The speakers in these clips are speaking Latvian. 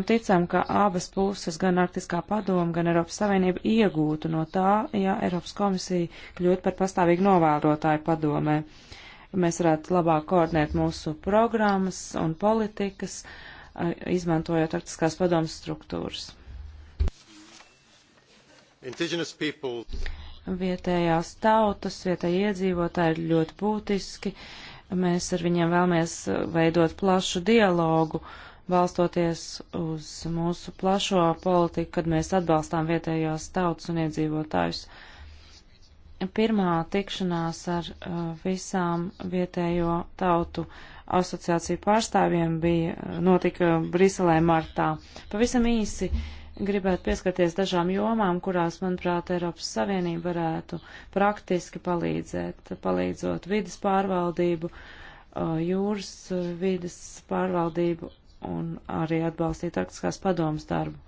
ticam, ka abas puses, gan Arktiskā padoma, gan Eiropas Savienība iegūtu no tā, ja Eiropas komisija kļūtu par pastāvīgu novērotāju padomē. Mēs varētu labāk koordinēt mūsu programmas un politikas, izmantojot Arktiskās padomas struktūras. Vietējās tautas, vietējie iedzīvotāji ir ļoti būtiski. Mēs ar viņiem vēlamies veidot plašu dialogu. Uh, balstoties uz mūsu plašo politiku, kad mēs atbalstām vietējos tautas un iedzīvotājus. Pirmā tikšanās ar uh, visām vietējo tautu asociāciju pārstāvjiem bija uh, notika Briselē martā. Pavisam īsi gribētu pieskarties dažām jomām, kurās, manuprāt, Eiropas Savienība varētu praktiski palīdzēt, palīdzot vidas pārvaldību, uh, jūras uh, vidas pārvaldību un arī atbalstīt arktiskās padomas darbu.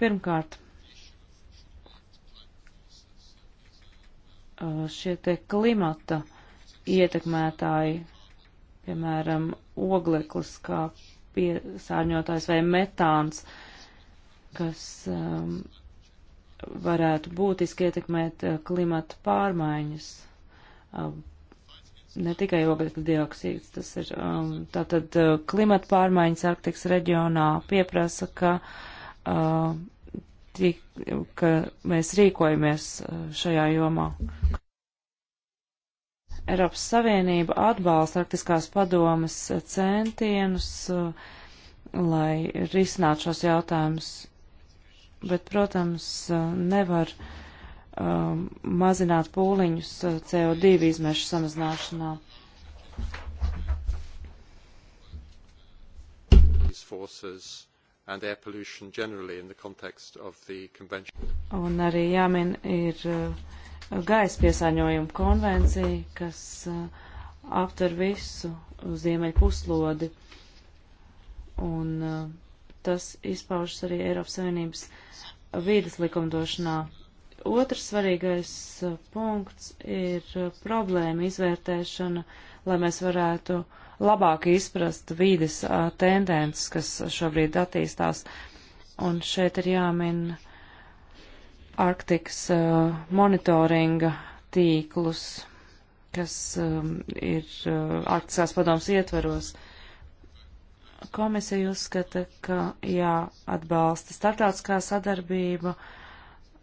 Pirmkārt, šie te klimata ietekmētāji, piemēram, ogleklis kā piesārņotājs vai metāns, kas um, varētu būtiski ietekmēt klimata pārmaiņas, um, ne tikai ogļu dioksīds, tas ir um, tātad uh, klimata pārmaiņas Arktikas reģionā pieprasa, ka, uh, tik, ka mēs rīkojamies uh, šajā jomā. Eiropas Savienība atbalsta Arktiskās padomas uh, centienus, uh, lai risinātu šos jautājumus, bet, protams, nevar uh, um, mazināt pūliņus uh, CO2 izmešu samazināšanā. Forces and air pollution generally in the context of the convention. Un arī jāmin ir uh, gaisa piesāņojuma konvencija, kas uh, aptver visu ziemeļu puslodi. Un tas izpaužas arī Eiropas Savienības vīdas likumdošanā. Otrs svarīgais uh, punkts ir uh, problēma izvērtēšana, lai mēs varētu labāk izprast vīdes uh, tendences, kas šobrīd attīstās. Un šeit ir jāmin Arktikas monitoringa tīklus, kas um, ir Arktiskās padoms ietveros komisija uzskata, ka jāatbalsta starptautiskā sadarbība,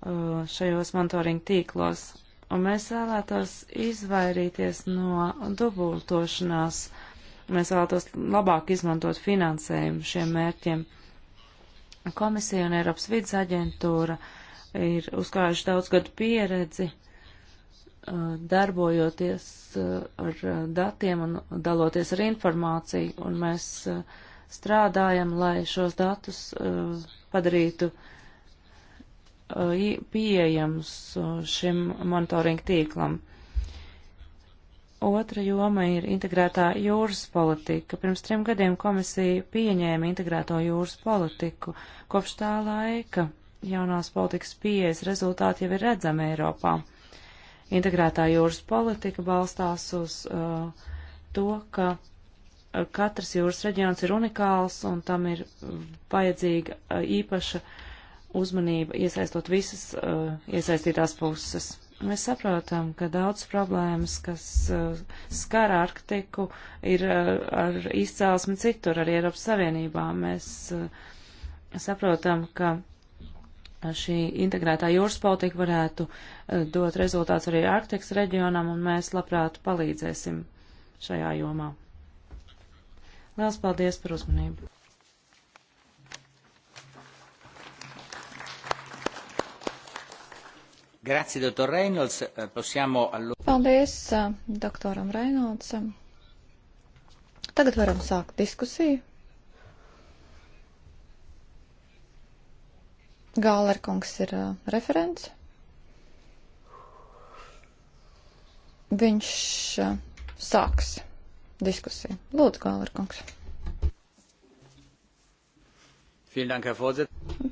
Uh, šajos monitoringa tīklos. Un mēs vēlētos izvairīties no dubultošanās. Mēs vēlētos labāk izmantot finansējumu šiem mērķiem. Komisija un Eiropas vidas aģentūra ir uzkājuši daudz gadu pieredzi uh, darbojoties uh, ar datiem un daloties ar informāciju, un mēs strādājam, lai šos datus padarītu uh, Uh, pieejams uh, šim monitoringa tīklam. Otra joma ir integrētā jūras politika. Pirms trim gadiem komisija pieņēma integrēto jūras politiku. Kopš tā laika jaunās politikas pieejas rezultāti jau ir redzami Eiropā. Integrētā jūras politika balstās uz uh, to, ka uh, katrs jūras reģions ir unikāls un tam ir vajadzīga uh, īpaša uh, uzmanība, iesaistot visas uh, iesaistītās puses. Mēs saprotam, ka daudz problēmas, kas uh, skar Arktiku, ir uh, ar izcēlesmi citur, arī Eiropas Savienībā. Mēs uh, saprotam, ka šī integrētā jūras politika varētu uh, dot rezultāts arī Arktikas reģionam, un mēs labprāt palīdzēsim šajā jomā. Liels paldies par uzmanību! Grazie, doktor Reynolds. Eh, possiamo allo... Paldies, eh, doktoram Reynoldsam. Tagad varam sākt diskusiju. Gālerkungs ir uh, referents. Viņš uh, sāks diskusiju. Lūdzu, Gālerkungs.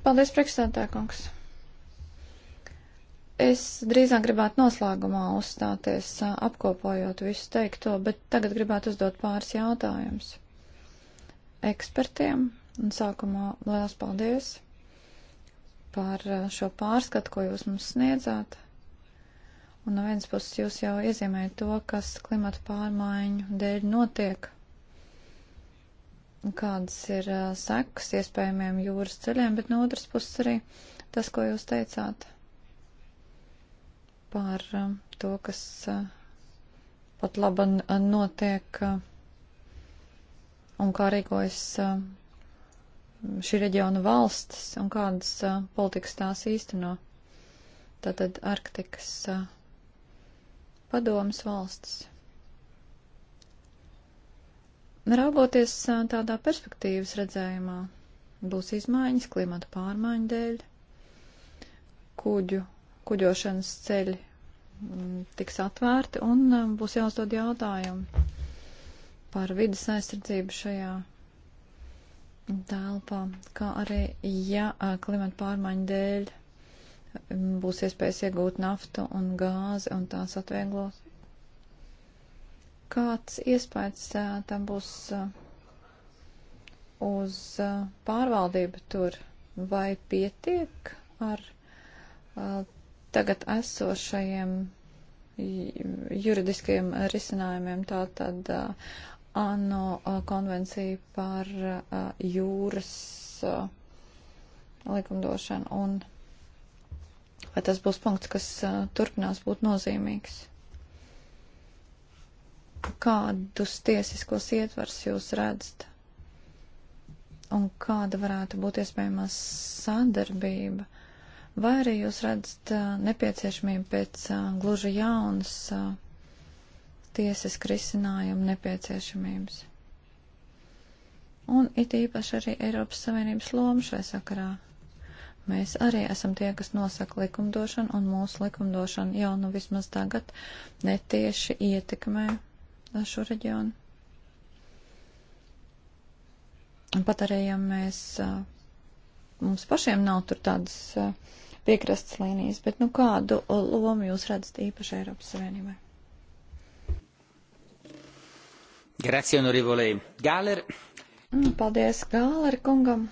Paldies, priekšsēdētājkungs. Es drīzāk gribētu noslēgumā uzstāties, apkopojot visu teikto, bet tagad gribētu uzdot pāris jautājumus ekspertiem. Un sākumā liels paldies par šo pārskatu, ko jūs mums sniedzāt. Un no vienas puses jūs jau iezīmējat to, kas klimata pārmaiņu dēļ notiek kādas ir sekas iespējamiem jūras ceļiem, bet no otras puses arī tas, ko jūs teicāt par um, to, kas uh, pat laba uh, notiek uh, un kā rīkojas šī reģiona valstis un kādas politikas tās īsteno. Tātad Arktikas padomas valstis. Raugoties tādā perspektīvas redzējumā, būs izmaiņas klimata pārmaiņu dēļ, kuģu kuģošanas ceļi mm, tiks atvērti un mm, būs jāuzdod jautājumu par vidas aizsardzību šajā telpā, kā arī, ja klimata pārmaiņu dēļ mm, būs iespējas iegūt naftu un gāzi un tās atvieglos. Kāds iespējas tam būs uz pārvaldību tur? Vai pietiek ar tagad esošajiem juridiskajiem risinājumiem, tātad ANO konvencija par jūras likumdošanu un vai tas būs punkts, kas turpinās būt nozīmīgs? Kādus tiesiskos ietvars jūs redzat? Un kāda varētu būt iespējamā sadarbība? vai arī jūs redzat nepieciešamību pēc gluži jaunas tiesas risinājuma nepieciešamības? Un it īpaši arī Eiropas Savienības loma šai sakarā. Mēs arī esam tie, kas nosaka likumdošanu, un mūsu likumdošana jau nu vismaz tagad netieši ietekmē šo reģionu. Un pat arī, ja mēs, mums pašiem nav tur tādas uh, piekrastas līnijas, bet nu kādu lomu jūs redzat īpaši Eiropas Savienībai? Grazie, onorevole Galer. Mm, paldies Gāler kungam.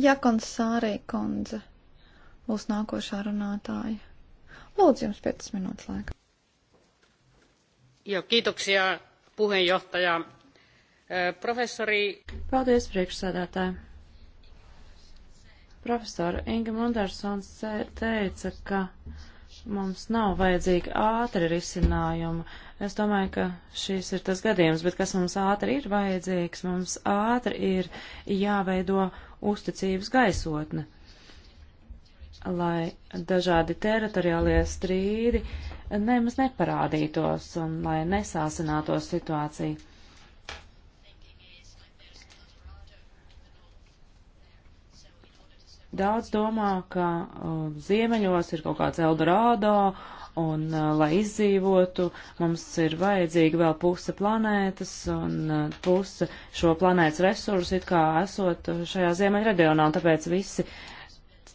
Jakons Sārī kundze būs nākošā runātāja. Lūdzu jums 5 minūtes laika. Jo, kiitoksia puheenjohtaja. Eh, Profesori. Paldies, priekšsēdētāji. Profesora Inga Mundarsons teica, ka mums nav vajadzīga ātri risinājuma. Es domāju, ka šis ir tas gadījums, bet kas mums ātri ir vajadzīgs, mums ātri ir jāveido uzticības gaisotne, lai dažādi teritoriālie strīdi nemaz neparādītos un lai nesāsinātos situācija. Daudz domā, ka uh, ziemeļos ir kaut kāds Eldorado, un uh, lai izdzīvotu, mums ir vajadzīga vēl puse planētas, un uh, puse šo planētas resursu it kā esot uh, šajā ziemeļreģionā, un tāpēc visi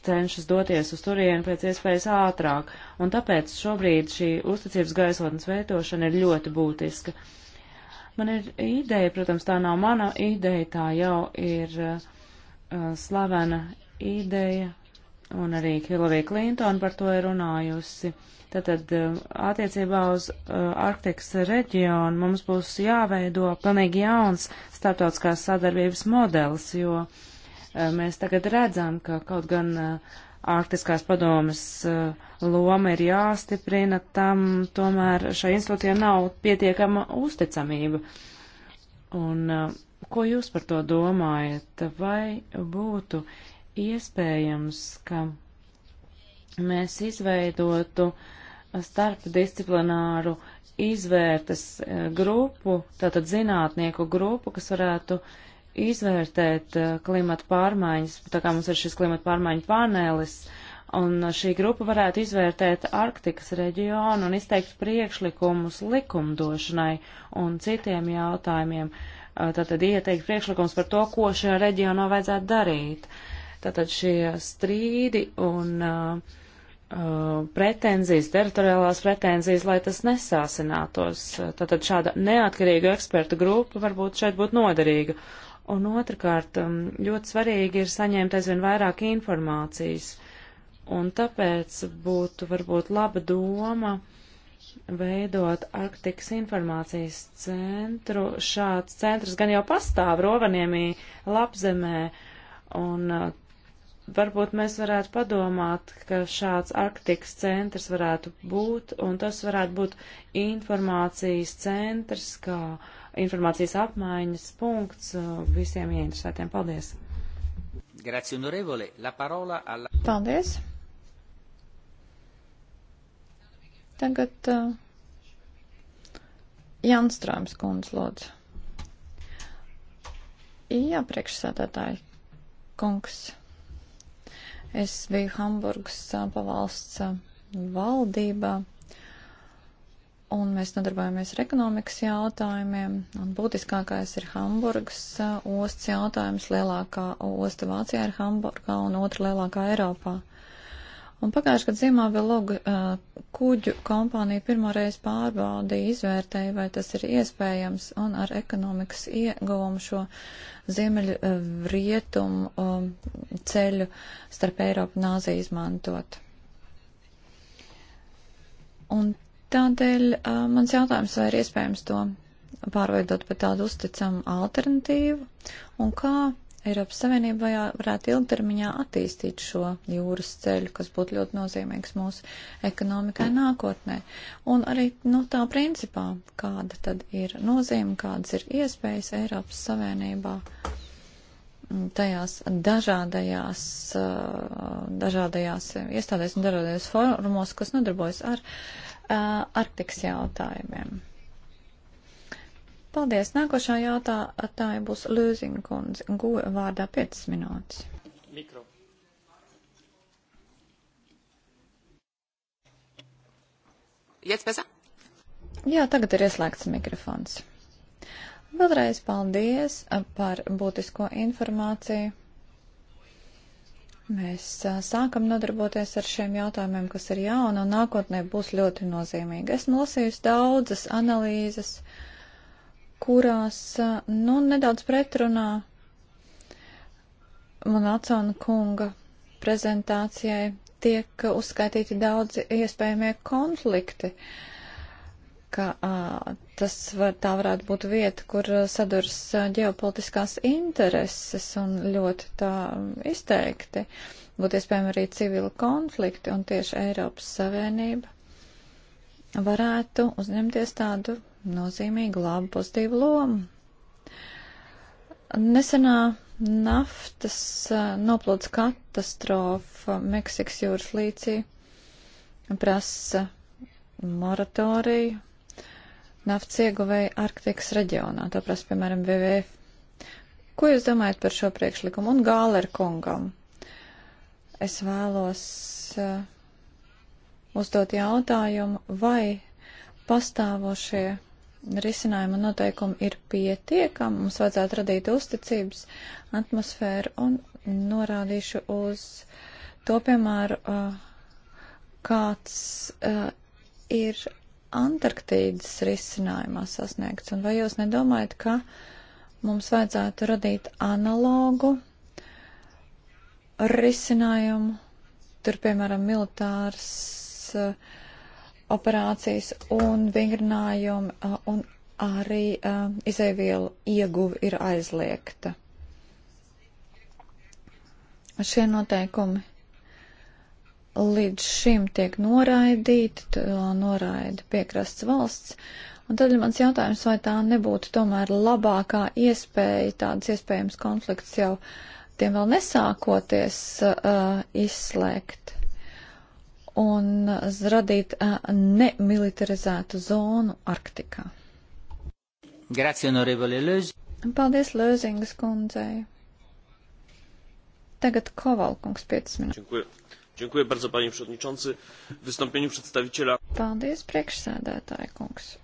cenšas doties uz turienu pēc iespējas ātrāk. Un tāpēc šobrīd šī uzticības gaisotnes veidošana ir ļoti būtiska. Man ir ideja, protams, tā nav mana ideja, tā jau ir uh, slavena ideja, un arī Hillary Clinton par to ir runājusi. Tātad eh, attiecībā uz uh, Arktikas reģionu mums būs jāveido pilnīgi jauns starptautiskās sadarbības modelis, jo uh, mēs tagad redzam, ka kaut gan uh, Arktiskās padomas loma ir jāstiprina, tam tomēr šai institūcijai nav pietiekama uzticamība. Un ko jūs par to domājat? Vai būtu iespējams, ka mēs izveidotu starpdisciplināru izvērtas e, grupu, tātad zinātnieku grupu, kas varētu izvērtēt e, klimata pārmaiņas, tā kā mums ir šis klimata pārmaiņu panelis, un šī grupa varētu izvērtēt Arktikas reģionu un izteikt priekšlikumus likumdošanai un citiem jautājumiem, e, tātad ieteikt priekšlikums par to, ko šajā reģionā vajadzētu darīt. Uh, Tātad šie strīdi un uh, uh, pretenzijas, teritoriālās pretenzijas, lai tas nesāsinātos. Tātad šāda neatkarīga ekspertu grupa varbūt šeit būtu noderīga. Un otrkārt, um, ļoti svarīgi ir saņemt aizvien vairāk informācijas. Un tāpēc būtu varbūt laba doma veidot Arktikas informācijas centru. Šāds centrs gan jau pastāv Rovaniemī, Lapzemē, un uh, varbūt mēs varētu padomāt, ka šāds Arktikas centrs varētu būt, un tas varētu būt informācijas centrs, kā informācijas apmaiņas punkts uh, visiem ieinteresētiem. Paldies! Grazie, onorevole. La parola alla... Paldies! Tagad uh, Janstrāms kundze lūdzu. Jā, priekšsēdētāji, kungs. Es biju Hamburgas pavalsts valdībā un mēs nodarbojamies ar ekonomikas jautājumiem. Un būtiskākais ir Hamburgas ostas jautājums. Lielākā osta Vācijā ir Hamburgā un otra lielākā Eiropā. Un pagājušajā gadā zīmā vēl logu uh, kuģu kompānija pirmoreiz pārbaudīja, izvērtēja, vai tas ir iespējams, un ar ekonomikas ieguvumu šo ziemeļu uh, rietumu um, ceļu starp Eiropu un Āziju izmantot. Un tādēļ uh, mans jautājums, vai ir iespējams to pārveidot par tādu uzticamu alternatīvu, un kā Eiropas Savienība varētu ilgtermiņā attīstīt šo jūras ceļu, kas būtu ļoti nozīmīgs mūsu ekonomikai nākotnē. Un arī no nu, tā principā, kāda tad ir nozīme, kādas ir iespējas Eiropas Savienībā mm, tajās dažādajās, dažādajās iestādēs un dažādajās formos, kas nodarbojas ar Arktikas jautājumiem. Paldies. Nākošā jautātāja būs Lūzinga kundze. Guva vārdā 5 minūtes. Mikro. Jā, tagad ir ieslēgts mikrofons. Vēlreiz paldies par būtisko informāciju. Mēs sākam nodarboties ar šiem jautājumiem, kas ir jauni un nākotnē būs ļoti nozīmīgi. Es nosīju daudzas analīzes. Uh, kurās, nu, nedaudz pretrunā Monacona kunga prezentācijai tiek uzskaitīti daudzi iespējamie konflikti, ka a, tas var, tā varētu būt vieta, kur sadurs ģeopolitiskās intereses un ļoti tā izteikti. Būtu iespējami arī civili konflikti un tieši Eiropas Savienība varētu uzņemties tādu nozīmīgu, labu, pozitīvu lomu. Nesenā naftas eh, noplūdes katastrofa Meksikas jūras līcī prasa moratoriju naftas ieguvēja Arktikas reģionā. To prasa, piemēram, WWF. Ko jūs domājat par šo priekšlikumu? Un Gāler kungam. Es vēlos uh, uzdot jautājumu, vai pastāvošie risinājuma noteikumi ir pietiekami, mums vajadzētu radīt uzticības atmosfēru un norādīšu uz to, piemēru, uh, kāds uh, ir Antarktīdas risinājumā sasniegts. Un vai jūs nedomājat, ka mums vajadzētu radīt analogu risinājumu? Tur, piemēram, militārs uh, operācijas un vingrinājumi un arī izēvielu ieguvi ir aizliegta. Šie noteikumi līdz šim tiek noraidīti, noraida piekrasts valsts. Un tad ir mans jautājums, vai tā nebūtu tomēr labākā iespēja, tādas iespējams konflikts jau tiem vēl nesākoties uh, izslēgt un radīt nemilitarizētu zonu Arktikā. Grazie, onorevole Lēzing. Paldies, Lēzingas kundzei. Tagad Kovalkungs 5 minūtes. Dziękuję bardzo, panie przewodniczący. W wystąpieniu przedstawiciela. Paldies, priekšsēdētāja kungs.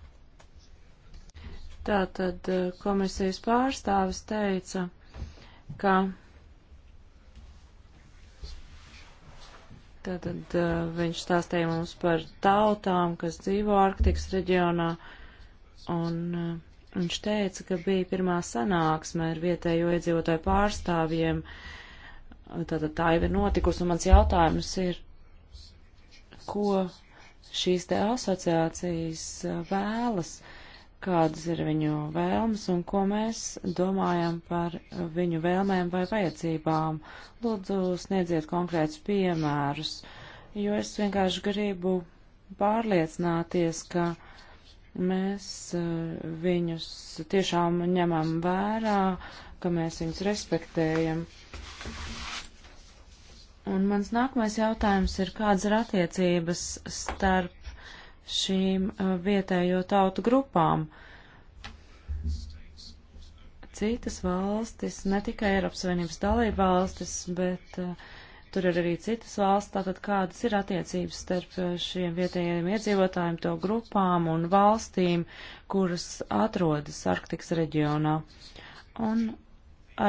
Tātad komisijas pārstāvis teica, ka Tātad viņš stāstīja mums par tautām, kas dzīvo Arktikas reģionā, un viņš teica, ka bija pirmā sanāksme ar vietējo iedzīvotāju pārstāvjiem. Tātad tā jau ir notikusi, un mans jautājums ir, ko šīs te asociācijas vēlas. Uh, kādas ir viņu vēlmes un ko mēs domājam par viņu vēlmēm vai vajadzībām. Lūdzu, sniedziet konkrētus piemērus, jo es vienkārši gribu pārliecināties, ka mēs uh, viņus tiešām ņemam vērā, ka mēs viņus respektējam. Un mans nākamais jautājums ir, kādas ir attiecības starp šīm vietējo tautu grupām. Citas valstis, ne tikai Eiropas Savienības dalība valstis, bet uh, tur ir arī citas valsts, tātad kādas ir attiecības starp šiem vietējiem iedzīvotājiem, to grupām un valstīm, kuras atrodas Arktikas reģionā. Un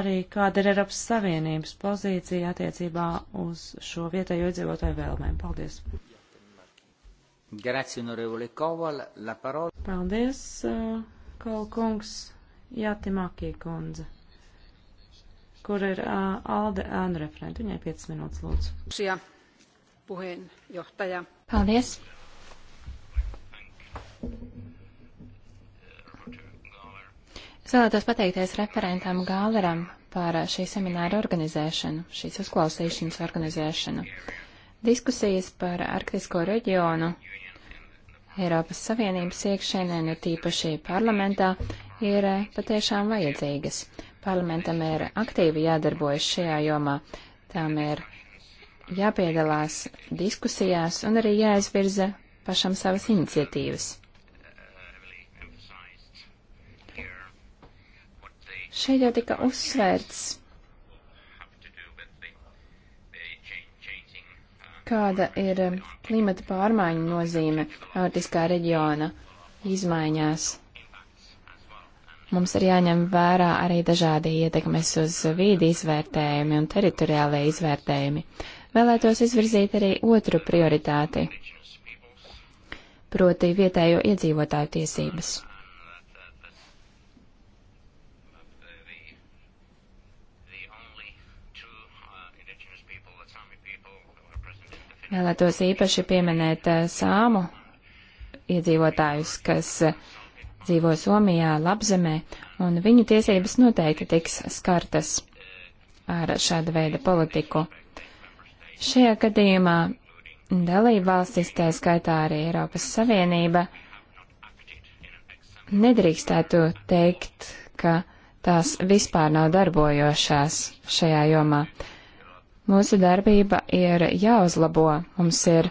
arī kāda ir Eiropas Savienības pozīcija attiecībā uz šo vietējo iedzīvotāju vēlmēm. Paldies! Grazie, onorevole Koval, la parola. Paldies, eh, Koval kungs, Jātimākie kundze, kur ir uh, Alde Anreferenta. Viņai 5 minūtes, lūdzu. Šajā puheenjohtaja. Paldies. Es vēlētos pateikties referentam Gāleram par eh, šī semināra organizēšanu, šīs uzklausīšanas organizēšanu. Diskusijas par arktisko reģionu Eiropas Savienības iekšēnē, ne tīpaši parlamentā, ir patiešām vajadzīgas. Parlamentam ir aktīvi jādarbojas šajā jomā, tām ir jāpiedalās diskusijās un arī jāizvirza pašam savas iniciatīvas. Šeit jau tika uzsvērts kāda ir eh, klimata pārmaiņu nozīme Arktiskā reģiona izmaiņās. Mums ir jāņem vērā arī dažādi ietekmes uz vīdi izvērtējumi un teritoriālajie izvērtējumi. Vēlētos izvirzīt arī otru prioritāti, proti vietējo iedzīvotāju tiesības. Vēlētos īpaši pieminēt eh, sāmu iedzīvotājus, kas eh, dzīvo Somijā, labzemē, un viņu tiesības noteikti tiks skartas ar šāda veida politiku. Šajā gadījumā dalība valstis, tā skaitā arī Eiropas Savienība, nedrīkstētu teikt, ka tās vispār nav darbojošās šajā jomā. Mūsu darbība ir jāuzlabo, mums ir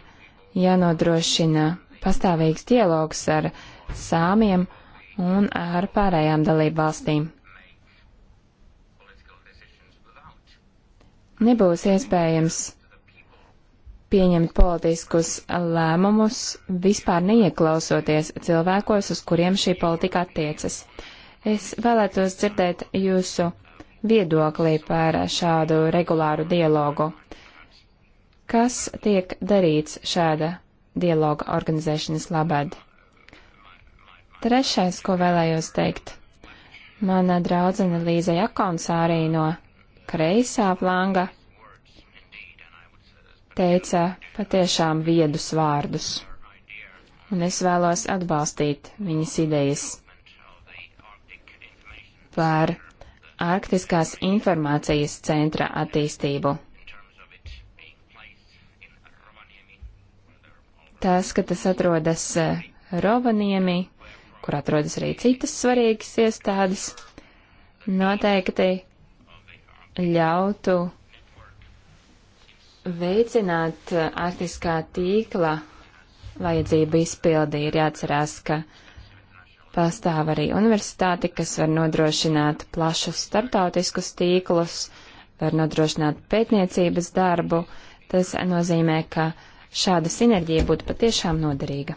jānodrošina pastāvīgs dialogs ar sāmiem un ar pārējām dalību valstīm. Nebūs iespējams pieņemt politiskus lēmumus, vispār neieklausoties cilvēkos, uz kuriem šī politika attiecas. Es vēlētos dzirdēt jūsu viedoklī par šādu regulāru dialogu. Kas tiek darīts šāda dialoga organizēšanas labad? Trešais, ko vēlējos teikt. Mana draudzene Līza Jakonsārī no kreisā flanga teica patiešām viedus vārdus, un es vēlos atbalstīt viņas idejas par Arktiskās informācijas centra attīstību. Tas, ka tas atrodas eh, Rovaniemi, kur atrodas arī citas svarīgas iestādes, noteikti ļautu veicināt eh, arktiskā tīkla vajadzību izpildi. Ir jāatcerās, ka uh, Pastāv arī universitāti, kas var nodrošināt plašus starptautiskus tīklus, var nodrošināt pētniecības darbu. Tas nozīmē, ka šāda sinerģija būtu patiešām noderīga.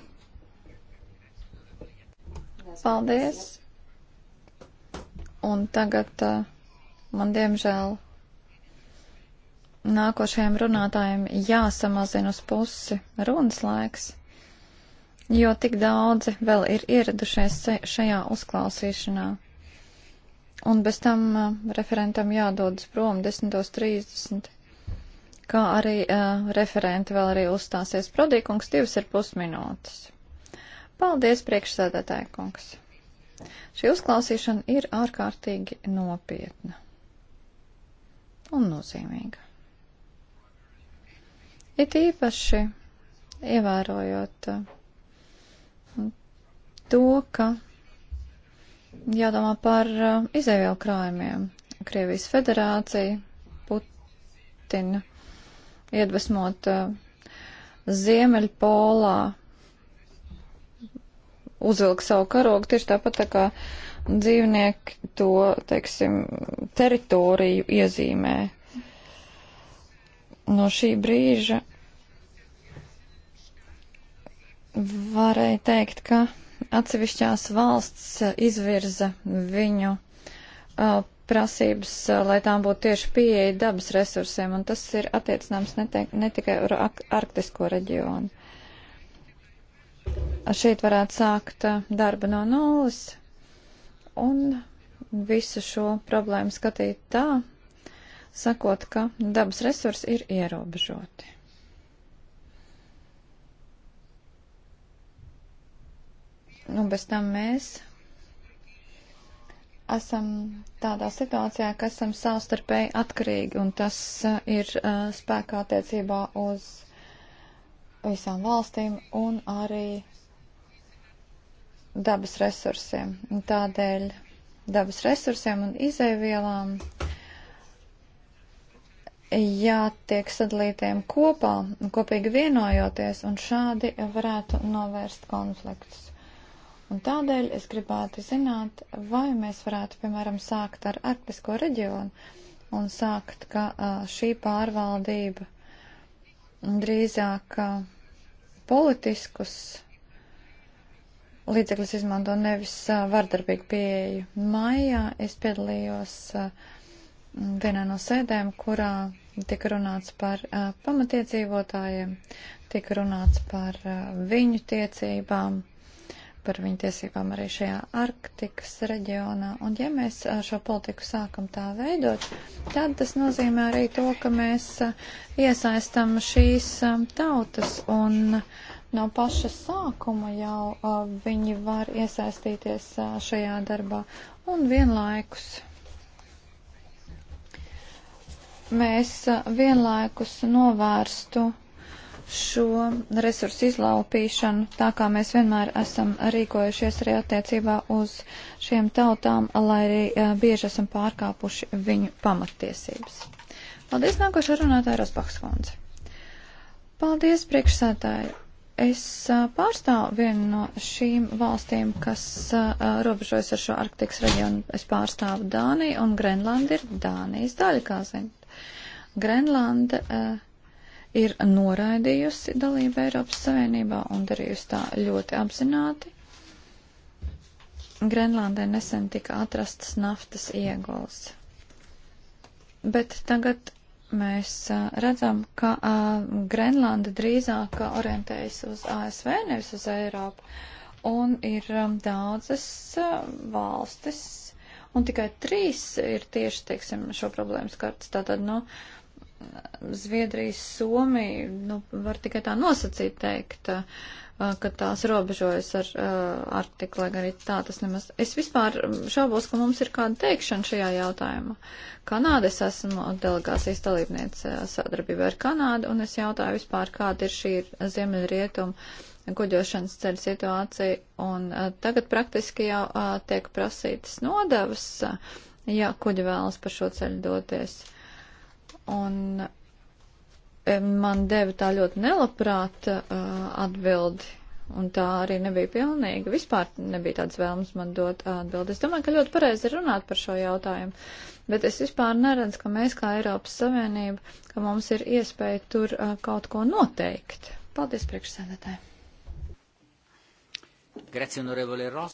Paldies! Un tagad uh, man diemžēl nākošajiem runātājiem jāsamazina uz pusi runas laiks jo tik daudzi vēl ir ieradušies šajā uzklausīšanā. Un bez tam uh, referentam jādodas prom 10.30, kā arī uh, referenti vēl arī uzstāsies. Prodīkungs divas ir pusminūtes. Paldies, priekšsēdētāji kungs. Šī uzklausīšana ir ārkārtīgi nopietna un nozīmīga. It īpaši ievērojot uh, to, ka jādomā par uh, izēvielu krājumiem. Krievijas federācija, Putina iedvesmot uh, Ziemeļpolā uzvilka savu karogu tieši tāpat tā kā dzīvnieki to, teiksim, teritoriju iezīmē. No šī brīža varēja teikt, ka Atsevišķās valsts eh, izvirza viņu uh, prasības, uh, lai tām būtu tieši pieeja dabas resursiem, un tas ir attiecināms ne, te, ne tikai ar arktisko reģionu. Šeit varētu sākt uh, darba no nulles un visu šo problēmu skatīt tā, sakot, ka dabas resursi ir ierobežoti. Un nu, bez tam mēs esam tādā situācijā, ka esam savstarpēji atkarīgi, un tas ir uh, spēkā attiecībā uz visām valstīm un arī dabas resursiem. Un tādēļ dabas resursiem un izēvielām jātiek sadalītiem kopā, kopīgi vienojoties, un šādi varētu novērst konfliktus. Un tādēļ es gribētu zināt, vai mēs varētu, piemēram, sākt ar arktisko reģionu un sākt, ka šī pārvaldība drīzāk politiskus līdzekļus izmanto nevis vardarbīgu pieeju. Maijā es piedalījos vienā no sēdēm, kurā tika runāts par uh, pamatiedzīvotājiem, tika runāts par uh, viņu tiecībām, par viņu tiesībām arī šajā Arktikas reģionā. Un ja mēs šo politiku sākam tā veidot, tad tas nozīmē arī to, ka mēs iesaistam šīs tautas un no paša sākuma jau viņi var iesaistīties šajā darbā un vienlaikus. Mēs vienlaikus novērstu šo resursu izlaupīšanu, tā kā mēs vienmēr esam rīkojušies arī attiecībā uz šiem tautām, lai arī uh, bieži esam pārkāpuši viņu pamatiesības. Paldies, nākošā runātāja Rosbachs kundze. Paldies, priekšsētāji. Es uh, pārstāvu vienu no šīm valstīm, kas uh, robežojas ar šo Arktikas reģionu. Es pārstāvu Dāniju, un Grenlanda ir Dānijas daļa, kā zinat. Grenlanda uh, ir noraidījusi dalību Eiropas Savienībā un darījusi tā ļoti apzināti. Grenlandē nesen tika atrastas naftas ieguls. Bet tagad mēs redzam, ka Grenlanda drīzāk orientējas uz ASV, nevis uz Eiropu. Un ir daudzas valstis, un tikai trīs ir tieši, teiksim, šo problēmas kartas. Tātad, nu, no, Zviedrija, Somija, nu, var tikai tā nosacīt teikt, uh, ka tās robežojas ar uh, Arktiku, lai arī tā tas nemaz. Es vispār šaubos, ka mums ir kāda teikšana šajā jautājumā. Kanāda, es esmu delegācijas dalībniece sadarbībā ar Kanādu, un es jautāju vispār, kāda ir šī ziemeļrietuma kuģošanas ceļa situācija, un uh, tagad praktiski jau tiek prasītas nodevas, ja kuģi vēlas pa šo ceļu doties. Un eh, man deva tā ļoti nelabprāt uh, atbildi, un tā arī nebija pilnīga. Vispār nebija tādas vēlmes man dot eh, atbildi. Es domāju, ka ļoti pareizi ir runāt par šo jautājumu, bet es vispār neredzu, ka mēs kā Eiropas Savienība, ka mums ir iespēja tur uh, kaut ko noteikt. Paldies priekšsēdētāji. Grazie, onorevole Ros.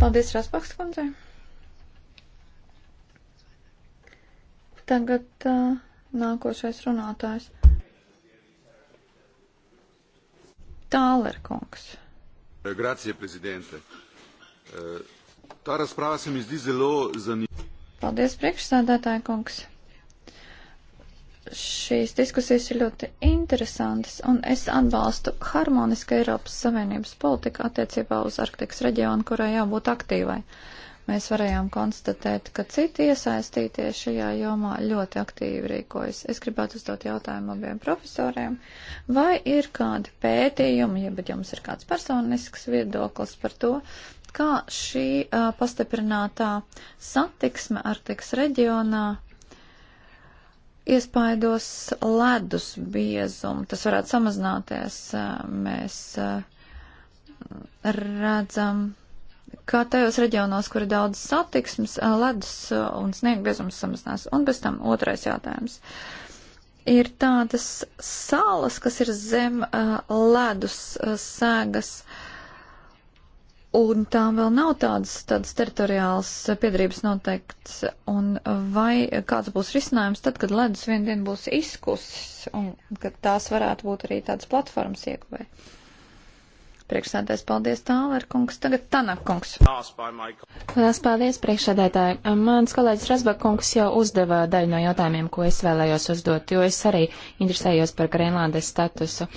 Paldies, Raspaks kundzei. Tagad uh, nākošais runātājs. Tālerkungs. Eh, grazie, prezidente. Eh, Tā razprava se mi zdi zelo zanimiva. Paldies, priekšsādātāja kungs. Šīs diskusijas ir ļoti interesantas, un es atbalstu harmonisku Eiropas Savienības politiku attiecībā uz Arktikas reģionu, kurai jābūt aktīvai. Uh, mēs varējām konstatēt, ka citi iesaistītie šajā jomā ļoti aktīvi rīkojas. Es gribētu uzdot jautājumu abiem profesoriem, vai ir kādi pētījumi, ja bet jums ir kāds personisks viedoklis par to, kā šī uh, pastiprinātā satiksme Arktikas reģionā iespaidos ledus biezumu. Tas varētu samazināties. Mēs redzam ka tajos reģionos, kur ir daudz satiksmes, ledus un sniega biezums samazinās. Un bez tam otrais jautājums. Ir tādas salas, kas ir zem ledus sēgas. Un tām vēl nav tādas, tādas teritoriālas piedarības noteikts. Un vai kāds būs risinājums tad, kad ledus vien dienu būs izkusis un kad tās varētu būt arī tādas platformas iekvē? Priekšsēdētājs paldies Tāler kungs, tagad Tanak kungs. Lielas paldies, priekšsēdētāji. Mans kolēģis Rasbak kungs jau uzdeva daļu no jautājumiem, ko es vēlējos uzdot, jo es arī interesējos par Grenlandes statusu.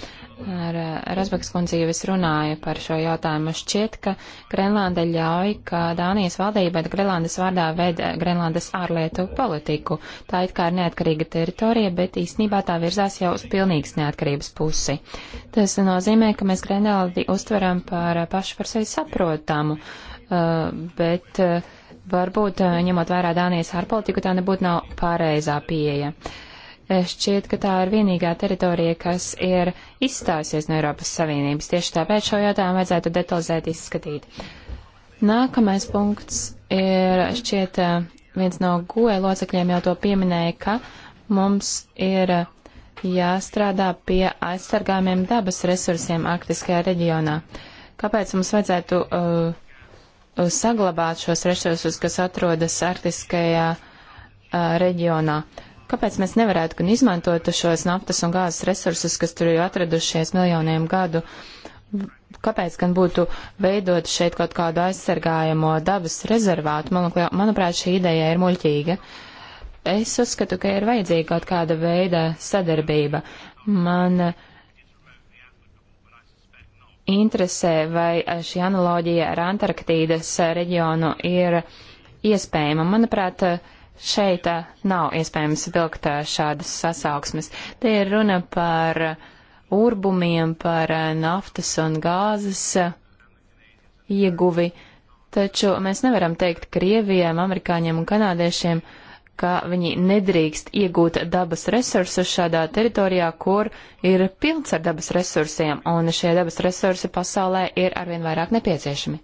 Ar eh, Rasbeks kundzi jau es runāju par šo jautājumu. Šķiet, ka Grenlanda ļauj, ka Dānijas valdība Grenlandas vārdā ved Grenlandas ārlietu politiku. Tā it kā ir neatkarīga teritorija, bet īsnībā tā virzās jau uz pilnīgas neatkarības pusi. Tas nozīmē, ka mēs Grenlandi uztveram par pašu par sevi saprotamu, eh, bet eh, varbūt ņemot vērā Dānijas ārpolitiku, tā nebūtu nav pareizā pieeja. Eh, šķiet, ka tā ir vienīgā teritorija, kas ir izstājusies no Eiropas Savienības. Tieši tāpēc šo jautājumu vajadzētu detalizēt izskatīt. Nākamais punkts ir, šķiet, eh, viens no goja locekļiem jau to pieminēja, ka mums ir eh, jāstrādā pie aizsargājumiem dabas resursiem Arktiskajā reģionā. Kāpēc mums vajadzētu uh, saglabāt šos resursus, kas atrodas Arktiskajā uh, reģionā? Kāpēc mēs nevarētu gan izmantot šos naftas un gāzes resursus, kas tur jau atradušies miljoniem gadu? Kāpēc gan būtu veidot šeit kaut kādu aizsargājamo dabas rezervātu? Manuprāt, šī ideja ir muļķīga. Es uzskatu, ka ir vajadzīga kaut kāda veida sadarbība. Man uh, interesē, vai šī analoģija ar Antarktīdas reģionu ir iespējama. Manuprāt, uh, Šeit eh, nav iespējams vilkt eh, šādas sasauksmes. Te ir runa par urbumiem, par eh, naftas un gāzes ieguvi, taču mēs nevaram teikt Krievijam, amerikāņiem un kanādiešiem, ka viņi nedrīkst iegūt dabas resursus šādā teritorijā, kur ir pilns ar dabas resursiem, un šie dabas resursi pasaulē ir arvien vairāk nepieciešami.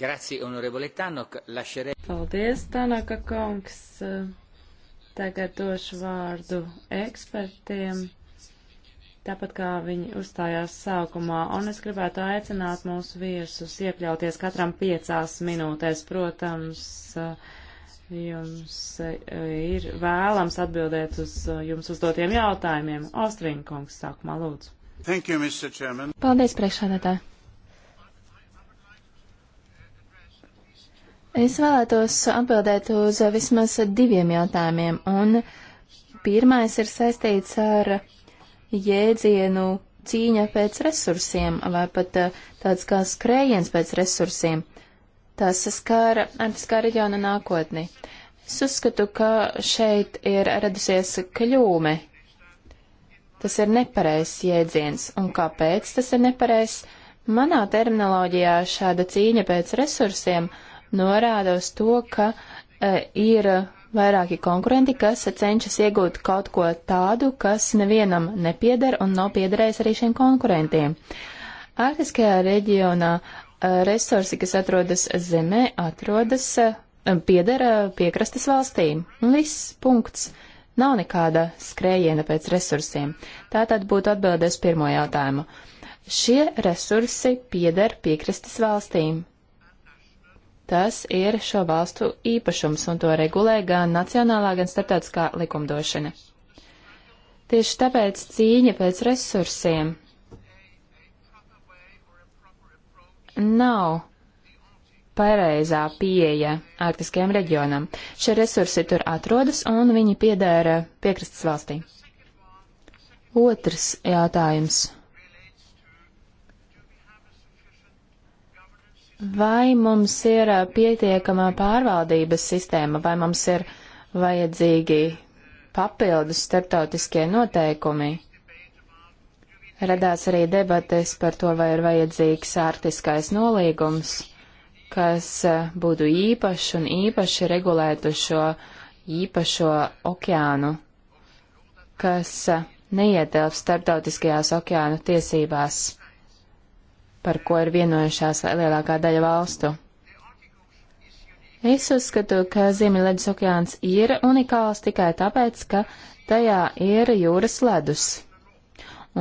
Grazie, onorevole Tanok. Lašerē... Paldies, Tanaka kungs. Tagad došu vārdu ekspertiem, tāpat kā viņi uzstājās sākumā. Un es gribētu aicināt mūsu viesus iekļauties katram piecās minūtēs. Protams, jums ir vēlams atbildēt uz jums uzdotiem jautājumiem. Ostrīnkungs, sākumā lūdzu. Thank you, Mr. Chairman. Paldies, priekšādātāji. Es vēlētos atbildēt uz vismaz diviem jautājumiem, un pirmais ir saistīts ar jēdzienu cīņa pēc resursiem, vai pat eh, tāds kā skrējiens pēc resursiem. Tas skar Arktiskā reģiona nākotni. Es uzskatu, ka šeit ir radusies kļūme. Tas ir nepareizs jēdziens, un kāpēc tas ir nepareizs? Manā terminoloģijā šāda cīņa pēc resursiem uh, norāda uz to, ka eh, ir vairāki konkurenti, kas cenšas iegūt kaut ko tādu, kas nevienam nepieder un nav piederējis arī šiem konkurentiem. Arktiskajā reģionā eh, resursi, kas atrodas zemē, atrodas eh, piedara piekrastes valstīm. Viss punkts. Nav nekāda skrējiena pēc resursiem. Tā tad būtu atbildēs pirmo jautājumu. Šie resursi pieder piekrastes valstīm. Tas ir šo valstu īpašums un to regulē gan nacionālā, gan starptautiskā likumdošana. Tieši tāpēc cīņa pēc resursiem nav pareizā pieeja ārtiskajam reģionam. Šie resursi tur atrodas un viņi piedēra piekrastas valstī. Otrs jautājums. Vai mums ir uh, pietiekama pārvaldības sistēma, vai mums ir vajadzīgi papildus starptautiskie noteikumi? Radās arī debates par to, vai ir vajadzīgs ārtiskais nolīgums, kas uh, būtu īpašs un īpaši regulētu šo īpašo okeānu, kas uh, neietelp starptautiskajās okeānu tiesībās par ko ir vienojušās lielākā daļa valstu. Es uzskatu, ka Ziemeļledus okeāns ir unikāls tikai tāpēc, ka tajā ir jūras ledus.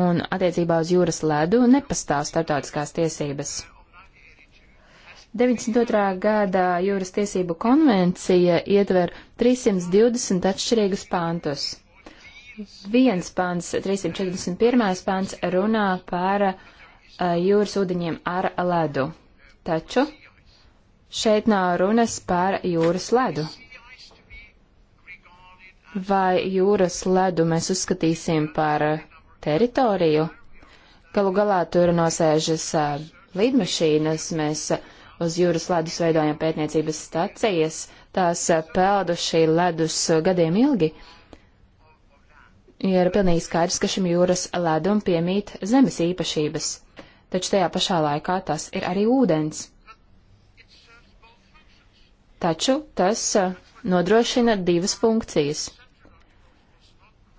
Un attiecībā uz jūras ledu nepastāv starptautiskās tiesības. 92. gada jūras tiesību konvencija ietver 320 atšķirīgus pantus. Viens pants, 341. pants runā par uh, Uh, jūras ūdeņiem ar ledu. Taču šeit nav runas par jūras ledu. Vai jūras ledu mēs uzskatīsim par teritoriju? Galu galā tur nosēžas uh, lidmašīnas, mēs uh, uz jūras ledus veidojam pētniecības stacijas, tās peldu šī ledus gadiem ilgi. Ir pilnīgi skaidrs, ka šim jūras ledum piemīt zemes īpašības taču tajā pašā laikā tas ir arī ūdens. Taču tas nodrošina divas funkcijas.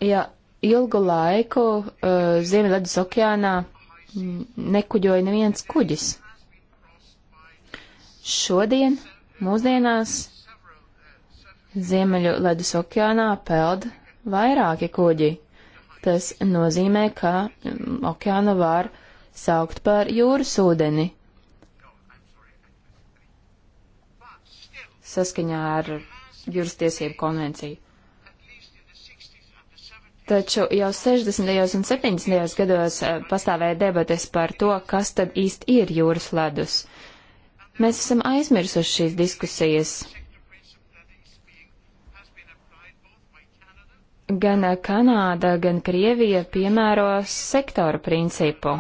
Ja ilgu laiku uh, Ziemeļvidus okeānā nekuģoja neviens kuģis. Šodien, mūsdienās, Ziemeļu ledus okeānā peld vairāki kuģi. Tas nozīmē, ka okeānu var saukt par jūras ūdeni. Saskaņā ar jūras tiesību konvenciju. Taču jau 60. un 70. gados eh, pastāvēja debates par to, kas tad īsti ir jūras ledus. Mēs esam aizmirsuši šīs diskusijas. Gan Kanāda, gan Krievija piemēro sektora principu.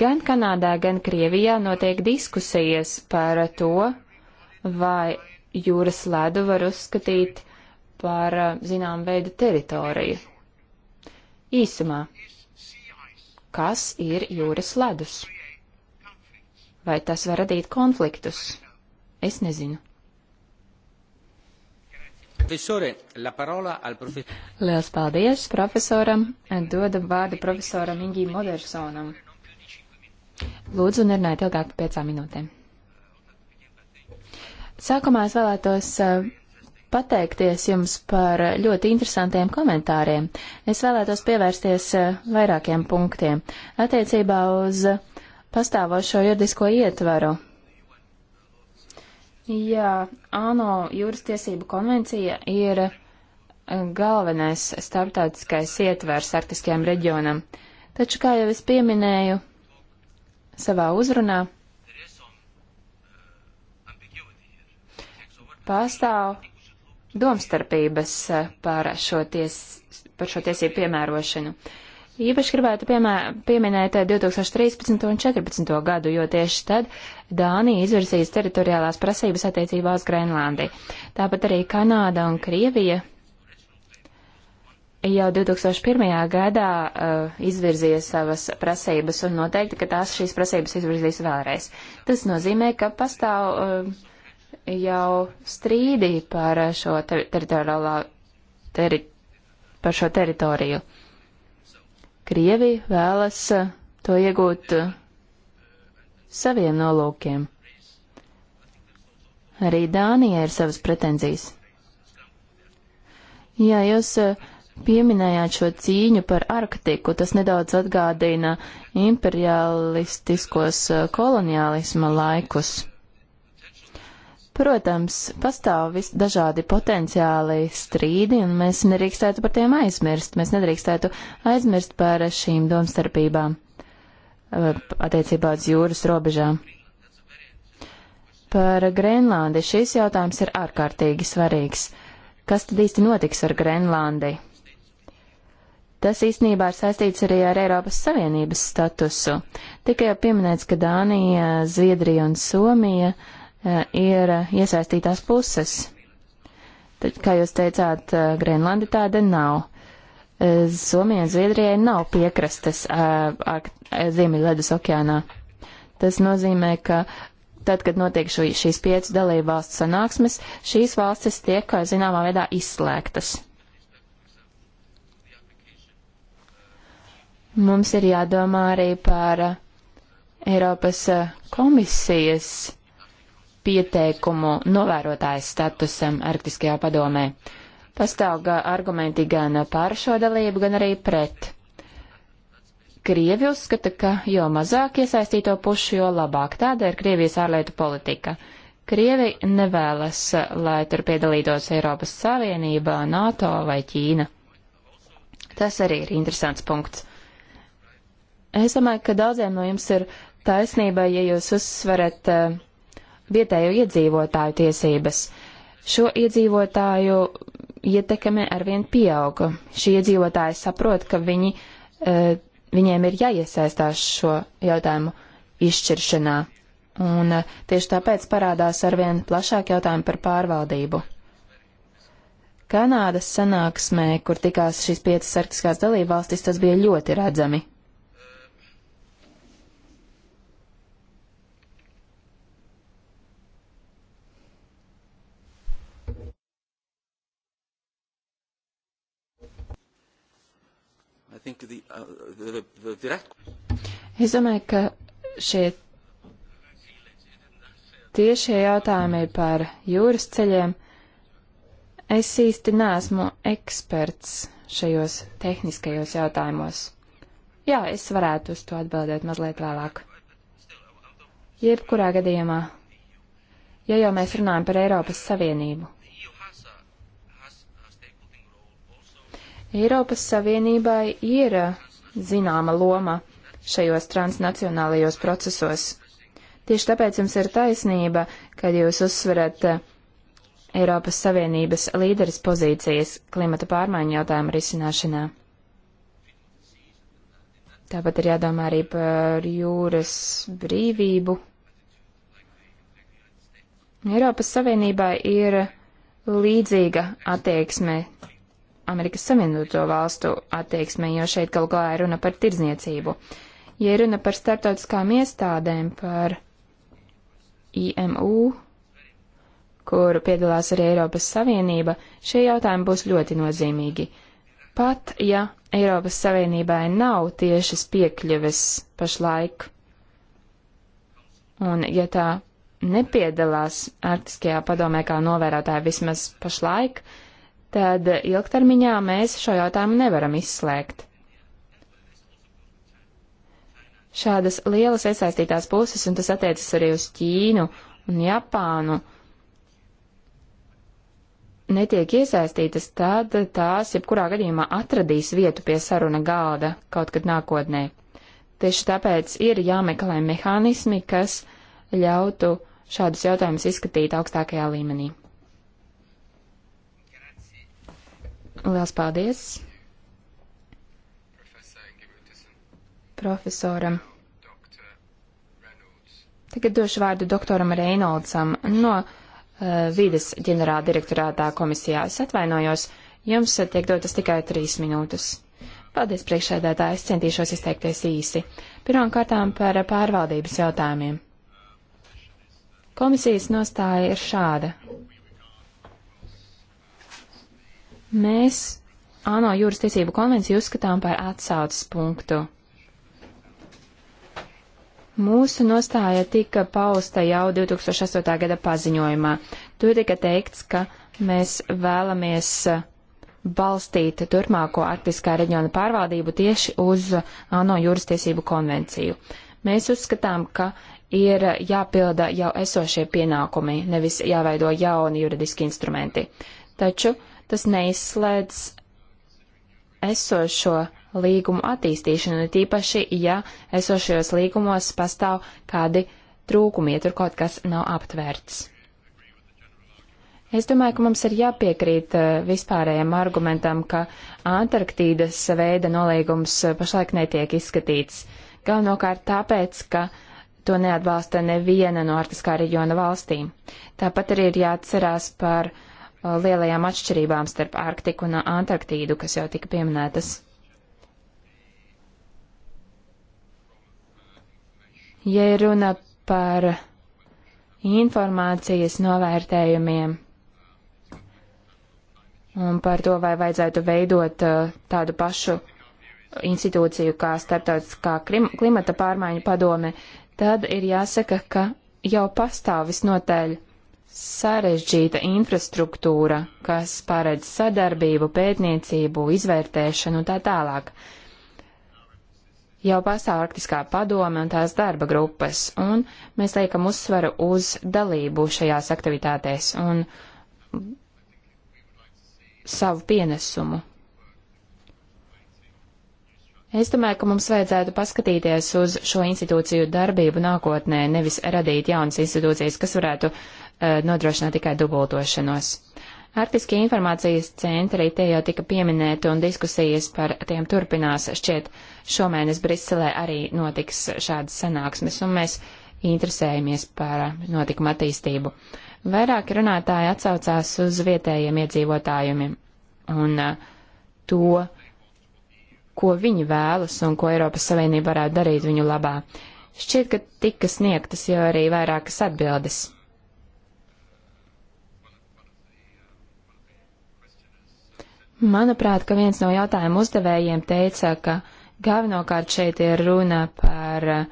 Gan Kanādā, gan Krievijā notiek diskusijas par to, vai jūras ledu var uzskatīt par zinām veidu teritoriju. Īsumā, kas ir jūras ledus? Vai tas var radīt konfliktus? Es nezinu. Liels paldies profesoram. Dodu vārdu profesoram Ingīm Modersonam. Lūdzu, nerunājiet ilgāk par piecām minūtēm. Sākumā es vēlētos eh, pateikties jums par ļoti interesantiem komentāriem. Es vēlētos pievērsties eh, vairākiem punktiem attiecībā uz pastāvošo juridisko ietvaru. Jā, ANO jūras tiesību konvencija ir eh, galvenais starptautiskais ietvers arktiskajam reģionam. Taču, kā jau es pieminēju, savā uzrunā pastāv domstarpības eh, par šo, ties, par šo tiesību piemērošanu. Īpaši gribētu piemē, pieminēt 2013. Eh, un 2014. gadu, jo tieši tad Dānija izvirzīs teritoriālās prasības attiecībā uz Grenlandi. Tāpat arī Kanāda un Krievija jau 2001. gadā uh, izvirzīja savas prasības un noteikti, ka tās šīs prasības izvirzīs vēlreiz. Tas nozīmē, ka pastāv uh, jau strīdī par šo ter teritoriālā teri par šo teritoriju. Krievi vēlas uh, to iegūt uh, saviem nolūkiem. Arī Dānija ir savas pretenzijas. Jā, jūs uh, pieminējāt šo cīņu par Arktiku, tas nedaudz atgādina imperialistiskos eh, koloniālisma laikus. Protams, pastāv dažādi potenciāli strīdi, un mēs nedrīkstētu par tiem aizmirst. Mēs nedrīkstētu aizmirst par šīm domstarpībām eh, attiecībā uz jūras robežām. Par Grenlandi šīs jautājums ir ārkārtīgi svarīgs. Kas tad īsti notiks ar Grenlandi? Tas īstenībā ir saistīts arī ar Eiropas Savienības statusu. Tikai jau pieminēts, ka Dānija, Zviedrija un Somija e, ir iesaistītās puses. Tad, kā jūs teicāt, e, Grenlandi tāda nav. E, Somijai un Zviedrijai nav piekrastes Ziemeļledus okeānā. Tas nozīmē, ka tad, kad notiek šīs piecu dalību valstu sanāksmes, šīs valstis tiek, zināmā veidā, izslēgtas. Mums ir jādomā arī par Eiropas komisijas pieteikumu novērotājas statusam Arktiskajā padomē. Pastāv argumenti gan par šo dalību, gan arī pret. Krievi uzskata, ka jo mazāk iesaistīto pušu, jo labāk. Tāda ir Krievijas ārlietu politika. Krievi nevēlas, lai tur piedalītos Eiropas Savienība, NATO vai Ķīna. Tas arī ir interesants punkts. Es domāju, ka daudziem no jums ir taisnība, ja jūs uzsverat uh, vietējo iedzīvotāju tiesības. Šo iedzīvotāju ietekme arvien pieauga. Šie iedzīvotāji saprot, ka viņi, uh, viņiem ir jāiesaistās šo jautājumu izšķiršanā. Un uh, tieši tāpēc parādās arvien plašāk jautājumi par pārvaldību. Kanādas sanāksmē, kur tikās šīs piecas arktiskās dalībvalstis, tas bija ļoti redzami. think the, uh, the, the direct... Es domāju, ka šie tiešie jautājumi par jūras ceļiem. Es īsti neesmu eksperts šajos tehniskajos jautājumos. Jā, es varētu uz to atbildēt mazliet vēlāk. Jebkurā gadījumā, ja jau mēs runājam par Eiropas Savienību, Eiropas Savienībai ir eh, zināma loma šajos transnacionālajos procesos. Tieši tāpēc jums ir taisnība, kad jūs uzsverat eh, Eiropas Savienības līderis pozīcijas klimata pārmaiņu jautājumu risināšanā. Tāpat ir jādomā arī par jūras brīvību. Eiropas Savienībā ir līdzīga attieksme Amerikas Savienoto valstu attieksmē, jo šeit galu galā ir runa par tirdzniecību. Ja runa par starptautiskām iestādēm, par IMU, kuru piedalās arī Eiropas Savienība, šie jautājumi būs ļoti nozīmīgi. Pat ja Eiropas Savienībai nav tiešas piekļuves pašlaik, un ja tā nepiedalās Arktiskajā padomē kā novērotāja vismaz pašlaik, uh, tad ilgtermiņā mēs šo jautājumu nevaram izslēgt. Šādas lielas iesaistītās puses, un tas attiecas arī uz Ķīnu un Japānu, netiek iesaistītas, tad tās jebkurā gadījumā atradīs vietu pie saruna galda kaut kad nākotnē. Tieši tāpēc ir jāmeklē mehānismi, kas ļautu šādus jautājumus izskatīt augstākajā līmenī. Liels paldies profesoram. Tagad došu vārdu doktoram Reinoldsam no uh, vides ģenerāla direktorātā komisijā. Es atvainojos, jums tiek dotas tikai trīs minūtes. Paldies, priekšēdētāji, es centīšos izteikties īsi. Pirmām kārtām par pārvaldības jautājumiem. Komisijas nostāja ir šāda. Mēs ANO jūras tiesību konvenciju uzskatām par atsaucas punktu. Mūsu nostāja tika pausta jau 2008. gada paziņojumā. Tur tika teikts, ka mēs vēlamies uh, balstīt turpmāko arktiskā reģiona pārvaldību tieši uz ANO jūras tiesību konvenciju. Mēs uzskatām, ka ir jāpilda jau esošie pienākumi, nevis jāveido jauni juridiski instrumenti. Taču uh, tas neizslēdz esošo līgumu attīstīšanu, tīpaši, ja esošajos līgumos pastāv kādi trūkumi, ja tur kaut kas nav aptvērts. Es domāju, ka mums ir jāpiekrīt eh, vispārējiem argumentam, ka Antarktīdas veida nolīgums eh, pašlaik netiek izskatīts. Galvenokārt tāpēc, ka to neatbalsta neviena no Arktiskā reģiona valstīm. Tāpat arī ir jāatcerās par uh, Uh, lielajām atšķirībām starp Arktiku un Antarktīdu, kas jau tika pieminētas. Ja runa par informācijas novērtējumiem un par to, vai vajadzētu veidot uh, tādu pašu institūciju kā starptautiskā klimata pārmaiņu padome, tad ir jāsaka, ka jau pastāv visnotaļ sarežģīta infrastruktūra, kas paredz sadarbību, pētniecību, izvērtēšanu un tā tālāk. Jau pastāv arktiskā padome un tās darba grupas, un mēs liekam uzsvaru uz dalību šajās aktivitātēs un savu pienesumu. Es domāju, ka mums vajadzētu paskatīties uz šo institūciju darbību nākotnē, nevis radīt jaunas institūcijas, kas varētu uh, Eh, nodrošināt tikai dubultošanos. Arktiskie informācijas centri tie jau tika pieminēti un diskusijas par tiem turpinās. Šķiet, šomēnes Briselē arī notiks šādas sanāksmes un mēs interesējamies par notikuma attīstību. Vairāki runātāji atsaucās uz vietējiem iedzīvotājumiem un eh, to, ko viņi vēlas un ko Eiropas Savienība varētu darīt viņu labā. Šķiet, ka tika sniegtas jau arī vairākas atbildes. Manuprāt, ka viens no jautājumu uzdevējiem teica, ka galvenokārt šeit ir runa par uh,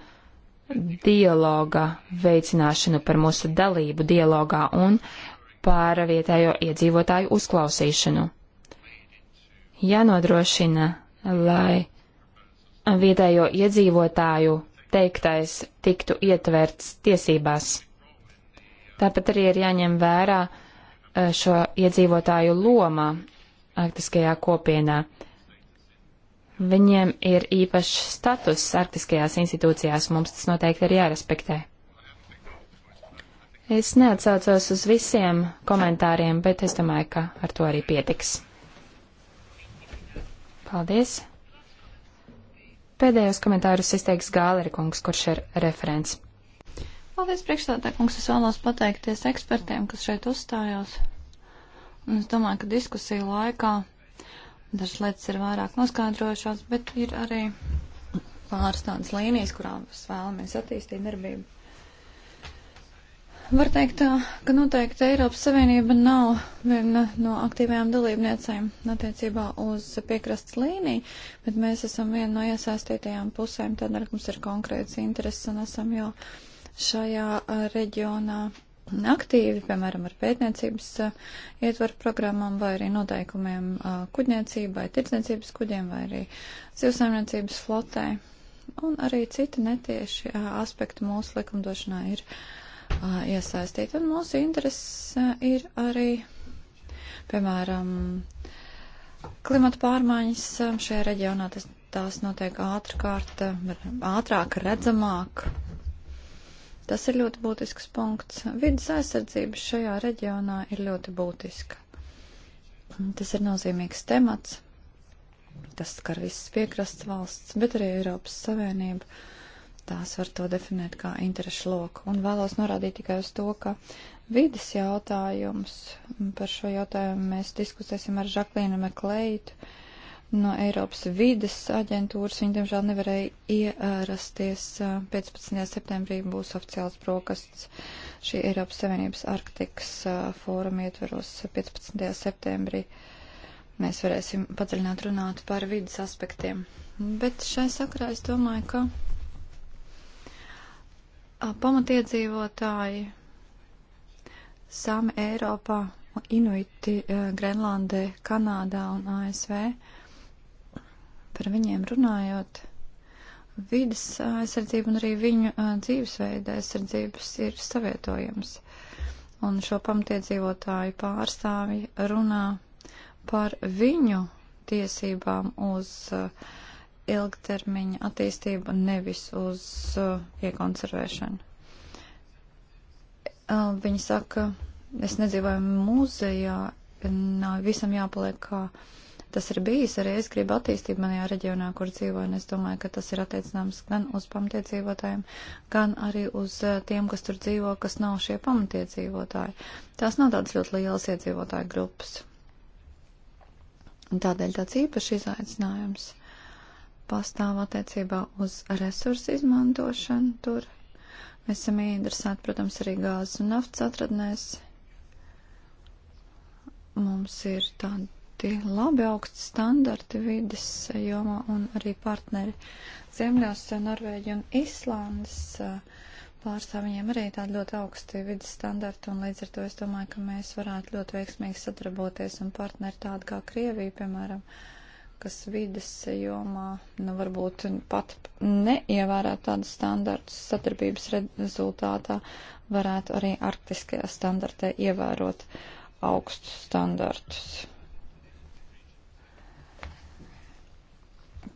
dialoga veicināšanu, par mūsu dalību dialogā un par vietējo iedzīvotāju uzklausīšanu. Jānodrošina, lai vietējo iedzīvotāju teiktais tiktu ietverts tiesībās. Tāpat arī ir jāņem vērā uh, šo iedzīvotāju loma arktiskajā kopienā. Viņiem ir īpašs status arktiskajās institūcijās, mums tas noteikti ir jārespektē. Es neatsaucos uz visiem komentāriem, bet es domāju, ka ar to arī pietiks. Paldies! Pēdējos komentārus izteiks Gāleri kungs, kurš ir referents. Paldies, priekšstādā kungs, es vēlos pateikties ekspertiem, kas šeit uzstājās. Un es domāju, ka diskusiju laikā dažas lietas ir vairāk noskaidrojušās, bet ir arī pāris tādas līnijas, kurās vēlamies attīstīt darbību. Var teikt tā, ka noteikti Eiropas Savienība nav viena no aktīvajām dalībniecēm attiecībā uz piekrastas līniju, bet mēs esam viena no iesaistītajām pusēm, tādēļ mums ir konkrēts intereses un esam jau šajā reģionā aktīvi, piemēram, ar pētniecības eh, ietvaru programmām vai arī noteikumiem eh, kuģniecībai, tirdzniecības kuģiem vai arī zivsaimniecības flotē. Un arī citi netieši eh, aspekti mūsu likumdošanā ir iesaistīti. Un mūsu intereses ir arī, piemēram, klimata pārmaiņas šajā reģionā. Tas, tās notiek ātrkārt, ātrāk, redzamāk Tas ir ļoti būtisks punkts. Vides aizsardzība šajā reģionā ir ļoti būtiska. Tas ir nozīmīgs temats. Tas skar visas piekrastes valsts, bet arī Eiropas Savienību. Tās var to definēt kā interešu loku. Un vēlos norādīt tikai uz to, ka vidas jautājums, par šo jautājumu mēs diskusēsim ar Žaklīnu Meklēju no Eiropas vides aģentūras. Viņi, diemžēl, nevarēja ierasties. 15. septembrī būs oficiāls brokasts šī Eiropas Savienības Arktikas fóruma ietveros 15. septembrī. Mēs varēsim padziļināt runāt par vidas aspektiem. Bet šai sakarā es domāju, ka pamatiedzīvotāji Sami Eiropā, Inuiti Grenlandē, Kanādā un ASV Par viņiem runājot, vidas aizsardzība un arī viņu dzīvesveida aizsardzības ir savietojams. Un šo pamatiedzīvotāju pārstāvji runā par viņu tiesībām uz ilgtermiņa attīstību, nevis uz iekonservēšanu. Viņi saka, es nedzīvoju muzejā, nav visam jāpaliek kā Tas ir bijis arī es gribu attīstību manajā reģionā, kur dzīvoju, un es domāju, ka tas ir attiecināms gan uz pamatiedzīvotājiem, gan arī uz eh, tiem, kas tur dzīvo, kas nav šie pamatiedzīvotāji. Tās nav tādas ļoti lielas iedzīvotāju grupas. Un tādēļ tāds īpašs izaicinājums pastāv attiecībā uz resursu izmantošanu tur. Mēs esam ieinteresēti, protams, arī gāzes un naftas atradnēs. Mums ir tāda ļoti labi augsts standarti vides jomā un arī partneri Ziemļos, eh, Norvēģi un Islandes eh, pārstāvjiem arī tādi ļoti augsti vidas standarti un līdz ar to es domāju, ka mēs varētu ļoti veiksmīgi sadarboties un partneri tādi kā Krievija, piemēram, kas vidas jomā nu, varbūt pat neievērā tādus standartus sadarbības rezultātā, varētu arī arktiskajā standartē ievērot augstus standartus.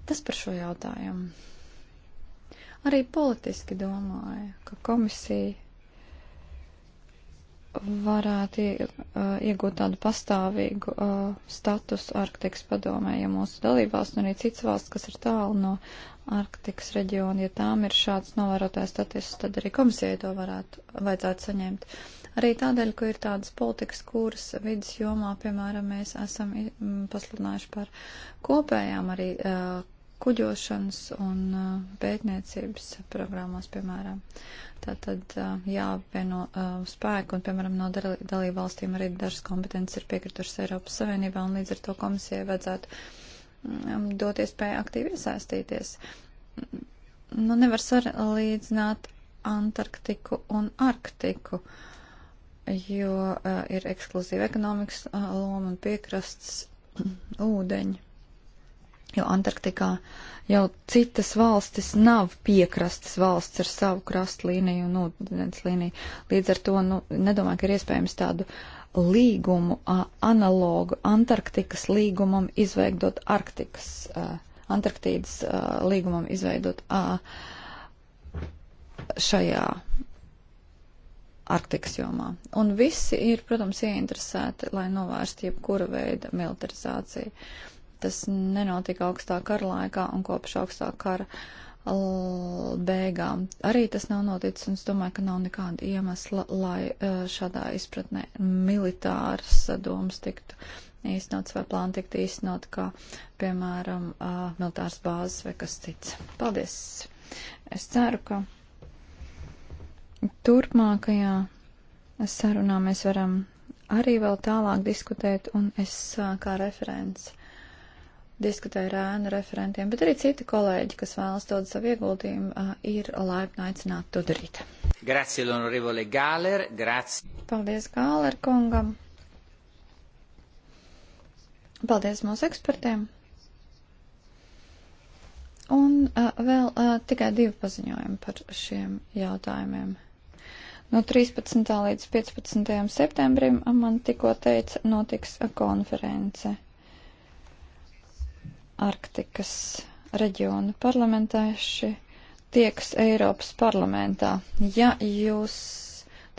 Tas par šo jautājumu. Arī politiski domāju, ka komisija varētu iegūt tādu pastāvīgu uh, statusu Arktikas padomē, ja mūsu dalībās un arī cits valsts, kas ir tālu no Arktikas reģiona, ja tām ir šāds novērotājs status, tad arī komisijai to varētu, vajadzētu saņemt. Arī tādēļ, ka ir tādas politikas, kuras vidas jomā, piemēram, mēs esam pasludinājuši par kopējām arī uh, kuģošanas un uh, pētniecības programmās, piemēram. Tātad uh, jāapvieno uh, spēku un, piemēram, no dalību valstīm arī dažas kompetences ir piekritušas Eiropas Savienībā un līdz ar to komisijai vajadzētu mm, dot iespēju aktīvi iesaistīties. Nu, nevar salīdzināt Antarktiku un Arktiku. Uh, jo uh, ir ekskluzīva ekonomikas uh, loma un piekrasts ūdeņi jo Antarktikā jau citas valstis nav piekrastas valsts ar savu krastu līniju un ūdens līniju. Līdz ar to nu, nedomāju, ka ir iespējams tādu līgumu analogu Antarktikas līgumam izveidot Arktikas, Antarktīdas līgumam izveidot šajā Arktikas jomā. Un visi ir, protams, ieinteresēti, lai novērstu jebkura veida militarizāciju. Tas nenotika augstā kara laikā un kopš augstā kara beigām. Arī tas nav noticis, un es domāju, ka nav nekāda iemesla, lai e, šādā izpratnē militāras domas tiktu īstenots vai plāni tiktu īstenot, kā, piemēram, e, militāras bāzes vai kas cits. Paldies! Es ceru, ka turpmākajā sarunā mēs varam arī vēl tālāk diskutēt, un es e, kā referents diskutēju ar ēnu referentiem, bet arī citi kolēģi, kas vēlas dot savu ieguldījumu, ir laipni aicināti to darīt. Grazie, Lonorevole Gāler, grazie. Paldies Gāler kungam. Paldies mūsu ekspertiem. Un uh, vēl uh, tikai divi paziņojumi par šiem jautājumiem. No 13. līdz 15. septembrim man tikko teica, notiks konference Arktikas reģionu parlamentārši tieks Eiropas parlamentā. Ja jūs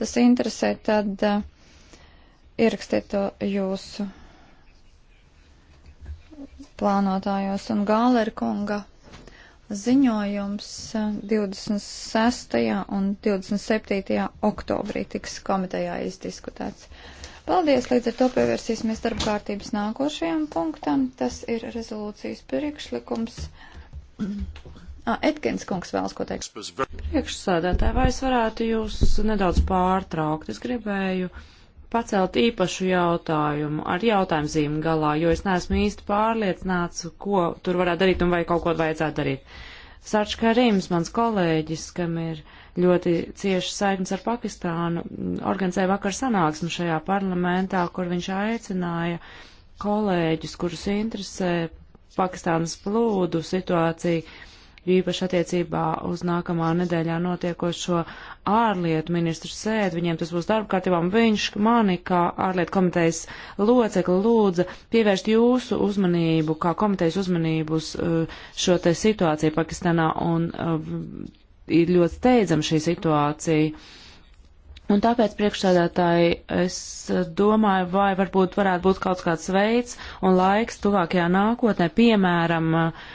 tas interesē, tad uh, ierakstiet to jūsu plānotājos un Gālera kunga ziņojums 26. Eh, un 27. oktobrī tiks komitejā izdiskutēts. Paldies, līdz ar to pievērsīsimies darba kārtības nākošajam punktam. Tas ir rezolūcijas priekšlikums. Ah, Etkins kungs vēlas ko teikt. Priekšsēdētāji, vai es varētu jūs nedaudz pārtraukt? Es gribēju pacelt īpašu jautājumu ar jautājumu zīmu galā, jo es neesmu īsti pārliecināts, ko tur varētu darīt un vai kaut ko vajadzētu darīt. Sačka Rims, mans kolēģis, kam ir ļoti cieši saiknes ar Pakistānu, organizēja vakar sanāksmu šajā parlamentā, kur viņš aicināja kolēģus, kurus interesē Pakistānas plūdu situācija, īpaši attiecībā uz nākamā nedēļā notiekošo ārlietu ministru sēdi. Viņiem tas būs darba kārtībā, un viņš mani, kā ārlietu komitejas locekli, lūdza pievērst jūsu uzmanību, kā komitejas uzmanību uz uh, šo te situāciju Pakistanā, un uh, ir ļoti steidzama šī situācija. Un tāpēc priekšsēdētāji es uh, domāju, vai varbūt varētu būt kaut kāds veids un laiks tuvākajā nākotnē, piemēram, uh,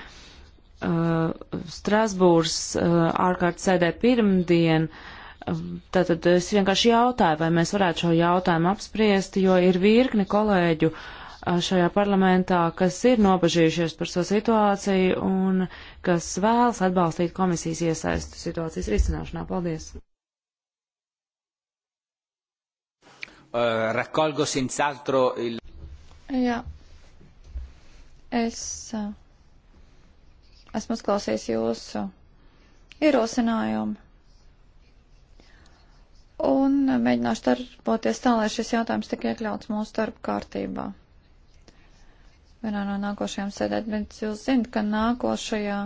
Uh, Strasbūras uh, ārkārtas sēdē pirmdien. Uh, tātad es vienkārši jautāju, vai mēs varētu šo jautājumu apspriest, jo ir virkni kolēģu šajā parlamentā, kas ir nobežījušies par šo so situāciju un kas vēlas atbalstīt komisijas iesaistu situācijas risināšanā. Paldies! Raccolgo senz'altro il. Jā. Es uh, esmu uzklausījis jūsu ierosinājumu. Un mēģināšu darboties tā, lai šis jautājums tik iekļauts mūsu darba kārtībā. Vienā no nākošajām sēdēt, bet jūs zinat, ka nākošajā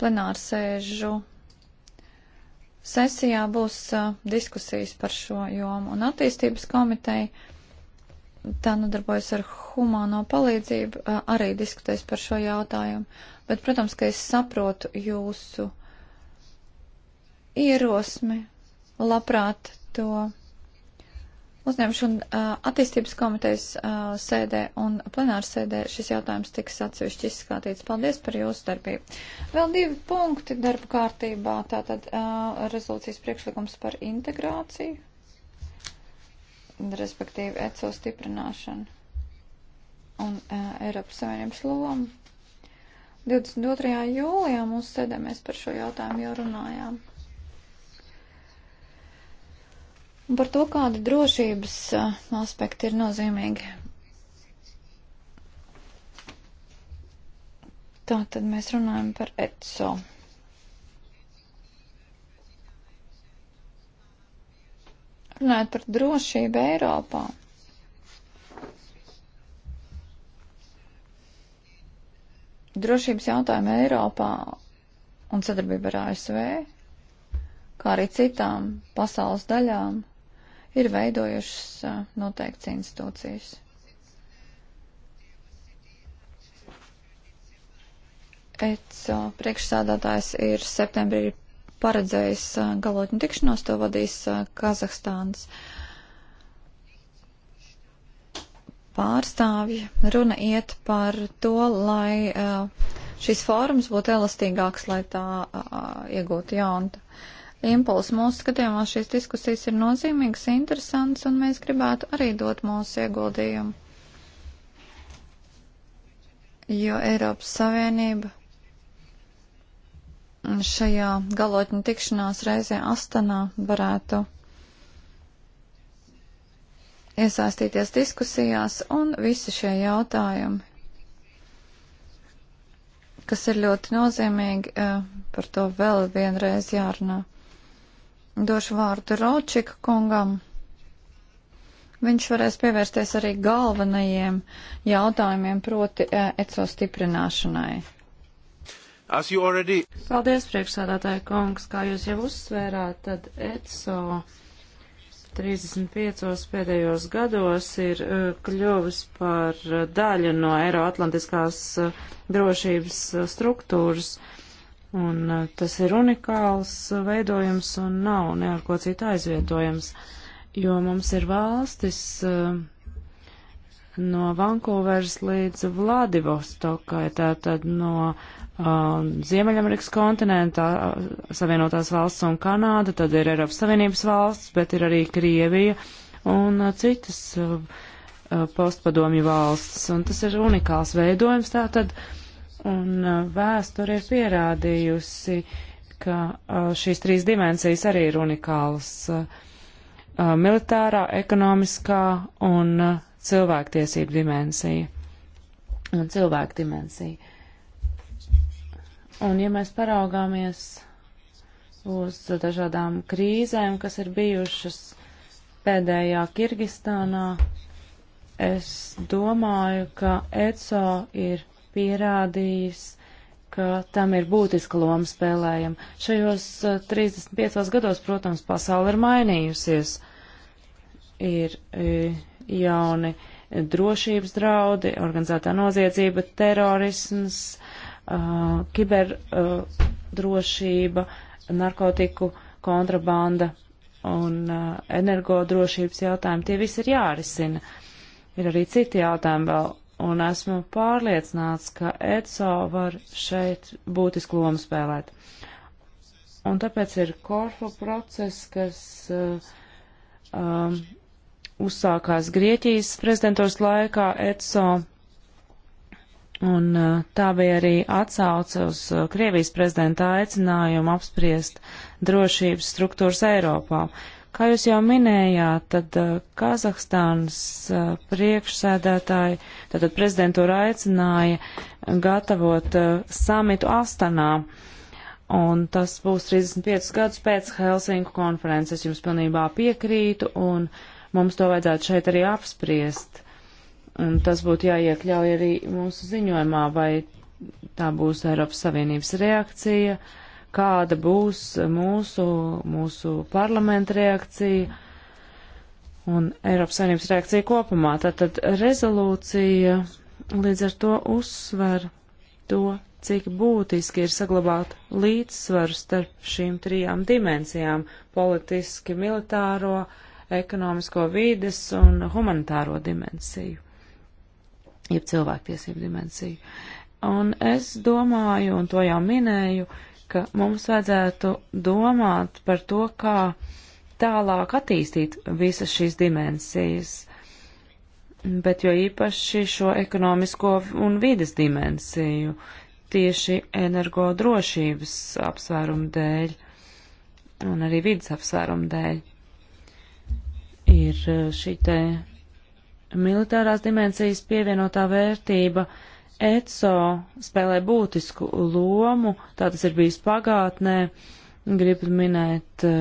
plenārsēžu sesijā būs uh, diskusijas par šo jomu un attīstības komiteju tā nodarbojas ar humāno palīdzību, arī diskutēs par šo jautājumu. Bet, protams, ka es saprotu jūsu ierosmi, labprāt to uzņemšu un attīstības komitejas sēdē un plenāru sēdē šis jautājums tiks atsevišķi izskatīts. Paldies par jūsu darbību. Vēl divi punkti darba kārtībā, tātad rezolūcijas priekšlikums par integrāciju respektīvi ECO stiprināšanu un uh, Eiropas Savienības lomu. 22. jūlijā mūsu sēdē mēs par šo jautājumu jau runājām. Un par to, kāda drošības uh, aspekti ir nozīmīgi. Tā tad mēs runājam par ECO. Runājot par drošību Eiropā. Drošības jautājumi Eiropā un sadarbība ar ASV, kā arī citām pasaules daļām, ir veidojušas noteikts institūcijas. ECO priekšsādātājs ir septembrī paredzējis galotņu tikšanos, to vadīs Kazahstānas pārstāvji. Runa iet par to, lai šis fórums būtu elastīgāks, lai tā iegūtu jaunu impulsu. Mūsu skatījumā šīs diskusijas ir nozīmīgas, interesantas, un mēs gribētu arī dot mūsu ieguldījumu. Jo Eiropas Savienība šajā galotņu tikšanās reizē Astanā varētu iesaistīties diskusijās un visi šie jautājumi, kas ir ļoti nozīmīgi, eh, par to vēl vienreiz jārunā. Došu vārdu Ročika kungam. Viņš varēs pievērsties arī galvenajiem jautājumiem, proti eh, ECO stiprināšanai. Already... Paldies, priekšsādātāja kungs. Kā jūs jau uzsvērāt, tad ECO 35 pēdējos gados ir uh, kļuvis par uh, daļu no Eiroatlantiskās uh, drošības struktūras. Un tas ir unikāls veidojums un nav ne ar ko citu aizvietojams, jo mums ir valstis no Vankūveras līdz Vladivostokai, tātad no Uh, Ziemeļamerikas kontinentā, uh, Savienotās valsts un Kanāda, tad ir Eiropas Savienības valsts, bet ir arī Krievija un uh, citas postpadomju valsts. Un tas ir unikāls veidojums tātad, un vēsture ir pierādījusi, ka šīs trīs dimensijas arī ir unikālas - militārā, ekonomiskā un cilvēktiesību dimensija un cilvēku dimensija. Un ja mēs paraugāmies uz dažādām krīzēm, kas ir bijušas pēdējā Kirgistānā, es domāju, ka ECO ir pierādījis, ka tam ir būtiska loma spēlējama. Šajos 35 eh, gados, protams, pasauli ir mainījusies. Ir eh, jauni drošības draudi, organizētā noziedzība, terorisms, uh, kiberdrošība, uh, narkotiku kontrabanda un uh, energodrošības jautājumi. Tie visi ir jārisina. Ir arī citi jautājumi vēl, un esmu pārliecināts, ka ECO var šeit būtisku lomu spēlēt. Un tāpēc ir Korfu process, kas uh, um, uzsākās Grieķijas prezidentūras laikā ECO Un uh, tā bija arī atsauce uz uh, Krievijas prezidenta aicinājumu apspriest drošības struktūras Eiropā. Kā jūs jau minējāt, tad uh, Kazahstānas priekšsēdētāji, tātad prezidentūra aicināja gatavot samitu Astanā. Un tas būs 35 gadus pēc Helsinku konferences. Jums pilnībā piekrītu, un mums to vajadzētu šeit arī apspriest Un tas būtu jāiekļauj arī mūsu ziņojumā, vai tā būs Eiropas Savienības reakcija, kāda būs mūsu, mūsu parlamenta reakcija un Eiropas Savienības reakcija kopumā. Tātad rezolūcija līdz ar to uzsver to, cik būtiski ir saglabāt līdzsvaru starp šīm trijām dimensijām - politiski, militāro, ekonomisko vīdes un humanitāro dimensiju jeb cilvēktiesību dimensiju. Un es domāju, un to jau minēju, ka mums vajadzētu domāt par to, kā tālāk attīstīt visas šīs dimensijas, bet jo īpaši šo ekonomisko un vides dimensiju tieši energo drošības apsvērumu dēļ un arī vidas apsvērumu dēļ ir eh, šī te Militārās dimensijas pievienotā vērtība ECO spēlē būtisku lomu, tā tas ir bijis pagātnē. Gribu minēt uh,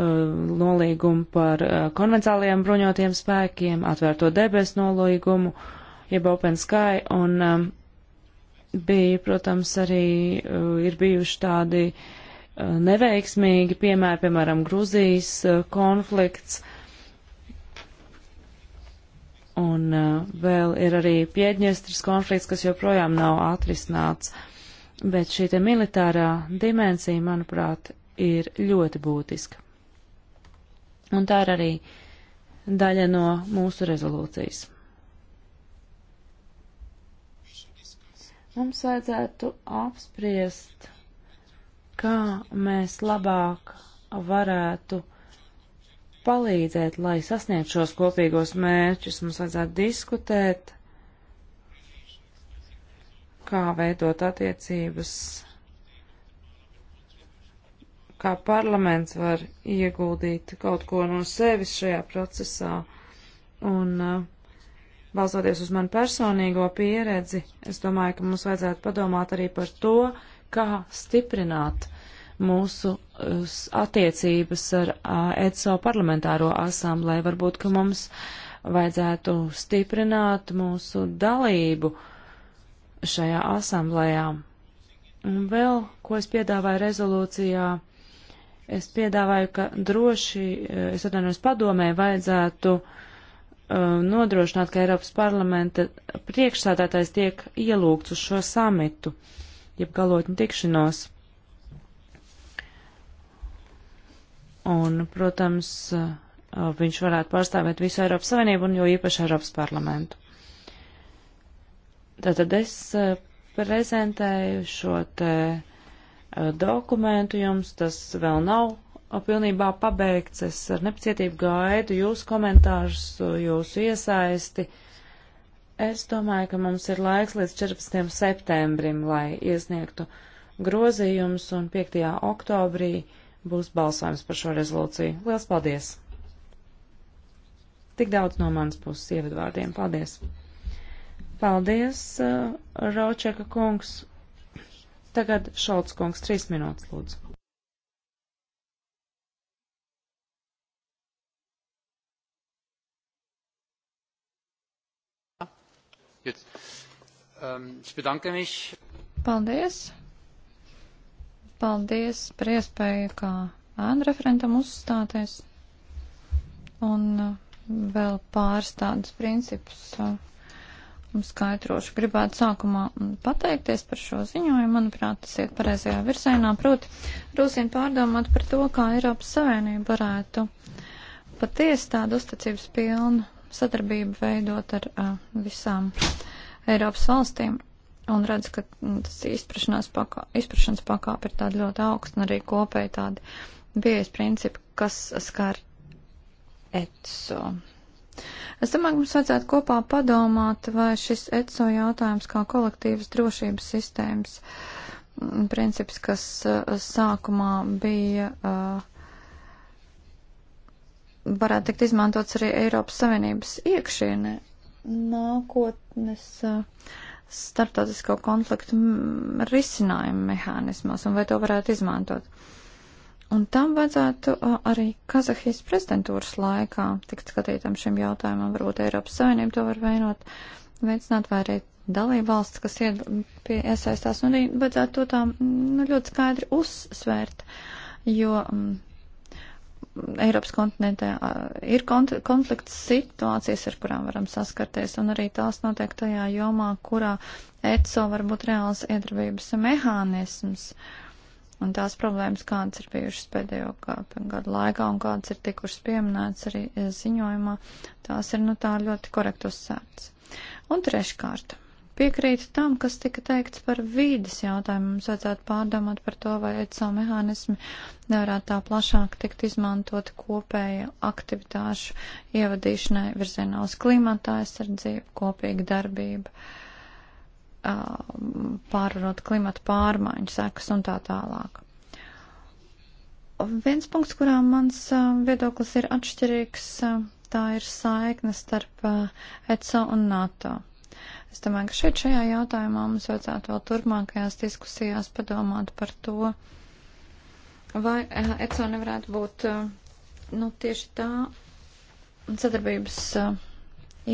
uh nolīgumu par uh, konvencionāliem bruņotiem spēkiem, atvērto debesu nolīgumu, jeb Open Sky, un um, bija, protams, arī uh, ir bijuši tādi uh, neveiksmīgi piemēri, piemēram, Gruzijas uh, konflikts, Un uh, vēl ir arī Piedņestras konflikts, kas joprojām nav atrisināts. Bet šī te militārā dimensija, manuprāt, ir ļoti būtiska. Un tā ir arī daļa no mūsu rezolūcijas. Mums vajadzētu apspriest, kā mēs labāk varētu uh, palīdzēt, lai sasniegtu šos kopīgos mērķus. Mums vajadzētu diskutēt, kā veidot attiecības, kā parlaments var ieguldīt kaut ko no sevis šajā procesā. Un uh, balstoties uz manu personīgo pieredzi, es domāju, ka mums vajadzētu padomāt arī par to, kā stiprināt uh, mūsu attiecības ar ECO parlamentāro asamblēju. Varbūt, ka mums vajadzētu stiprināt mūsu dalību šajā asamblējā. Un vēl, ko es piedāvāju rezolūcijā, es piedāvāju, ka droši, e, es atvainojos padomē, vajadzētu uh, nodrošināt, ka Eiropas parlamenta priekšsādātājs tiek ielūgts uz šo samitu, jeb galotņu tikšanos. Un, protams, uh, viņš varētu pārstāvēt visu Eiropas Savienību un jo īpaši Eiropas parlamentu. Tātad es uh, prezentēju šo te uh, dokumentu jums, tas vēl nav pilnībā pabeigts. Es ar nepacietību gaidu jūsu komentārus, jūsu iesaisti. Es domāju, ka mums ir laiks līdz 14. septembrim, lai iesniegtu grozījumus un 5. oktobrī uh, būs balsojums par šo rezolūciju. Lielas paldies! Tik daudz no manas puses ievadvārdiem. Paldies! Paldies, uh, Raučeka kungs! Tagad Šolts kungs, trīs minūtes, lūdzu. Ähm, paldies! Paldies par iespēju kā ēnu referentam uzstāties un uh, vēl pāris tādus principus uh, un skaidrošu. Gribētu sākumā mm, pateikties par šo ziņojumu. Manuprāt, tas iet pareizajā virzienā. Proti, rūsim pārdomāt par to, kā Eiropas Savienība varētu patiesi tādu uzticības pilnu sadarbību veidot ar uh, visām Eiropas valstīm un redz, ka mm, tas izprašanās pakā, izprašanas pakāpe ir tāda ļoti augsta un arī kopēji tādi bijies principi, kas skar ETSO. Es domāju, ka mums vajadzētu kopā padomāt, vai šis ECO jautājums kā kolektīvas drošības sistēmas mm, princips, kas eh, sākumā bija, eh, varētu tikt izmantots arī Eiropas Savienības iekšienē nākotnes eh, starptautisko konfliktu risinājumu mehānismos un vai to varētu izmantot. Un tam vajadzētu arī Kazahijas prezidentūras laikā tikt skatītam šim jautājumam. Varbūt Eiropas Savienība to var vienot, veicināt vai arī dalība valsts, kas ied, pie, iesaistās. Un arī vajadzētu to tā nu, ļoti skaidri uzsvērt, jo. Mm, Eiropas kontinentē ir konflikts situācijas, ar kurām varam saskarties, un arī tās notiek tajā jomā, kurā ECO var būt reāls iedarbības mehānisms. Un tās problēmas, kādas ir bijušas pēdējo gadu laikā un kādas ir tikušas pieminētas arī e, ziņojumā, tās ir nu tā ļoti korekti uzsvērts. Un treškārt. Piekrītu tam, kas tika teikts par vīdes jautājumu. Mums vajadzētu pārdomāt par to, vai ECO mehānismi nevarētu tā plašāk tikt izmantot kopēja aktivitāšu ievadīšanai virzienā uz klimata aizsardzību, kopīga darbība, pārvarot klimata pārmaiņu sekas un tā tālāk. Viens punkts, kurā mans viedoklis ir atšķirīgs, tā ir saikne starp ECO un NATO Es domāju, ka šeit šajā jautājumā mums vajadzētu vēl turpmākajās diskusijās padomāt par to, vai eh, ECO nevarētu būt eh, nu, tieši tā sadarbības eh,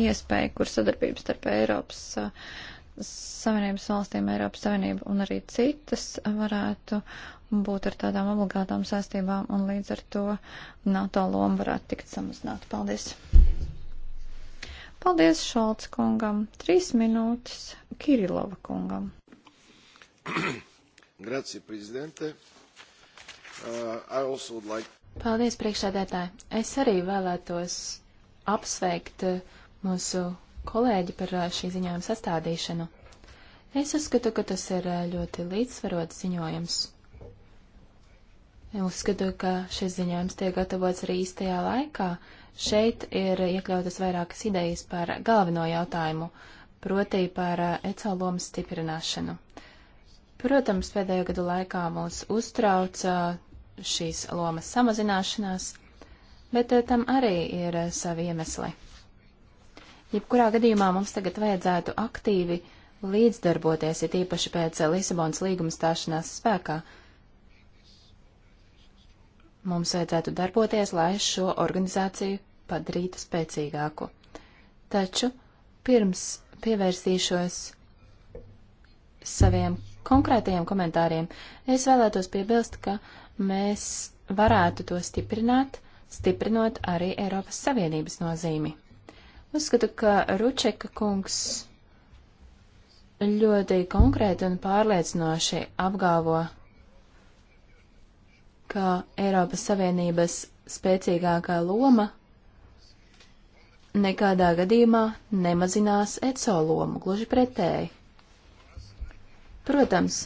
iespēja, kur sadarbības starp Eiropas Savienības valstīm, Eiropas Savienību un arī citas varētu būt ar tādām obligātām saistībām, un līdz ar to NATO loma varētu tikt samazināta. Paldies! Paldies Šalts kungam. Trīs minūtes Kirilova kungam. Grazie, prezidente. Uh, I also would like. Paldies, priekšsēdētāji. Es arī vēlētos apsveikt uh, mūsu kolēģi par uh, šī ziņojuma sastādīšanu. Es uzskatu, ka tas ir uh, ļoti līdzsvarots ziņojums. Es uzskatu, ka šis ziņojums tiek gatavots arī īstajā laikā, Šeit ir iekļautas vairākas idejas par galveno jautājumu, proti par eh, ECO lomas stiprināšanu. Protams, pēdējo gadu laikā mūs uztrauca eh, šīs lomas samazināšanās, bet eh, tam arī ir savi iemesli. Jebkurā gadījumā mums tagad vajadzētu aktīvi līdzdarboties, ir īpaši pēc Lisabonas līguma stāšanās spēkā. Mums vajadzētu darboties, lai šo organizāciju padarītu spēcīgāku. Taču pirms pievērsīšos saviem konkrētajiem komentāriem, es vēlētos piebilst, ka mēs varētu to stiprināt, stiprinot arī Eiropas Savienības nozīmi. Uzskatu, ka Ručeka kungs ļoti konkrēti un pārliecinoši apgalvo, ka Eiropas Savienības spēcīgākā loma nekādā gadījumā nemazinās ECO lomu, gluži pretēji. Protams,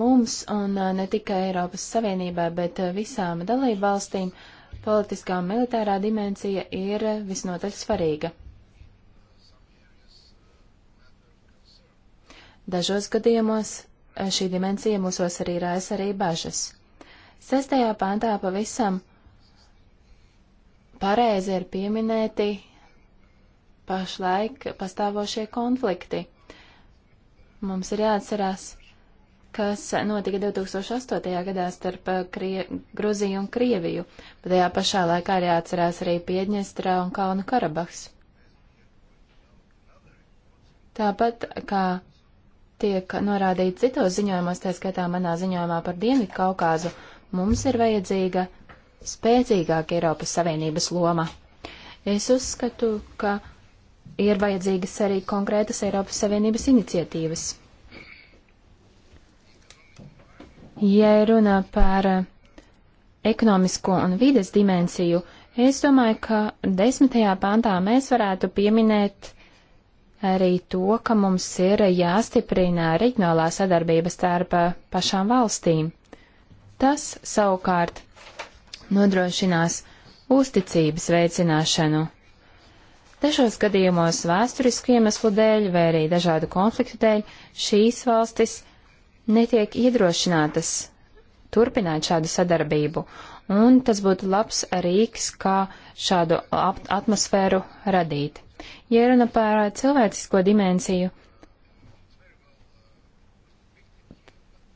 mums un ne tikai Eiropas Savienībai, bet visām dalību valstīm politiskā un militārā dimensija ir visnotaļ svarīga. Dažos gadījumos šī dimensija mūsos arī rājas arī bažas. Sestajā pāntā pavisam uh, pareizi ir pieminēti pašlaik pastāvošie konflikti. Mums ir jāatcerās, kas notika 2008. gadā starp Krie Gruziju un Krieviju, bet tajā pašā laikā ir jāatcerās arī Piedņestrā un Kalnu Karabahs. Tāpat kā tiek norādīts citos ziņojumos, tā skaitā manā ziņojumā par Dienvidu Kaukāzu, mums ir vajadzīga spēcīgāka Eiropas Savienības loma. Es uzskatu, ka ir vajadzīgas arī konkrētas Eiropas Savienības iniciatīvas. Ja runā par ekonomisko un vides dimensiju, es domāju, ka desmitajā pantā mēs varētu pieminēt arī to, ka mums ir jāstiprina reģionālā sadarbība starp pašām valstīm. Tas savukārt nodrošinās uzticības veicināšanu. Dažos gadījumos vēsturisku iemeslu dēļ vai arī dažādu konfliktu dēļ šīs valstis netiek iedrošinātas turpināt šādu sadarbību, un tas būtu labs rīks, kā šādu atmosfēru radīt. Ja runa par cilvēcisko dimensiju,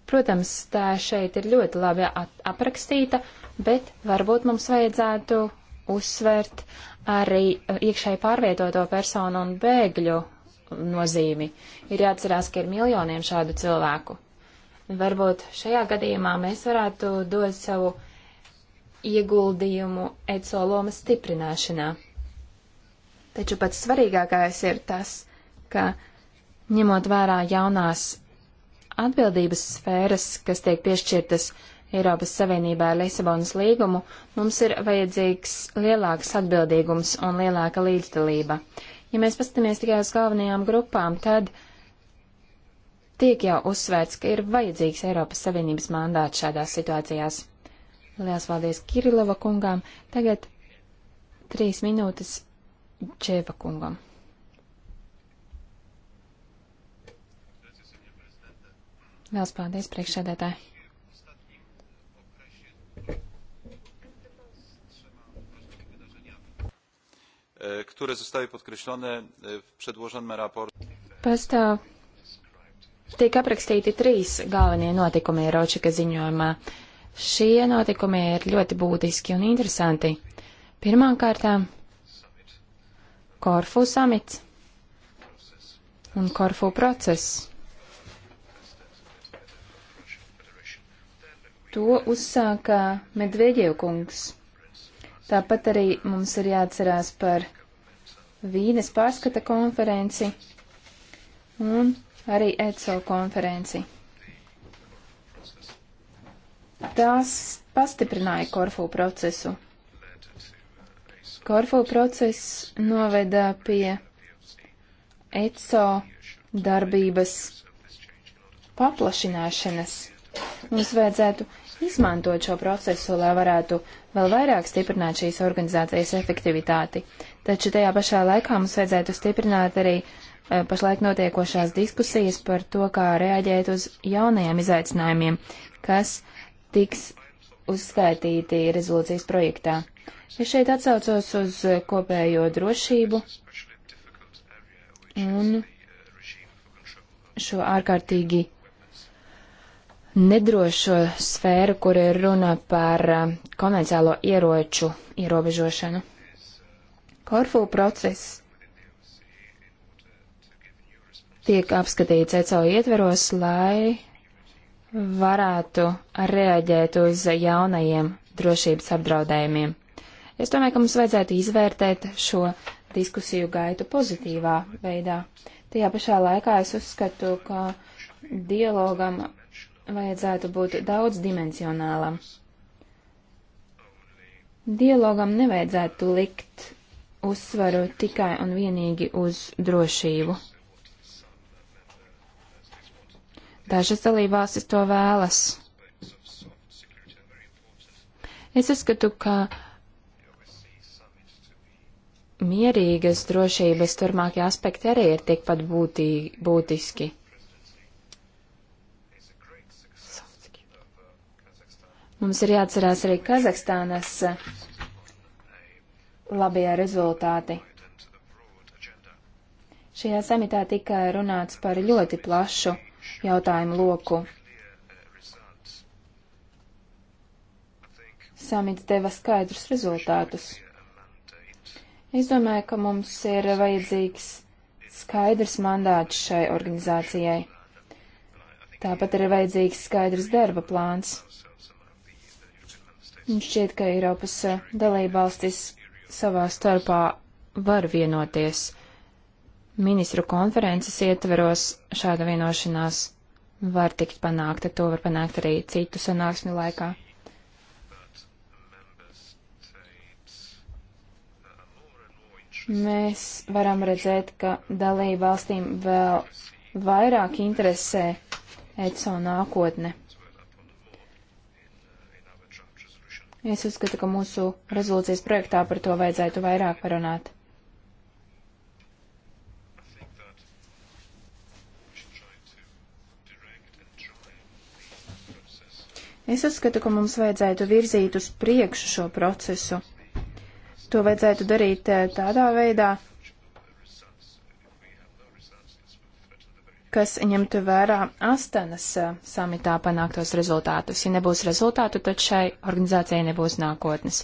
protams, tā šeit ir ļoti labi aprakstīta, bet varbūt mums vajadzētu uzsvērt arī uh, iekšēji pārvietoto personu un bēgļu nozīmi. Ir jāatcerās, ka ir miljoniem šādu cilvēku. Varbūt šajā gadījumā mēs varētu dot savu ieguldījumu ECO lomas stiprināšanā. Taču pats svarīgākais ir tas, ka ņemot vērā jaunās atbildības sfēras, kas tiek piešķirtas Eiropas Savienībā ar Lisabonas līgumu, mums ir vajadzīgs lielāks atbildīgums un lielāka līdzdalība. Ja mēs paskatāmies tikai uz galvenajām grupām, tad tiek jau uzsvērts, ka ir vajadzīgs Eiropas Savienības mandāts šādās situācijās. Lielas paldies Kirilova kungām. Tagad trīs minūtes Čēva kungam. Lielas paldies priekšsēdētāji. E, które zostały podkreślone e, w przedłożonym raporcie. Pastāv tiek aprakstīti trīs galvenie notikumi Ročika ziņojumā. Šie notikumi ir ļoti būtiski un interesanti. Pirmkārtām Korfu samits un Korfu process. To uzsāka Medvedjev kungs. Tāpat arī mums ir jāatcerās par vīdes pārskata konferenci un arī ECO konferenci. Tās pastiprināja Korfu procesu. Korfu process noveda pie ECO darbības paplašināšanas. Mums vajadzētu izmantot šo procesu, lai varētu vēl vairāk stiprināt šīs organizācijas efektivitāti. Taču tajā pašā laikā mums vajadzētu stiprināt arī e, pašlaik notiekošās diskusijas par to, kā reaģēt uz jaunajiem izaicinājumiem, kas tiks uzskaitīti rezolūcijas projektā. Es šeit atsaucos uz kopējo drošību un šo ārkārtīgi nedrošo sfēru, kur ir runa par eh, konvencionālo ieroču ierobežošanu. Korfu process tiek apskatīts ECO ietveros, lai varētu reaģēt uz jaunajiem drošības apdraudējumiem. Es domāju, ka mums vajadzētu izvērtēt šo diskusiju gaitu pozitīvā veidā. Tajā pašā laikā es uzskatu, ka dialogam vajadzētu būt daudzdimensionālam. Dialogam nevajadzētu likt uzsvaru tikai un vienīgi uz drošību. Dažas dalībvalstis to vēlas. Es uzskatu, ka mierīgas drošības turmākie aspekti arī ir tikpat būtī, būtiski. Mums ir jāatcerās arī Kazahstānas eh, labie rezultāti. Šajā samitā tika runāts par ļoti plašu jautājumu loku. Samits deva skaidrus rezultātus. Es domāju, ka mums ir vajadzīgs skaidrs mandāts šai organizācijai. Tāpat ir vajadzīgs skaidrs darba plāns. Šķiet, ka Eiropas eh, dalībvalstis savā starpā var vienoties. Ministru konferences ietveros šāda vienošanās var tikt panākta, to var panākt arī citu sanāksmi laikā. Mēs varam redzēt, ka dalību valstīm vēl vairāk interesē ECO nākotne. Es uzskatu, ka mūsu rezolūcijas projektā par to vajadzētu vairāk parunāt. Es uzskatu, ka mums vajadzētu virzīt uz priekšu šo procesu. To vajadzētu darīt eh, tādā veidā, kas ņemtu vērā Astanas samitā panāktos rezultātus. Ja nebūs rezultātu, tad šai organizācijai nebūs nākotnes.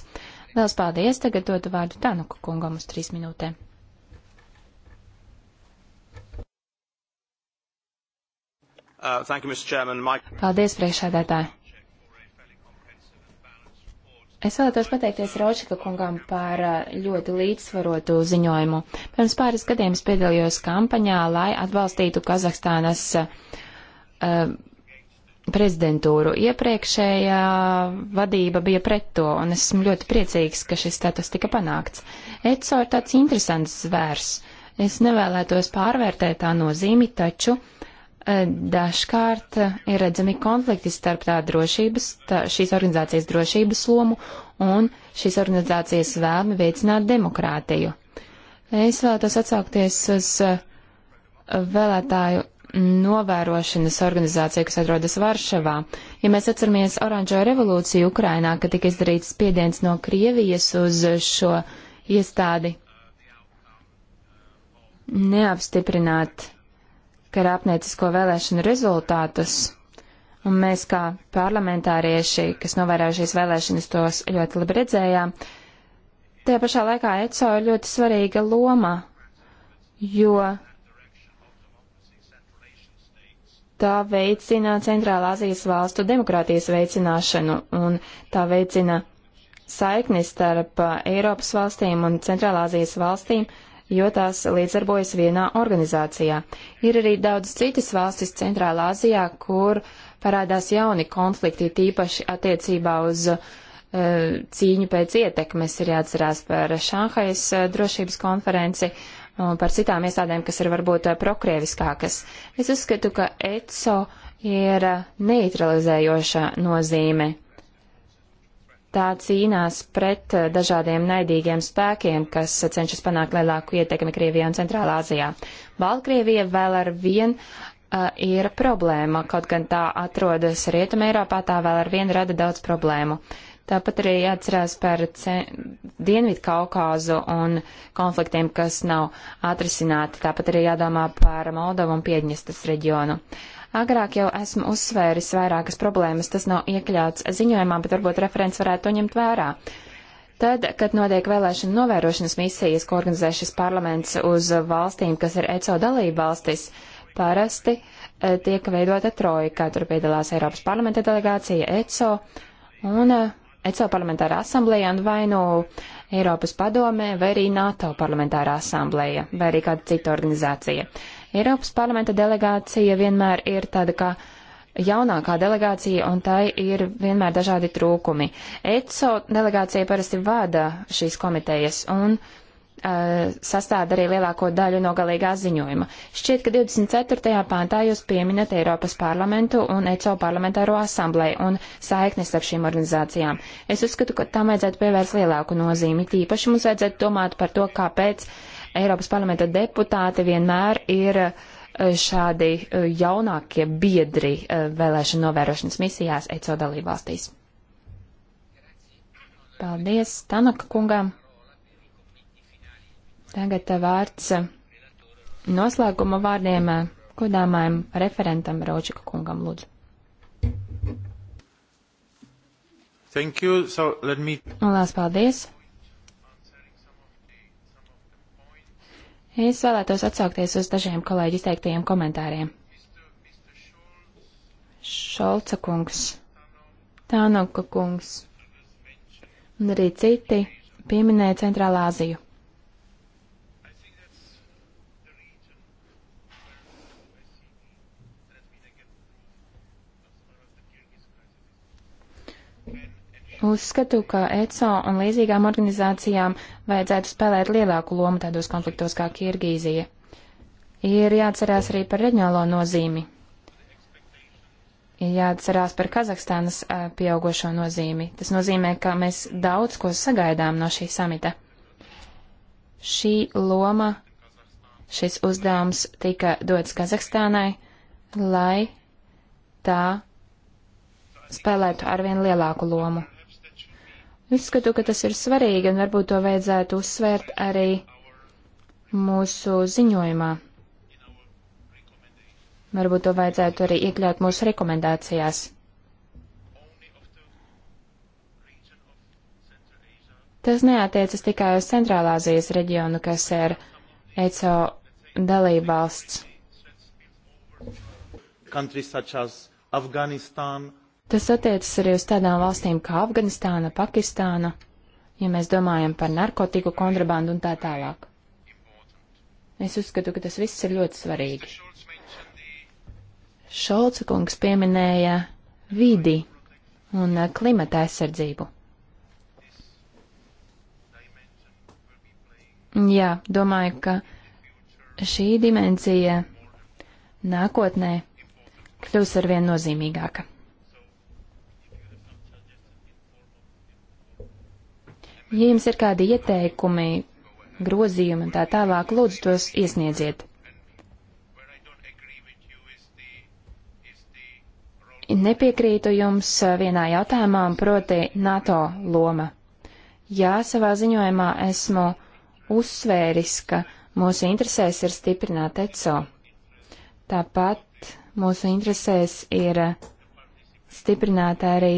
Liels paldies, tagad dodu vārdu Tanuku kungam uz trīs minūtēm. Uh, you, Paldies, priekšsēdētāji. Es vēlētos pateikties Raučika kungam par eh, ļoti līdzsvarotu ziņojumu. Pirms pāris gadiem es piedalījos kampaņā, lai atbalstītu Kazahstānas uh, prezidentūru. Iepriekšējā vadība bija pret to, un esmu ļoti priecīgs, ka šis status tika panākts. ECO ir tāds interesants zvērs. Es nevēlētos pārvērtēt tā nozīmi, taču uh, dažkārt ir redzami konflikti starp tā drošības, tā, šīs organizācijas drošības lomu un šīs organizācijas vēlmi veicināt demokrātiju. Es vēlētos atsaukties uz uh, vēlētāju novērošanas organizāciju, kas atrodas Varšavā. Ja mēs atceramies oranžo revolūciju Ukrainā, kad tika izdarīts spiediens no Krievijas uz šo iestādi neapstiprināt ka ir apniecisko vēlēšanu rezultātus, un mēs kā parlamentārieši, kas novēroja šīs vēlēšanas, tos ļoti labi redzējām, tajā pašā laikā ECO ir ļoti svarīga loma, jo tā veicina Centrālā Azijas valstu demokrātijas veicināšanu un tā veicina saikni starp Eiropas valstīm un Centrālā Azijas valstīm, uh, jo tās līdzdarbojas vienā organizācijā. Ir arī daudz citas valstis Centrālā Azijā, kur parādās jauni konflikti, tīpaši attiecībā uz uh, cīņu pēc ietekmes. Ir jāatcerās par Šanhajas uh, eh, drošības konferenci un par citām iestādēm, kas ir varbūt uh, prokrieviskākas. Es uzskatu, ka ECO ir neutralizējoša nozīme tā cīnās pret eh, dažādiem naidīgiem spēkiem, kas cenšas panākt lielāku ietekmi Krievijā un Centrālā Azijā. Baltkrievija vēl ar vien uh, ir problēma, kaut gan tā atrodas Rietuma Eiropā, tā vēl ar vien rada daudz problēmu. Tāpat arī jāatcerās par Dienvidu Kaukāzu un konfliktiem, kas nav atrisināti. Tāpat arī jādomā par Moldovu un Piedņestas reģionu. Uh, Agrāk jau esmu uzsvēris vairākas problēmas, tas nav iekļauts ziņojumā, bet varbūt referents varētu to ņemt vērā. Tad, kad notiek vēlēšana novērošanas misijas, ko organizē šis parlaments uz valstīm, kas ir ECO dalība valstis, parasti eh, tiek veidota trojka. Tur piedalās Eiropas parlamenta delegācija ECO un eh, ECO parlamentāra asambleja un vai nu Eiropas padomē vai arī NATO parlamentāra asambleja vai arī kāda cita organizācija. Uh, Eiropas parlamenta delegācija vienmēr ir tāda kā jaunākā delegācija, un tai ir vienmēr dažādi trūkumi. ECO delegācija parasti vada šīs komitejas, un sastāda arī lielāko daļu no galīgā ziņojuma. Šķiet, ka 24. pāntā jūs pieminat Eiropas parlamentu un ECO parlamentāro asambleju un saiknis ar šīm organizācijām. Es uzskatu, ka tam vajadzētu pievērst lielāku nozīmi. Tīpaši mums vajadzētu domāt par to, kāpēc Eiropas parlamenta deputāti vienmēr ir eh, šādi eh, jaunākie biedri eh, vēlēšana novērošanas misijās ECO dalībvalstīs. Paldies Tanaka kungam. Tagad vārds noslēguma vārdiem godāmajam referentam Ročika kungam lūdzu. Thank you, so let me... Lās paldies. Es vēlētos atsaukties uz dažiem kolēģi izteiktajiem komentāriem. Šolca kungs, Tānoka kungs un arī citi pieminēja Centrālā Aziju. Uzskatu, ka ECO un līdzīgām organizācijām vajadzētu spēlēt lielāku lomu tādos konfliktos kā Kirgīzija. Ir jāatcerās arī par reģionālo nozīmi. Ir jāatcerās par Kazahstānas pieaugošo nozīmi. Tas nozīmē, ka mēs daudz ko sagaidām no šī samita. Šī loma, šis uzdevums tika dots Kazahstānai, lai tā spēlētu arvien lielāku lomu. Uzskatu, ka tas ir svarīgi un varbūt to vajadzētu uzsvērt arī mūsu ziņojumā. Varbūt to vajadzētu arī iekļaut mūsu rekomendācijās. Tas neatiecas tikai uz Centrālāzijas reģionu, kas ir ECO dalībvalsts. Countries such as Afghanistan, Tas attiecas arī uz tādām valstīm kā Afganistāna, Pakistāna, ja mēs domājam par narkotiku kontrabandu un tā tālāk. Es uzskatu, ka tas viss ir ļoti svarīgi. Šolca kungs pieminēja vidi un eh, klimata aizsardzību. Jā, domāju, ka šī dimensija nākotnē kļūs arvien nozīmīgāka. Ja jums ir kādi ieteikumi, grozījumi un tā tālāk, lūdzu tos iesniedziet. Nepiekrītu jums vienā jautājumā, proti NATO loma. Jā, savā ziņojumā esmu uzsvēris, ka mūsu interesēs ir stiprināt ECO. Tāpat mūsu interesēs ir stiprināt arī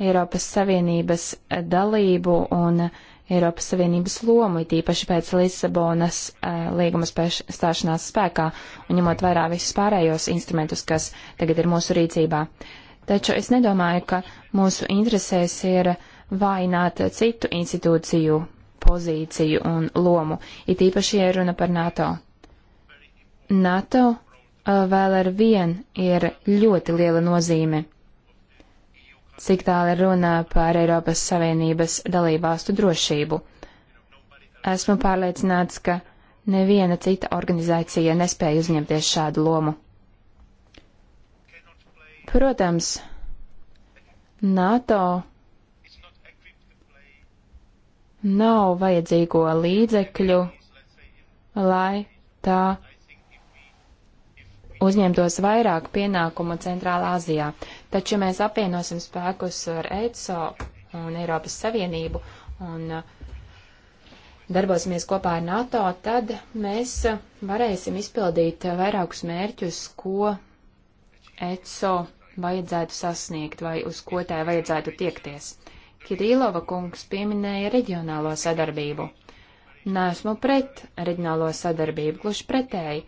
Eiropas Savienības dalību un Eiropas Savienības lomu, it īpaši pēc Lisabonas eh, līguma stāšanās spēkā un ņemot vairāk visus pārējos instrumentus, kas tagad ir mūsu rīcībā. Taču es nedomāju, ka mūsu interesēs ir vainot citu institūciju pozīciju un lomu, it īpaši, ja runa par NATO. NATO eh, vēl ar vien ir ļoti liela nozīme cik tālu ir runa par Eiropas Savienības dalībvalstu drošību. Esmu pārliecināts, ka neviena cita organizācija nespēja uzņemties šādu lomu. Protams, NATO nav vajadzīgo līdzekļu, lai tā uzņemtos vairāk pienākumu Centrālā Azijā. Taču, ja mēs apvienosim spēkus ar ECO un Eiropas Savienību un uh, darbosimies kopā ar NATO, tad mēs uh, varēsim izpildīt uh, vairākus mērķus, ko ECO vajadzētu sasniegt vai uz ko tai vajadzētu tiekties. Kirīlova kungs pieminēja reģionālo sadarbību. Nesmu pret reģionālo sadarbību, gluži pretēji.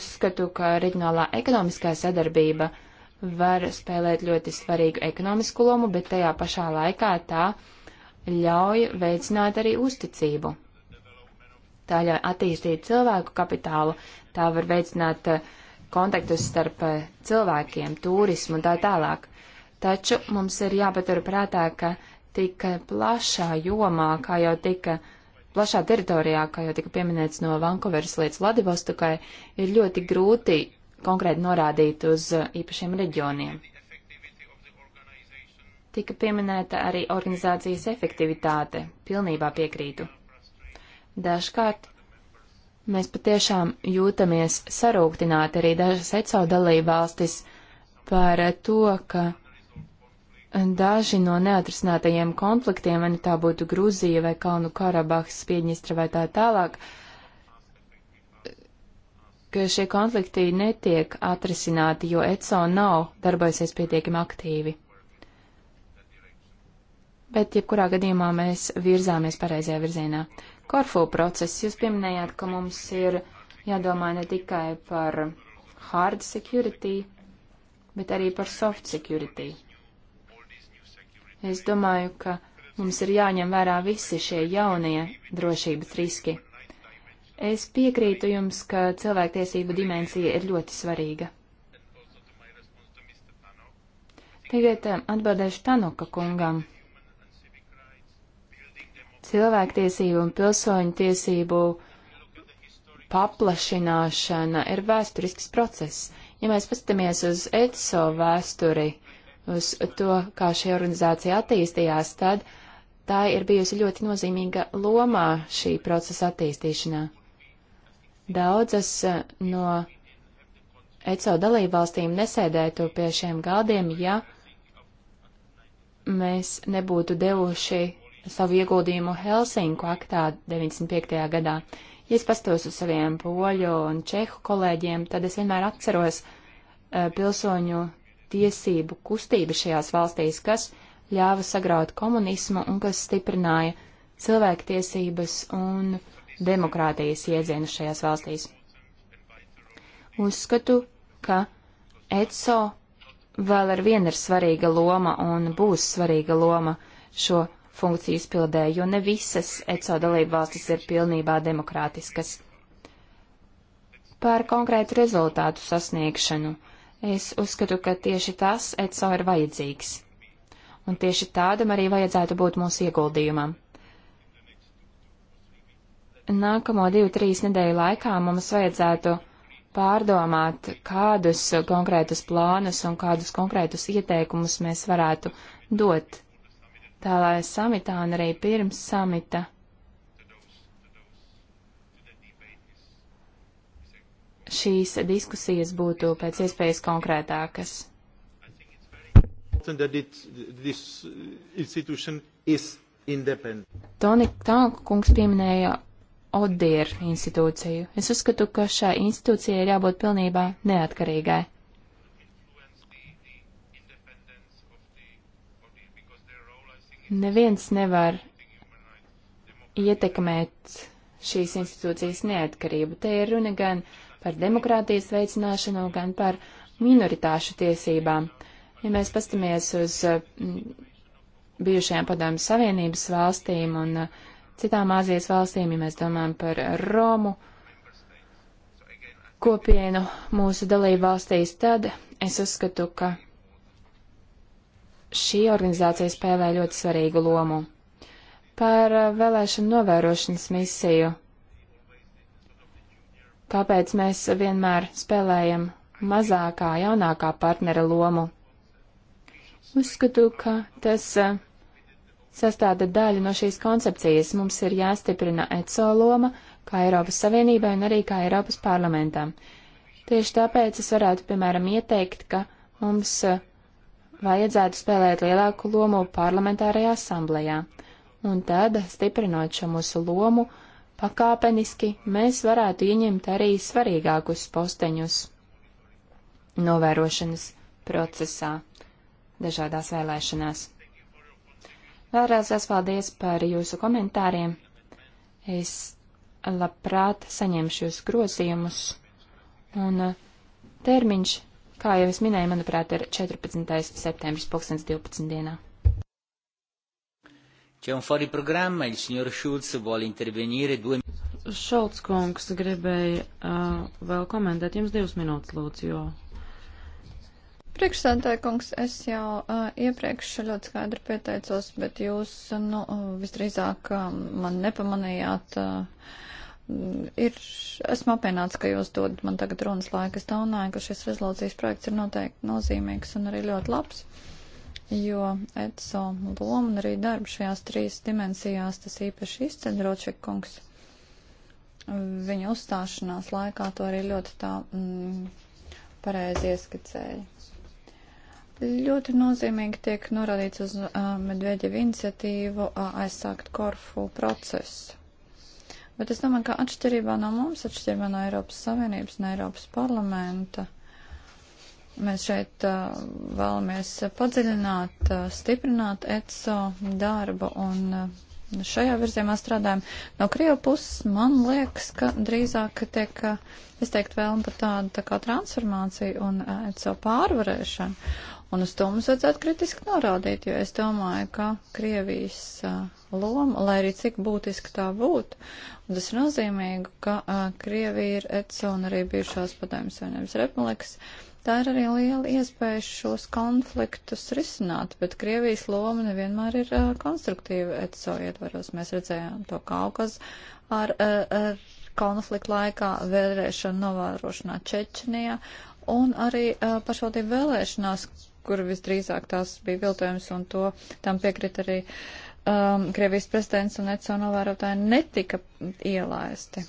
Uzskatu, ka reģionālā ekonomiskā sadarbība uh, var spēlēt ļoti svarīgu ekonomisku lomu, bet tajā pašā laikā tā ļauj veicināt arī uzticību. Tā ļauj attīstīt cilvēku kapitālu, tā var veicināt eh, kontaktus starp eh, cilvēkiem, turismu un tā tālāk. Taču mums ir jāpatur prātā, ka tik plašā jomā, kā jau tika plašā teritorijā, kā jau tika pieminēts no Vankuveras līdz Vladivostokai, ir ļoti grūti konkrēti norādīti uz uh, īpašiem reģioniem. Tika pieminēta arī organizācijas efektivitāte, pilnībā piekrītu. Dažkārt mēs patiešām jūtamies sarūktināti arī dažas ECO dalībvalstis par to, ka daži no neatrisinātajiem konfliktiem, vai nu tā būtu Grūzija vai Kalnu Karabahas, Piedņistra vai tā tālāk, uh, ka šie konflikti netiek atrisināti, jo ECO nav darbojusies pietiekami aktīvi. Bet jebkurā gadījumā mēs virzāmies pareizajā virzienā. Korfu process, jūs pieminējāt, ka mums ir jādomā ne tikai par hard security, bet arī par soft security. Es domāju, ka mums ir jāņem vērā visi šie jaunie drošības riski. Es piekrītu jums, ka cilvēktiesību dimensija ir ļoti svarīga. Tagad um, atbildēšu Tanuka kungam. Cilvēktiesību un pilsoņu tiesību paplašināšana ir vēsturisks process. Ja mēs paskatāmies uz ECO vēsturi, uz to, kā šī organizācija attīstījās, tad tā ir bijusi ļoti nozīmīga lomā šī procesa attīstīšanā daudzas eh, no ECO dalībvalstīm nesēdētu pie šiem galdiem, ja mēs nebūtu devuši savu ieguldījumu Helsinku aktā 95. gadā. Ja es pastos uz saviem poļu un čehu kolēģiem, tad es vienmēr atceros uh, pilsoņu tiesību kustību šajās valstīs, kas ļāva sagraut komunismu un kas stiprināja cilvēktiesības un uh, demokrātijas iedzienu šajās valstīs. Uzskatu, ka ECO vēl ar vienu ir svarīga loma un būs svarīga loma šo funkciju izpildē, jo ne visas ECO dalība valstis ir pilnībā demokrātiskas. Par konkrētu rezultātu sasniegšanu es uzskatu, ka tieši tas ECO ir vajadzīgs. Un tieši tādam arī vajadzētu būt mūsu ieguldījumam nākamo divu, trīs nedēļu laikā mums vajadzētu pārdomāt, kādus konkrētus plānus un kādus konkrētus ieteikumus mēs varētu dot. Tā lai samitā un arī pirms samita šīs diskusijas būtu pēc iespējas konkrētākas. Toni Tanka kungs pieminēja ODIR institūciju. Es uzskatu, ka šai institūcijai ir jābūt pilnībā neatkarīgai. Neviens nevar ietekmēt šīs institūcijas neatkarību. Te ir runa gan par demokrātijas veicināšanu, gan par minoritāšu tiesībām. Ja mēs pastamies uz mm, bijušajām padomju savienības valstīm un uh, citām Āzijas valstīm, ja mēs domājam par Romu kopienu mūsu dalību valstīs, tad es uzskatu, ka šī organizācija spēlē ļoti svarīgu lomu. Par vēlēšanu novērošanas misiju. Tāpēc mēs vienmēr spēlējam mazākā, jaunākā partnera lomu. Uzskatu, ka tas sastāda daļa no šīs koncepcijas. Mums ir jāstiprina ECO loma kā Eiropas Savienībai un arī kā Eiropas parlamentam. Tieši tāpēc es varētu, piemēram, ieteikt, ka mums eh, vajadzētu spēlēt lielāku lomu parlamentārajā asamblējā. Un tad, stiprinot šo mūsu lomu, pakāpeniski mēs varētu ieņemt arī svarīgākus posteņus novērošanas procesā dažādās vēlēšanās. Vēlreiz liels paldies par jūsu komentāriem. Es labprāt saņemšu jūs grozījumus. Un uh, termiņš, kā jau es minēju, manuprāt, ir 14. septembris 2012. dienā. C'è un fuori programma, il signor Schulz vuole intervenire due Šolts kungs gribēja uh, vēl komentēt jums divas minūtes, lūdzu, jo Priekšsēdētāji kungs, es jau uh, iepriekš ļoti skaidri pieteicos, bet jūs nu, visdrīzāk uh, man nepamanījāt. Uh, ir, esmu apvienāts, ka jūs dodat man tagad runas laiku. Es domāju, ka šis rezolūcijas projekts ir noteikti nozīmīgs un arī ļoti labs, jo ETSO loma un arī darba šajās trīs dimensijās tas īpaši izceļ Ročik kungs viņa uzstāšanās laikā to arī ļoti tā mm, pareizi ieskicēja. Ļoti nozīmīgi tiek norādīts uz uh, Medveģeva iniciatīvu uh, aizsākt Korfu procesu. Bet es domāju, ka atšķirībā no mums, atšķirībā no Eiropas Savienības un Eiropas parlamenta, mēs šeit uh, vēlamies padziļināt, stiprināt ECO darbu un šajā virzienā strādājam. No Krievu puses man liekas, ka drīzāk tiek izteikt vēlme par tādu tā kā transformāciju un ECO pārvarēšanu. Un uz to mums vajadzētu kritiski norādīt, jo es domāju, ka Krievijas loma, lai arī cik būtiska tā būtu, un tas ir nozīmīgi, ka Krievija ir ECO un arī bijušās padomjas savienības republikas, tā ir arī liela iespēja šos konfliktus risināt, bet Krievijas loma nevienmēr ir konstruktīva ECO ietvaros. Mēs redzējām to Kaukaz ar. ar konflikta laikā, vēlēšana novērošanā Čečenijā un arī uh, pašvaldību vēlēšanās, kur visdrīzāk tās bija viltojums, un to tam piekrit arī um, Krievijas prezidents un ECO novērotāji netika ielaisti.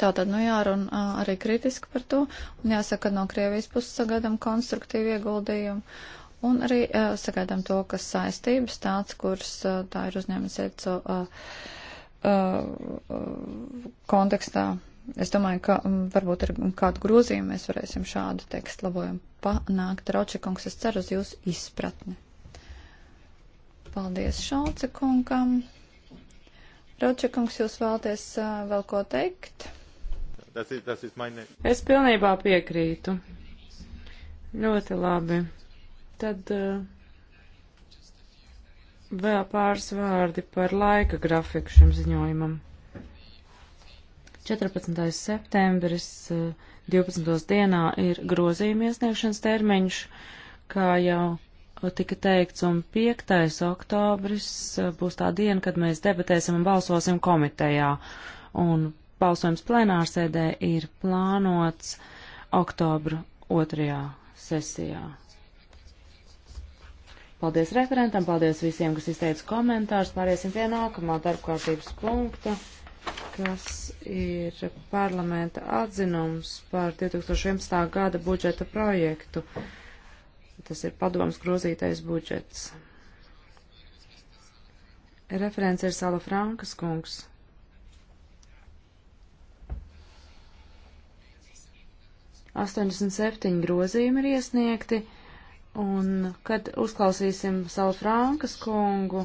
Tātad, nu jārun arī kritiski par to, un jāsaka, no Krievijas puses sagaidām konstruktīvu ieguldījumu, un arī uh, sagaidām to, kas saistības tāds, kuras uh, tā ir uzņēmis ECO uh, uh, kontekstā Es domāju, ka mm, varbūt ar kādu grozījumu mēs varēsim šādu tekstu labojumu panākt. Raučikungs, es ceru uz jūsu izpratni. Paldies Šauce kungam. Raučikungs, jūs vēlaties vēl ko teikt? Tas ir, tas ir mani. Es pilnībā piekrītu. Ļoti labi. Tad uh, vēl pāris vārdi par laika grafiku šim ziņojumam. 14. septembris 12. Eh, dienā ir grozījuma iesniegšanas termiņš, kā jau tika teikts, un 5. oktobris eh, būs tā diena, kad mēs debatēsim un balsosim komitejā. Un balsojums plenārsēdē ir plānots oktobra otrajā sesijā. Paldies referentam, paldies visiem, kas izteica komentārus. Pāriesim pie nākamā darbkārtības punkta kas ir parlamenta atzinums par 2011. gada budžeta projektu. Tas ir padoms grozītais budžets. Referents ir Sala Frankas kungs. Astoņdesmit septiņi grozījumi ir iesniegti, un kad uzklausīsim Sala Frankas kungu,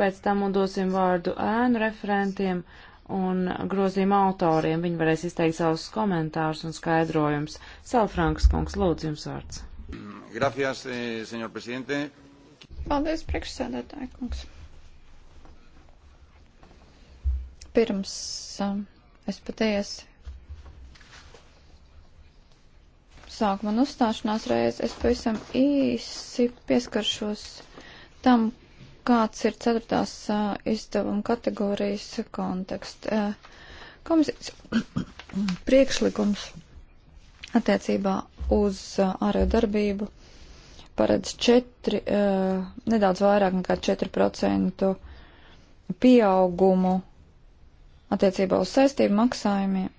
pēc tam un dosim vārdu ēnu referentiem, uh, un grozījuma autoriem. Viņi varēs izteikt savus komentārus un skaidrojumus. Salfrankas kungs, lūdzu jums vārds. Gracias, eh, senor presidente. Paldies, priekšsēdētāji kungs. Pirms um, es patiesi sāku man uzstāšanās reizi, es pavisam īsi pieskaršos tam, kāds ir ceturtās uh, izdevuma kategorijas konteksts. Uh, komisijas priekšlikums attiecībā uz uh, ārējo darbību paredz 4, uh, nedaudz vairāk nekā 4% pieaugumu attiecībā uz saistību maksājumiem.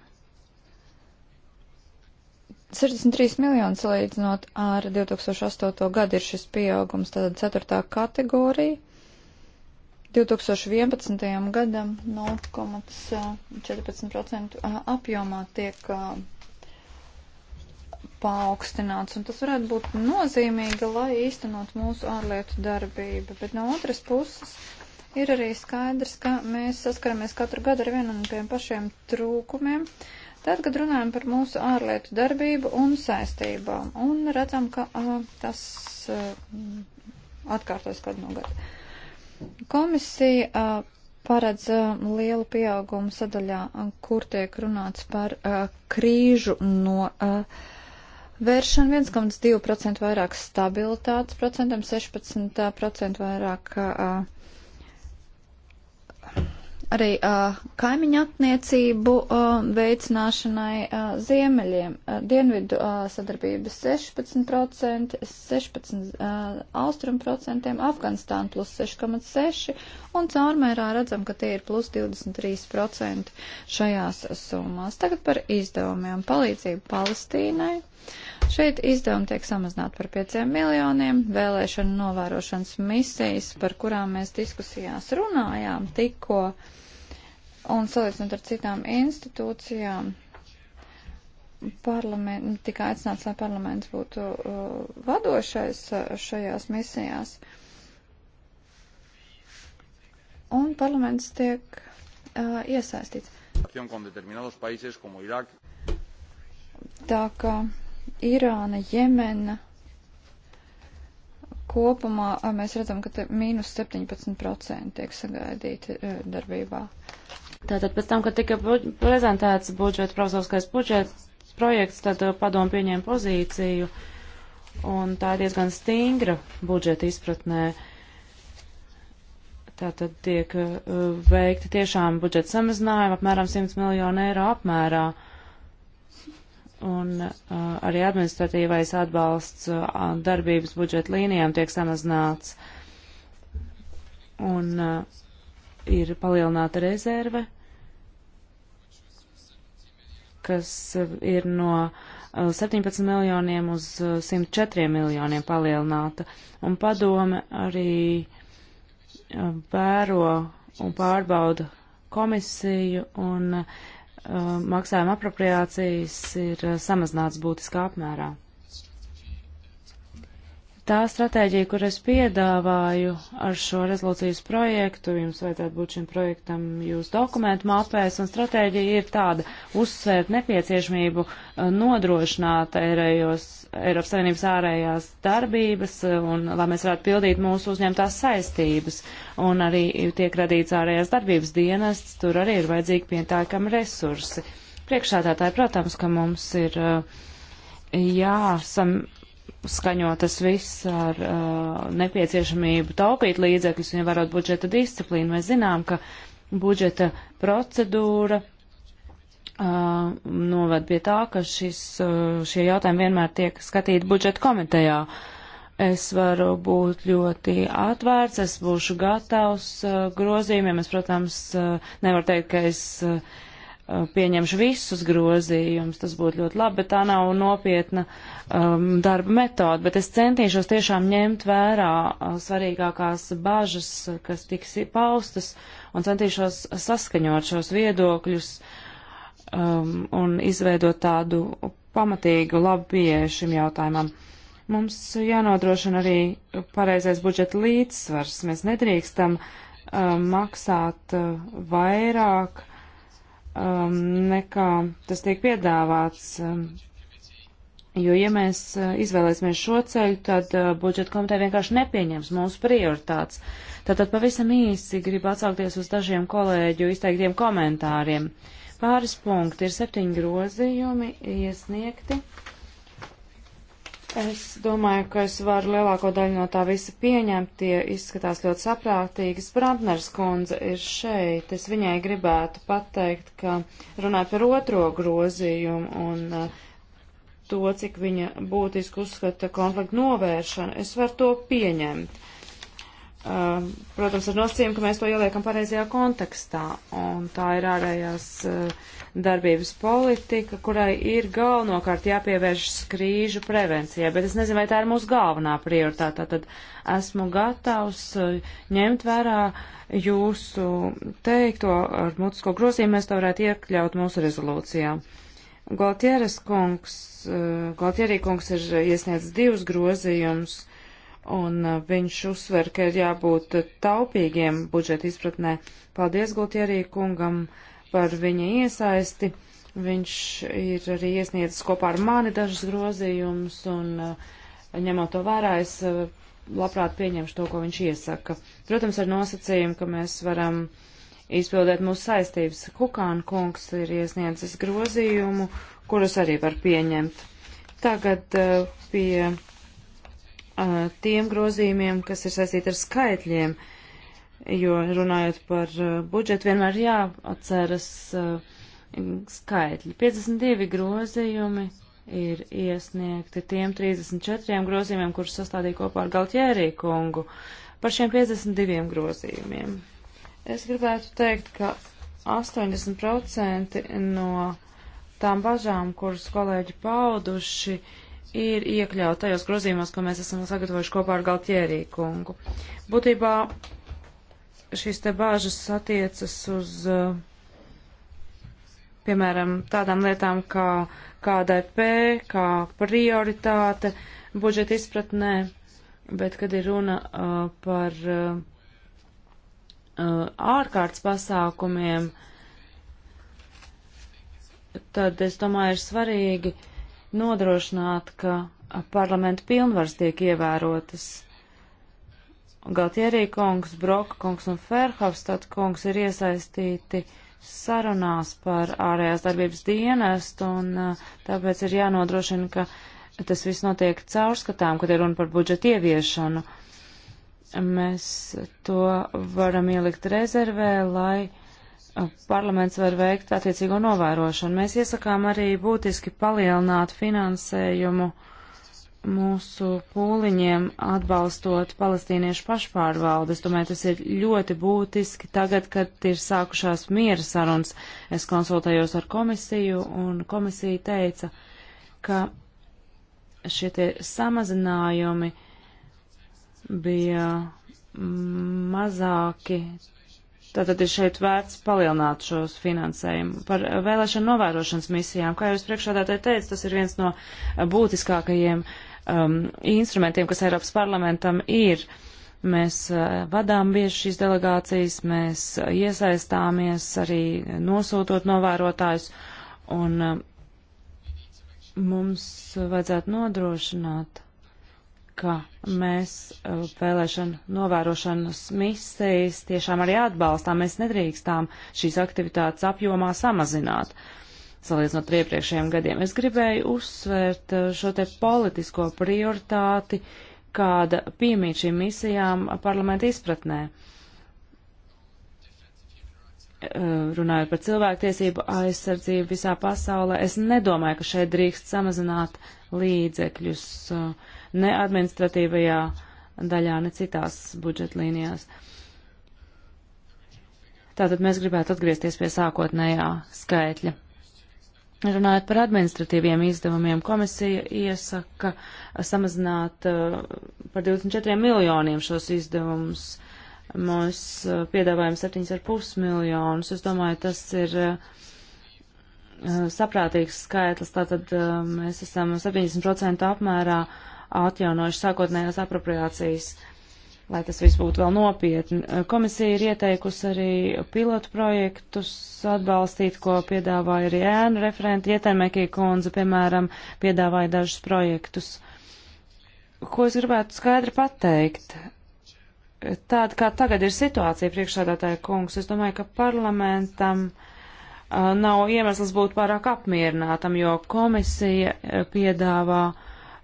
63 miljonus salīdzinot ar 2008. gadu ir šis pieaugums, tātad ceturtā kategorija. 2011. gadam 0,14% eh, eh, apjomā tiek eh, paaugstināts, un tas varētu būt nozīmīgi, lai īstenot mūsu ārlietu darbību. Bet no otras puses ir arī skaidrs, ka mēs saskaramies katru gadu ar vienu un tiem pašiem trūkumiem, tad, kad runājam par mūsu ārlietu darbību un saistībām, un redzam, ka uh, tas uh, atkārtojas kādu no gadu. Komisija paredz lielu pieaugumu sadaļā, kur tiek runāts par krīžu no. Vēršana 1,2% vairāk stabilitātes procentam, 16% vairāk uh, arī uh, kaimiņu attiecību uh, veicināšanai uh, ziemeļiem. Uh, dienvidu uh, sadarbības 16%, 16% uh, austrumu procentiem, Afganistāna plus 6,6% un caurmērā redzam, ka tie ir plus 23% šajās summās. Tagad par izdevumiem. Palīdzību Palestīnai. Šeit izdevumi tiek samazināti par 5 miljoniem, vēlēšana novērošanas misijas, par kurām mēs diskusijās runājām tikko. Uh, Un salīdzinot ar citām institūcijām, parlament, tika aicināts, lai parlaments būtu uh, vadošais uh, šajās misijās. Un parlaments tiek uh, iesaistīts. Tā kā Irāna, Jemena kopumā uh, mēs redzam, ka mīnus 17% tiek sagaidīti uh, darbībā. Uh, Tātad pēc tam, kad tika prezentēts budžets, profesorskais budžets projekts, tad uh, padomu pieņēma pozīciju, un tā ir diezgan stingra budžeta izpratnē. Tātad tiek uh, veikti tiešām budžeta samazinājumi apmēram 100 miljonu eiro apmērā, un uh, arī administratīvais atbalsts darbības budžeta līnijām tiek samazināts. Un uh, ir palielināta rezerve, kas ir no 17 eh, miljoniem uz 104 eh, miljoniem palielināta. Un padome arī eh, vēro un pārbauda komisiju un maksājuma apropriācijas ir samazināts būtiskā apmērā. Tā stratēģija, kur es piedāvāju ar šo rezolūcijas projektu, jums vajadzētu būt šim projektam jūsu dokumentu mapēs, un stratēģija ir tāda uzsvērt nepieciešamību eh, nodrošināt ērējos, Eiropas Savienības ārējās darbības, eh, un lai mēs varētu pildīt mūsu uzņemtās saistības, un arī tiek radīts ārējās darbības dienests, tur arī ir vajadzīgi pientākam resursi. Priekšsādātāji, protams, ka mums ir eh, jāsam jāapskaņo tas viss ar uh, nepieciešamību taupīt līdzekļus un ievērot budžeta disciplīnu. Mēs zinām, ka budžeta procedūra uh, novad pie tā, ka šis, uh, šie jautājumi vienmēr tiek skatīti budžeta komitejā. Es varu būt ļoti atvērts, es būšu gatavs uh, grozījumiem. Es, protams, uh, nevaru teikt, ka es. Uh, Eh, pieņemšu visus grozījumus, tas būtu ļoti labi, bet tā nav nopietna um, darba metode, bet es centīšos tiešām ņemt vērā uh, svarīgākās bažas, kas tiks paustas, un centīšos saskaņot šos viedokļus um, un izveidot tādu pamatīgu labu pieeju šim jautājumam. Mums jānodrošina arī pareizais budžeta līdzsvars. Mēs nedrīkstam uh, maksāt uh, vairāk uh, um, nekā tas tiek piedāvāts. Um, Jo, ja mēs uh, izvēlēsimies šo ceļu, tad uh, budžeta komiteja vienkārši nepieņems mūsu prioritātes. Tātad pavisam īsi gribu atsaukties uz dažiem kolēģu izteiktiem komentāriem. Pāris punkti ir septiņi grozījumi iesniegti. Ja Es domāju, ka es varu lielāko daļu no tā visa pieņemt. Tie izskatās ļoti saprātīgas. Brantners kundze ir šeit. Es viņai gribētu pateikt, ka runājot par otro grozījumu un uh, to, cik viņa būtiski uzskata konfliktu novēršanu, es varu to pieņemt. Uh, protams, ar nosacījumu, ka mēs to ieliekam pareizajā kontekstā, un tā ir ārējās uh, darbības politika, kurai ir galvenokārt jāpievēršas krīžu prevencijai, bet es nezinu, vai tā ir mūsu galvenā prioritāte. Tad esmu gatavs eh, ņemt vērā jūsu teikto ar mutisko grozījumu, mēs to varētu iekļaut mūsu rezolūcijā. Galtieres kungs, eh, Galtierī kungs ir iesniedzis divus grozījumus, un eh, viņš uzsver, ka ir jābūt taupīgiem budžeta izpratnē. Paldies Galtierī kungam! Uh, par viņa iesaisti. Viņš ir arī iesniedzis kopā ar mani dažus grozījumus, un eh, ņemot to vērā, es eh, labprāt pieņemšu to, ko viņš iesaka. Protams, ar nosacījumu, ka mēs varam izpildēt mūsu saistības. Kukāna kungs ir iesniedzis grozījumu, kurus arī var pieņemt. Tagad eh, pie tiem grozījumiem, kas ir saistīti ar skaitļiem. Uh, jo runājot par uh, budžetu, vienmēr jāatceras uh, skaitļi. 52 grozījumi ir iesniegti tiem 34 grozījumiem, kurus sastādīja kopā ar Galtjērī kungu par šiem 52 grozījumiem. Es gribētu teikt, ka 80% no tām bažām, kuras kolēģi pauduši, ir iekļaut tajos grozījumos, ko mēs esam sagatavojuši kopā ar Galtjērī kungu. Būtībā šīs te bāžas attiecas uz, eh, piemēram, tādām lietām kā KDP, kā prioritāte budžeta izpratnē, bet kad ir runa uh, par uh, ārkārtas pasākumiem, tad es domāju, ir svarīgi nodrošināt, ka parlamentu pilnvars tiek ievērotas Galtierī kungs, Broka kungs un Ferhofstad kungs ir iesaistīti sarunās par ārējās darbības dienestu, un uh, tāpēc ir jānodrošina, ka tas viss notiek caurskatām, kad ir runa par budžeta ieviešanu. Mēs to varam ielikt rezervē, lai uh, parlaments var veikt attiecīgo novērošanu. Mēs iesakām arī būtiski palielināt finansējumu uh, mūsu pūliņiem atbalstot palestīniešu pašpārvaldes. Domāju, tas ir ļoti būtiski tagad, kad ir sākušās miera sarunas. Es konsultējos ar komisiju un komisija teica, ka šie samazinājumi bija mazāki. Tātad ir šeit vērts palielināt šos finansējumu. Par vēlēšanu novērošanas misijām, kā jūs priekšādātāji teicat, tas ir viens no būtiskākajiem uh, um, instrumentiem, kas Eiropas parlamentam ir. Mēs uh, vadām bieži šīs delegācijas, mēs uh, iesaistāmies arī nosūtot novērotājus, un uh, mums vajadzētu nodrošināt, ka mēs uh, vēlēšanu novērošanas misijas tiešām arī atbalstām. Mēs nedrīkstām šīs aktivitātes apjomā samazināt. Uh, salīdzinot ar iepriekšējiem gadiem. Es gribēju uzsvērt eh, šo te politisko prioritāti, kāda piemīt šīm misijām parlamenta izpratnē. Eh, runājot par cilvēktiesību aizsardzību visā pasaulē, es nedomāju, ka šeit drīkst samazināt līdzekļus eh, ne administratīvajā daļā, ne citās budžetlīnijās. Tātad mēs gribētu atgriezties pie sākotnējā skaitļa. Runājot par administratīviem izdevumiem, komisija iesaka samazināt eh, par 24 miljoniem šos izdevumus. Mēs eh, piedāvājam 7,5 miljonus. Es domāju, tas ir eh, saprātīgs skaitlis. Tātad mēs esam 70% apmērā atjaunojuši sākotnējās apropriācijas. Uh, lai tas viss būtu vēl nopietni. Komisija ir ieteikusi arī pilotu projektus atbalstīt, ko piedāvāja arī ēnu referenti. Ietemekī kundze, piemēram, piedāvāja dažus projektus. Ko es gribētu skaidri pateikt? Tāda, kā tagad ir situācija priekšsādātāja kungs, es domāju, ka parlamentam uh, nav iemesls būt pārāk apmierinātam, jo komisija piedāvā,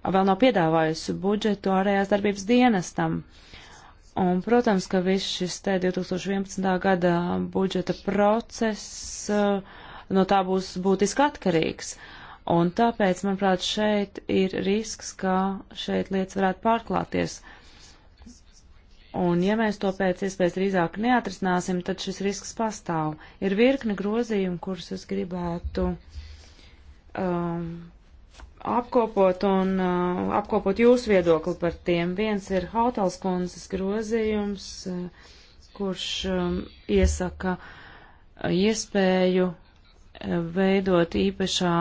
vēl nav piedāvājusi budžetu ārējās darbības dienestam. Uh, Un, protams, ka viss šis te 2011. gada budžeta process eh, no tā būs būtiski atkarīgs. Un tāpēc, manuprāt, šeit ir risks, ka šeit lietas varētu pārklāties. Un, ja mēs to pēc iespējas drīzāk neatrisināsim, tad šis risks pastāv. Ir virkne grozījumu, kurus es gribētu um, apkopot un uh, apkopot jūsu viedokli par tiem. Viens ir Hautals kundzes grozījums, uh, kurš um, iesaka uh, iespēju uh, veidot īpašā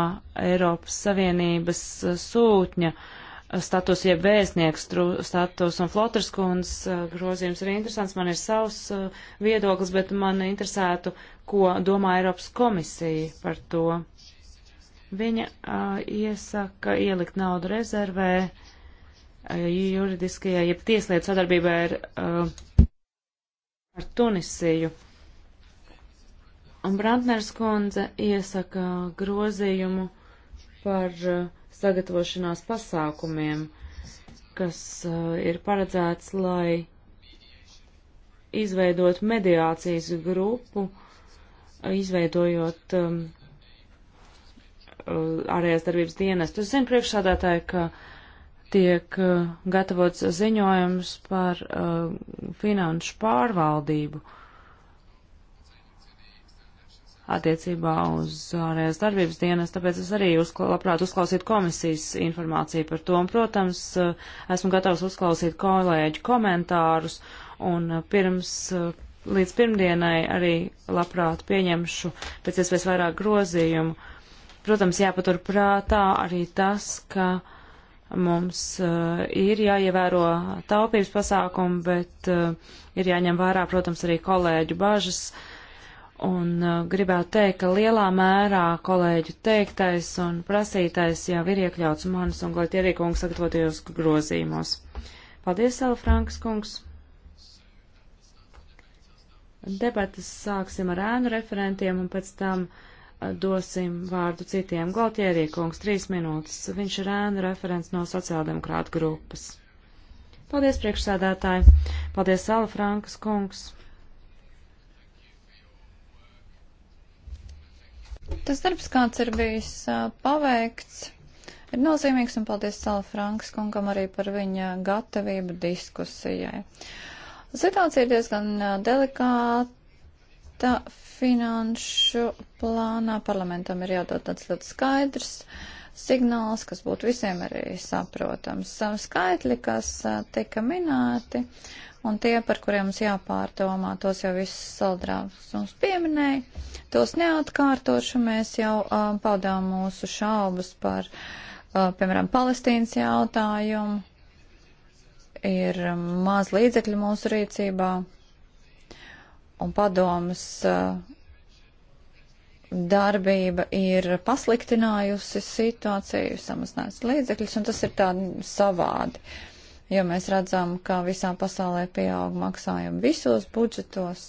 Eiropas Savienības uh, sūtņa status, jeb vēstnieks status, un Flotras kundzes grozījums ir interesants. Man ir savs viedoklis, bet man interesētu, ko domā Eiropas komisija par to. Viņa uh, iesaka ielikt naudu rezervē uh, juridiskajai, jeb tieslietu sadarbībai ar, uh, ar Tunisiju. Un Brantners kundze iesaka grozījumu par uh, sagatavošanās pasākumiem, kas uh, ir paredzēts, lai izveidot mediācijas grupu, izveidojot um, Uh, ārējās darbības dienestu. Es zinu priekšsādātāji, ka tiek uh, gatavots ziņojums par uh, finanšu pārvaldību attiecībā uz ārējās darbības dienas, tāpēc es arī uzkla, labprāt uzklausītu komisijas informāciju par to. Un, protams, esmu gatavs uzklausīt kolēģu komentārus un pirms, līdz pirmdienai arī labprāt pieņemšu pēc iespējas vairāk grozījumu, Protams, jāpatur prātā arī tas, ka mums uh, ir jāievēro taupības pasākumi, bet uh, ir jāņem vērā, protams, arī kolēģu bažas. Un uh, gribētu teikt, ka lielā mērā kolēģu teiktais un prasītais jau ir iekļauts manas un Glatierī kungs sagatavotajos grozīmos. Paldies, Ela Franks kungs! Debatas sāksim ar ēnu referentiem un pēc tam uh, dosim vārdu citiem. Galtierī kungs, trīs minūtes. Viņš ir ēnu referents no sociāldemokrāta grupas. Paldies, priekšsēdētāji. Paldies, Sala Frankas kungs. Tas darbs, kāds ir bijis paveikts, ir nozīmīgs, un paldies Sala Frankas kungam arī par viņa gatavību diskusijai. Situācija ir diezgan delikāta finanšu plānā parlamentam ir jādod tāds ļoti skaidrs signāls, kas būtu visiem arī saprotams. Skaitļi, kas tika minēti, un tie, par kuriem mums jāpārdomā, tos jau visus saldrāvs mums pieminēja, tos neatkārtošu, mēs jau um, paudām mūsu šaubas par, uh, piemēram, Palestīnas jautājumu, ir maz līdzekļu mūsu rīcībā un padomas uh, darbība ir pasliktinājusi situāciju, samazinājusi līdzekļus, un tas ir tādi savādi. Jo mēs redzam, ka visā pasaulē pieaug maksājumi visos budžetos.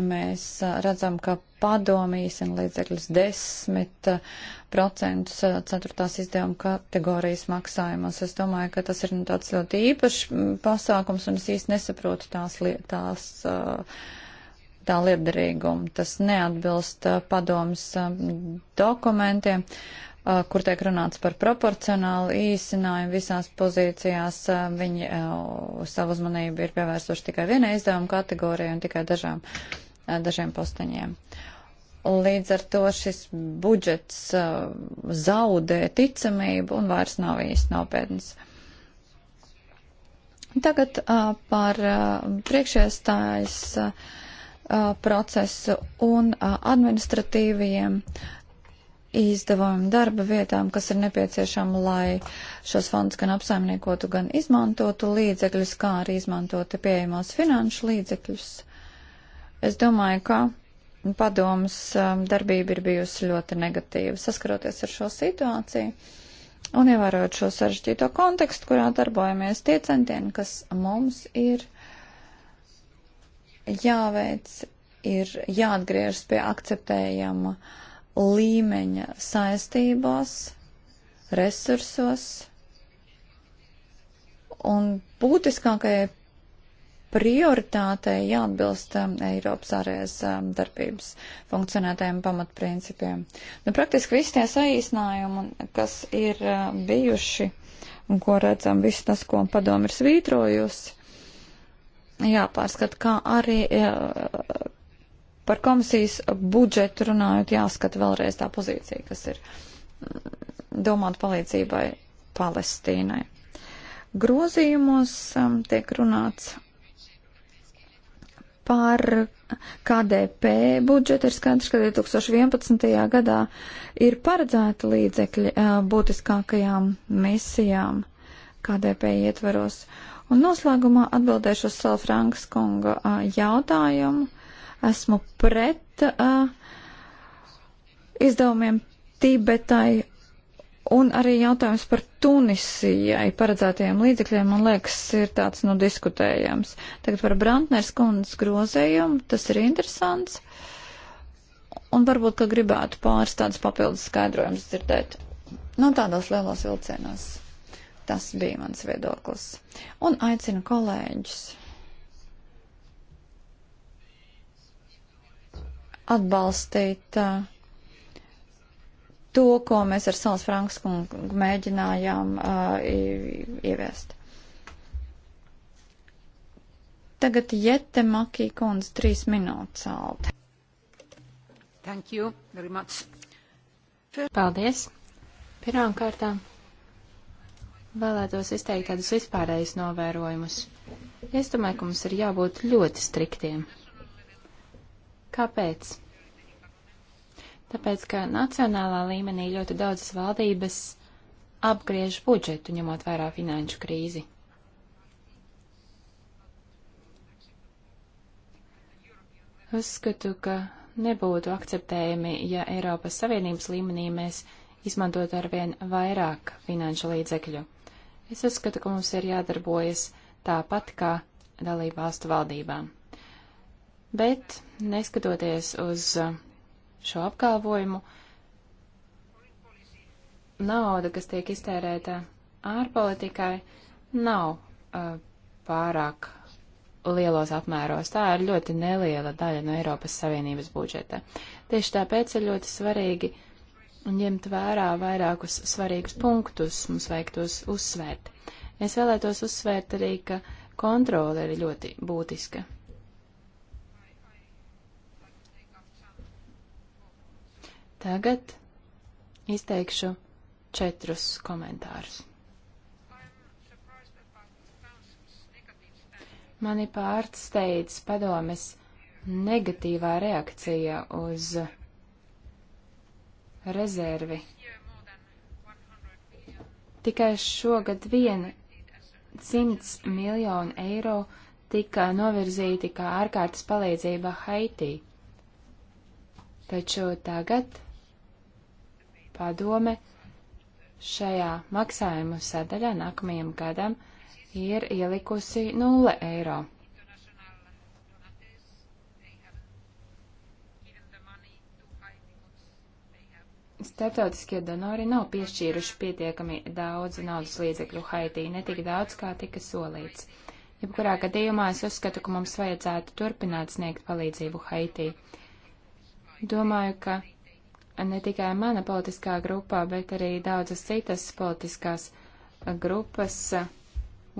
Mēs uh, redzam, ka padomīs un līdzekļus desmit uh, procentus eh, ceturtās izdevuma kategorijas maksājumos. Es domāju, ka tas ir nu, tāds ļoti īpašs mm, pasākums, un es īsti nesaprotu tās, tās eh, tā lietderīgumu. Tas neatbilst eh, padomas dokumentiem, kur tiek runāts par proporcionālu īsinājumu visās pozīcijās. Viņi savu uzmanību ir pievērsuši tikai vienai izdevuma kategorijai un tikai dažām, dažiem posteņiem. Uh, Līdz ar to šis budžets uh, zaudē ticamību un vairs nav īsti nopietns. Tagad uh, par uh, priekšēstājas uh, procesu un uh, administratīviem izdevumiem darba vietām, kas ir nepieciešama, lai šos fondus gan apsaimniekotu, gan izmantotu līdzekļus, kā arī izmantotu pieejamos finanšu līdzekļus. Es domāju, ka padomas um, darbība ir bijusi ļoti negatīva. Saskaroties ar šo situāciju un ievērojot šo sarežģīto kontekstu, kurā darbojamies, tie centieni, kas mums ir jāveic, ir jāatgriežas pie akceptējama līmeņa saistībās, resursos, un būtiskākajai prioritātei jāatbilst um, Eiropas ārējās um, darbības funkcionētajiem pamatprincipiem. Nu, praktiski visi tie saīsinājumi, kas ir uh, bijuši un ko redzam, viss tas, ko padomu ir svītrojusi, jāpārskat, kā arī uh, par komisijas budžetu runājot, jāskata vēlreiz tā pozīcija, kas ir mm, domāta palīdzībai Palestīnai. Grozījumos um, tiek runāts Par KDP budžetu ir skaidrs, ka 2011. gadā ir paredzēta līdzekļi būtiskākajām misijām KDP ietvaros. Un noslēgumā atbildēšu uz Salfrankas kunga jautājumu. Esmu pret izdevumiem Tibetai Un arī jautājums par Tunisijai paredzētajiem līdzekļiem, man liekas, ir tāds, nu, diskutējams. Tagad par Brantners kundas grozējumu, tas ir interesants. Un varbūt, ka gribētu pāris tādas papildus skaidrojumus dzirdēt. Nu, tādos lielos vilcienos. Tas bija mans viedoklis. Un aicinu kolēģis atbalstīt uh, to, ko mēs ar Salas Frankskungu mēģinājām uh, ieviest. Tagad Jete Makī kundze trīs minūtes alde. Thank you very much. First... Paldies. Pirmām kārtām vēlētos izteikt tādus vispārējus novērojumus. Es domāju, ka mums ir jābūt ļoti striktiem. Kāpēc? tāpēc ka nacionālā līmenī ļoti daudzas valdības apgriež budžetu, ņemot vērā finanšu krīzi. Uzskatu, ka nebūtu akceptējami, ja Eiropas Savienības līmenī mēs izmantotu arvien vairāk finanšu līdzekļu. Es uzskatu, ka mums ir jādarbojas tāpat kā dalību valstu valdībām. Bet, neskatoties uz šo apkalpojumu. Nauda, kas tiek iztērēta ārpolitikai, nav uh, pārāk lielos apmēros. Tā ir ļoti neliela daļa no Eiropas Savienības budžeta. Tieši tāpēc ir ļoti svarīgi ņemt vērā vairākus svarīgus punktus, mums vajag tos uzsvērt. Es vēlētos uzsvērt arī, ka kontrole ir ļoti būtiska. Tagad izteikšu četrus komentārus. Mani pārsteidz padomes negatīvā reakcija uz rezervi. Tikai šogad vien 100 miljonu eiro tika novirzīti kā ārkārtas palīdzība Haitī. Taču tagad Padome šajā maksājumu sadaļā nākamajam gadam ir ielikusi 0 eiro. Startautiskie donori nav piešķīruši pietiekami daudz naudas līdzekļu Haitī, netik daudz, kā tika solīts. Jebkurā gadījumā es uzskatu, ka mums vajadzētu turpināt sniegt palīdzību Haitī. Domāju, ka ne tikai mana politiskā grupā, bet arī daudzas citas politiskās grupas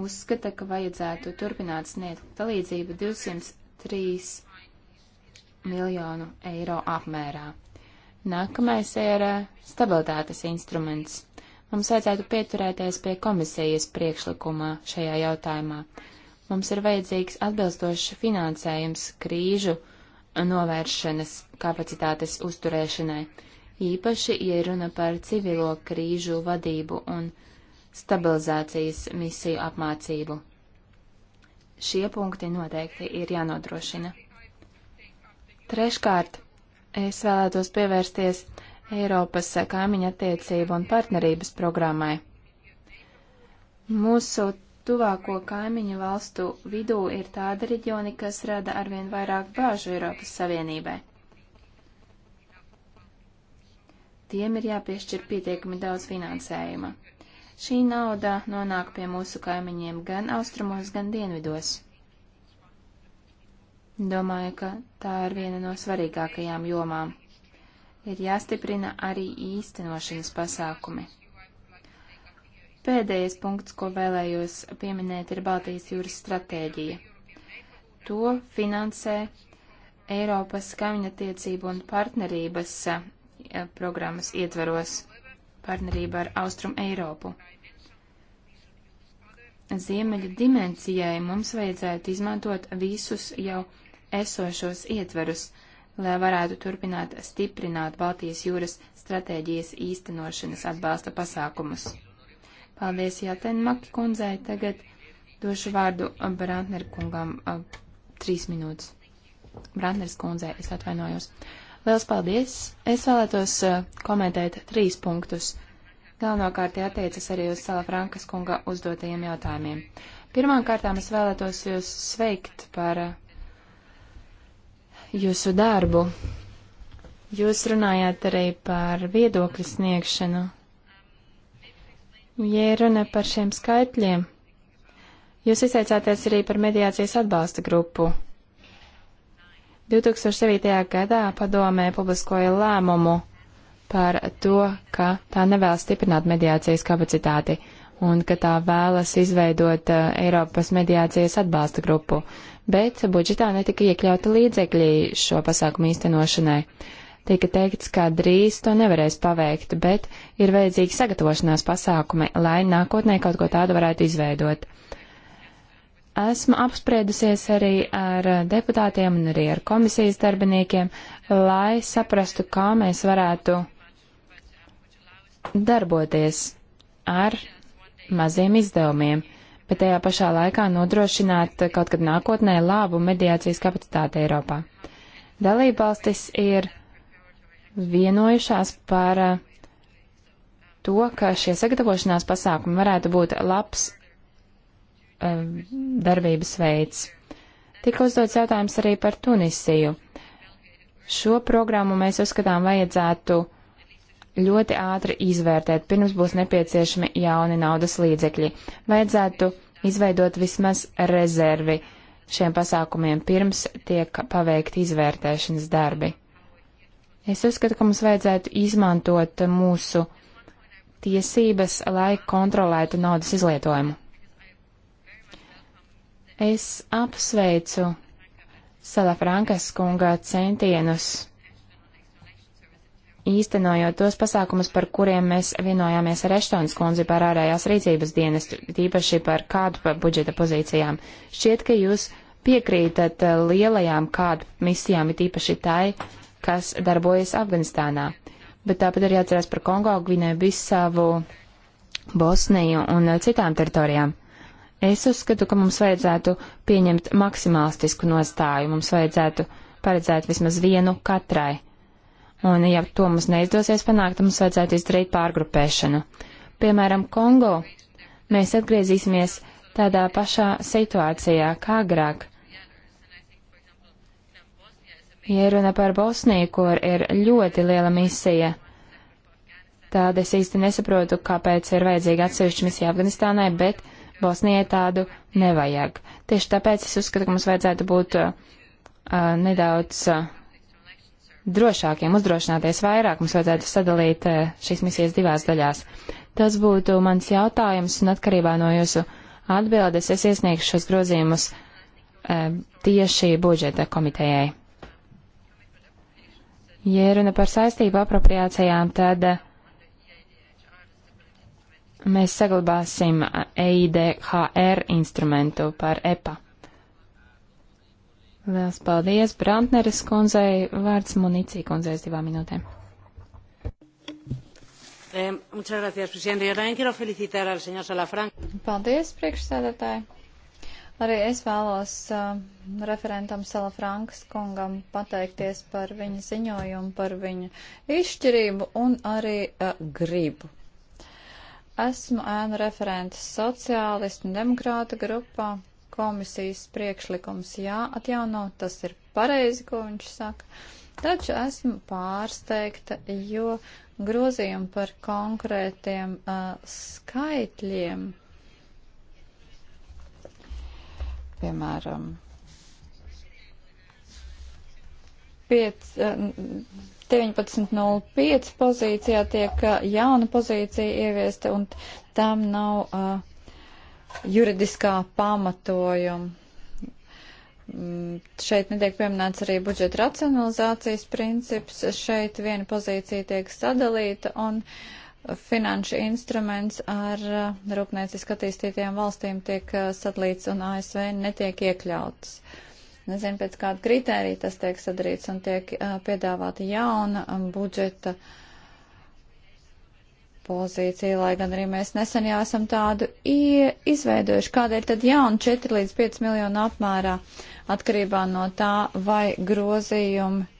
uzskata, ka vajadzētu turpināt sniegt palīdzību 203 miljonu eiro apmērā. Nākamais ir eh, stabilitātes instruments. Mums vajadzētu pieturēties pie komisijas priekšlikumā šajā jautājumā. Mums ir vajadzīgs atbilstošs finansējums krīžu novēršanas kapacitātes uzturēšanai, īpaši, ja runa par civilo krīžu vadību un stabilizācijas misiju apmācību. Šie punkti noteikti ir jānodrošina. Treškārt, es vēlētos pievērsties Eiropas kaimiņa attiecību un partnerības programmai. Mūsu tuvāko kaimiņu valstu vidū ir tāda reģioni, kas rada arvien vairāk bāžu Eiropas Savienībai. Tiem ir jāpiešķir pietiekami daudz finansējuma. Šī nauda nonāk pie mūsu kaimiņiem gan austrumos, gan dienvidos. Domāju, ka tā ir viena no svarīgākajām jomām. Ir jāstiprina arī īstenošanas pasākumi. Pēdējais punkts, ko vēlējos pieminēt, ir Baltijas jūras stratēģija. To finansē Eiropas kaimiņattiecību un partnerības eh, programmas ietveros partnerība ar Austrum Eiropu. Ziemeļu dimensijai mums vajadzētu izmantot visus jau esošos ietverus, lai varētu turpināt stiprināt Baltijas jūras stratēģijas īstenošanas atbalsta pasākumus. Paldies Jātenmaki kundzei. Tagad došu vārdu Brantner kungam trīs minūtes. Brantners kundzei, es atvainojos. Liels paldies! Es vēlētos komentēt trīs punktus. Galvenokārt attiecas arī uz Sala Frankas kunga uzdotajiem jautājumiem. Pirmām kārtām es vēlētos jūs sveikt par jūsu darbu. Jūs runājāt arī par viedokļu sniegšanu Ja runa par šiem skaitļiem, jūs izteicāties arī par mediācijas atbalsta grupu. 2007. gadā padomē publiskoja lēmumu par to, ka tā nevēlas stiprināt mediācijas kapacitāti un ka tā vēlas izveidot eh, Eiropas mediācijas atbalsta grupu, bet budžetā netika iekļauta līdzekļi šo pasākumu īstenošanai. Tika teikts, ka drīz to nevarēs paveikt, bet ir vajadzīgi sagatavošanās pasākumi, lai nākotnē kaut ko tādu varētu izveidot. Esmu apspriedusies arī ar deputātiem un arī ar komisijas darbiniekiem, lai saprastu, kā mēs varētu darboties ar maziem izdevumiem bet tajā pašā laikā nodrošināt kaut kad nākotnē labu mediācijas kapacitāti Eiropā. Dalībvalstis ir vienojušās par eh, to, ka šie sagatavošanās pasākumi varētu būt labs eh, darbības veids. Tika uzdots jautājums arī par Tunisiju. Šo programmu mēs uzskatām vajadzētu ļoti ātri izvērtēt, pirms būs nepieciešami jauni naudas līdzekļi. Vajadzētu izveidot vismaz rezervi šiem pasākumiem, pirms tiek paveikti izvērtēšanas darbi. Es uzskatu, ka mums vajadzētu izmantot mūsu tiesības, lai kontrolētu naudas izlietojumu. Es apsveicu Salafrankas kunga centienus, īstenojot tos pasākumus, par kuriem mēs vienojāmies ar Eštons kundzi par ārējās rīcības dienestu, tīpaši par kādu par budžeta pozīcijām. Šķiet, ka jūs piekrītat eh, lielajām kādu misijām, ir tīpaši tai, kas darbojas Afganistānā. Bet tāpat arī jāatcerās par Kongo, Gvinēju, Bisavu, Bosniju un uh, citām teritorijām. Es uzskatu, ka mums vajadzētu pieņemt maksimālistisku nostāju, mums vajadzētu paredzēt vismaz vienu katrai. Un, ja to mums neizdosies panākt, mums vajadzētu izdarīt pārgrupēšanu. Piemēram, Kongo mēs atgriezīsimies tādā pašā situācijā kā agrāk. Ja runa par Bosniju, kur ir ļoti liela misija, tad es īsti nesaprotu, kāpēc ir vajadzīga atsevišķa misija Afganistānai, bet Bosnijai tādu nevajag. Tieši tāpēc es uzskatu, ka mums vajadzētu būt uh, nedaudz uh, drošākiem, uzdrošināties vairāk, mums vajadzētu sadalīt uh, šīs misijas divās daļās. Tas būtu mans jautājums, un atkarībā no jūsu atbildes es iesniegšu šos grozījumus uh, tieši budžeta komitejai. Ja runa par saistību apropriācijām, tad uh, mēs saglabāsim uh, EIDHR instrumentu par EPA. Liels paldies Brantneres kundzei, vārds munīcija kundzei divām minūtēm. Eh, paldies, priekšsēdētāji. Arī es vēlos uh, referentam Sala Frankas kungam pateikties par viņa ziņojumu, par viņa izšķirību un arī uh, gribu. Esmu ēnu referenta sociālistu un demokrāta grupā. Komisijas priekšlikums jāatjauno, tas ir pareizi, ko viņš saka. Taču esmu pārsteigta, jo grozījumi par konkrētiem uh, skaitļiem piemēram, piec, 19.05 eh, pozīcijā tiek eh, jauna pozīcija ieviesta un tam nav uh, juridiskā pamatojuma. Mm, šeit netiek pieminēts arī budžeta racionalizācijas princips. Šeit viena pozīcija tiek sadalīta un uh, finanšu instruments ar uh, rūpnieciski attīstītajām valstīm tiek uh, sadalīts un ASV netiek iekļauts. Nezinu, pēc kāda kritērija tas tiek sadarīts un tiek uh, piedāvāta jauna um, budžeta pozīcija, lai gan arī mēs nesen jau esam tādu izveidojuši. Kādēļ tad jauna 4 līdz 5 miljonu apmērā atkarībā no tā, vai grozījumi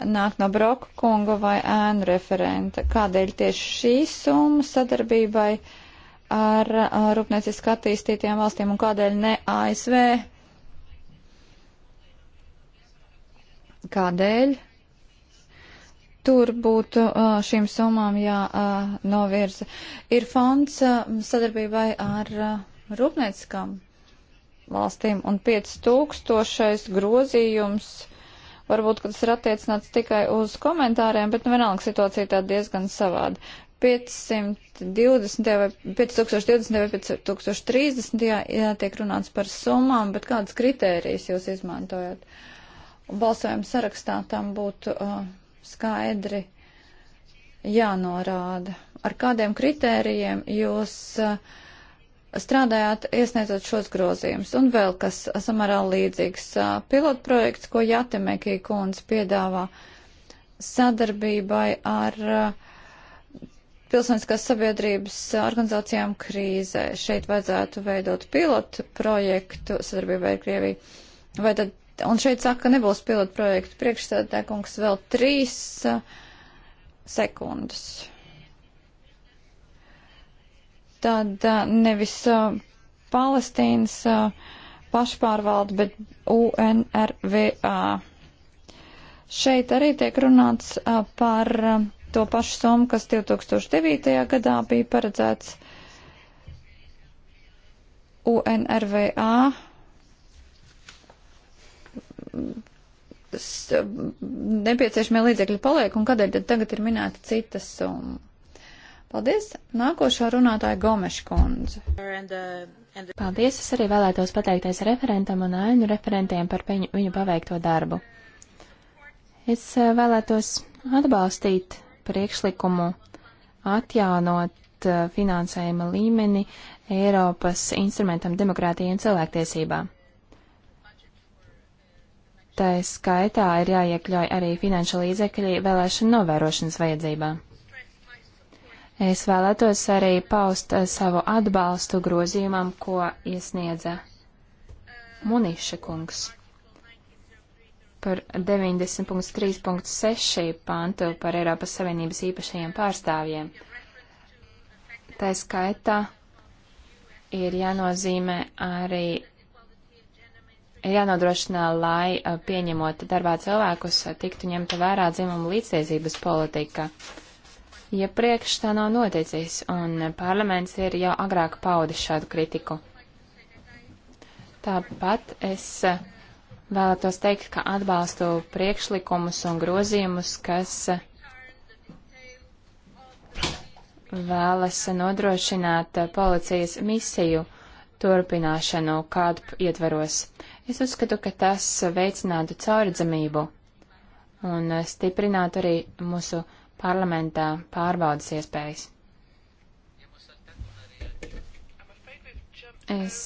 nāk no Broka kunga vai ēnu referenta. Kādēļ tieši šī summa sadarbībai ar, ar rūpnieciski attīstītajām valstīm un kādēļ ne ASV? Kādēļ? Tur būtu uh, šīm summām jānovirza. Uh, Ir fonds uh, sadarbībai ar rūpnieciskām valstīm un 5000 grozījums Varbūt, ka tas ir attiecināts tikai uz komentāriem, bet nu, vienalga situācija tā diezgan savāda. 520. vai 5020. vai 5030. Jā, jā, tiek runāts par summām, bet kādas kritērijas jūs izmantojat? Balsojuma sarakstā tam būtu uh, skaidri jānorāda. Ar kādiem kritērijiem jūs uh, strādājāt, iesniedzot šos grozījumus. Un vēl kas samarā līdzīgs pilotprojekts, ko Jātemekī kundze piedāvā sadarbībai ar pilsoniskās sabiedrības organizācijām krīzē. Šeit vajadzētu veidot pilotu projektu sadarbībai ar Krieviju. Vai tad, un šeit saka, ka nebūs pilotu projektu priekšsēdētāj kungs vēl trīs sekundes tad nevis Palestīnas pašpārvalde, bet UNRVA. Šeit arī tiek runāts par to pašu summu, kas 2009. gadā bija paredzēts UNRVA nepieciešamie līdzekļi paliek un kādēļ tad tagad ir minēta cita summa? Paldies! Nākošā runātāja Gomeša kundze. Uh, Paldies! Es arī vēlētos pateikties referentam un ainu referentiem par viņu, viņu paveikto darbu. Es uh, vēlētos atbalstīt priekšlikumu atjaunot uh, finansējuma līmeni Eiropas instrumentam demokrātijai un cilvēktiesībām. Tā skaitā ir jāiekļauj arī finanšu līdzekļi vēlēšanu novērošanas vajadzībām. Es vēlētos arī paust eh, savu atbalstu grozījumam, ko iesniedza Muniša kungs par 90.3.6 pantu par Eiropas Savienības īpašajiem pārstāvjiem. Tā skaitā ir jānozīmē arī, ir jānodrošinā, lai eh, pieņemot darbā cilvēkus tiktu ņemta vērā dzimumu līdztiesības politika. Uh, Iepriekš ja tā nav noticis, un parlaments ir jau agrāk paudis šādu kritiku. Tāpat es vēlētos teikt, ka atbalstu priekšlikumus un grozījumus, kas vēlas nodrošināt policijas misiju turpināšanu kādu ietveros. Es uzskatu, ka tas veicinātu caurdzamību un stiprinātu arī mūsu parlamentā pārbaudas iespējas. Es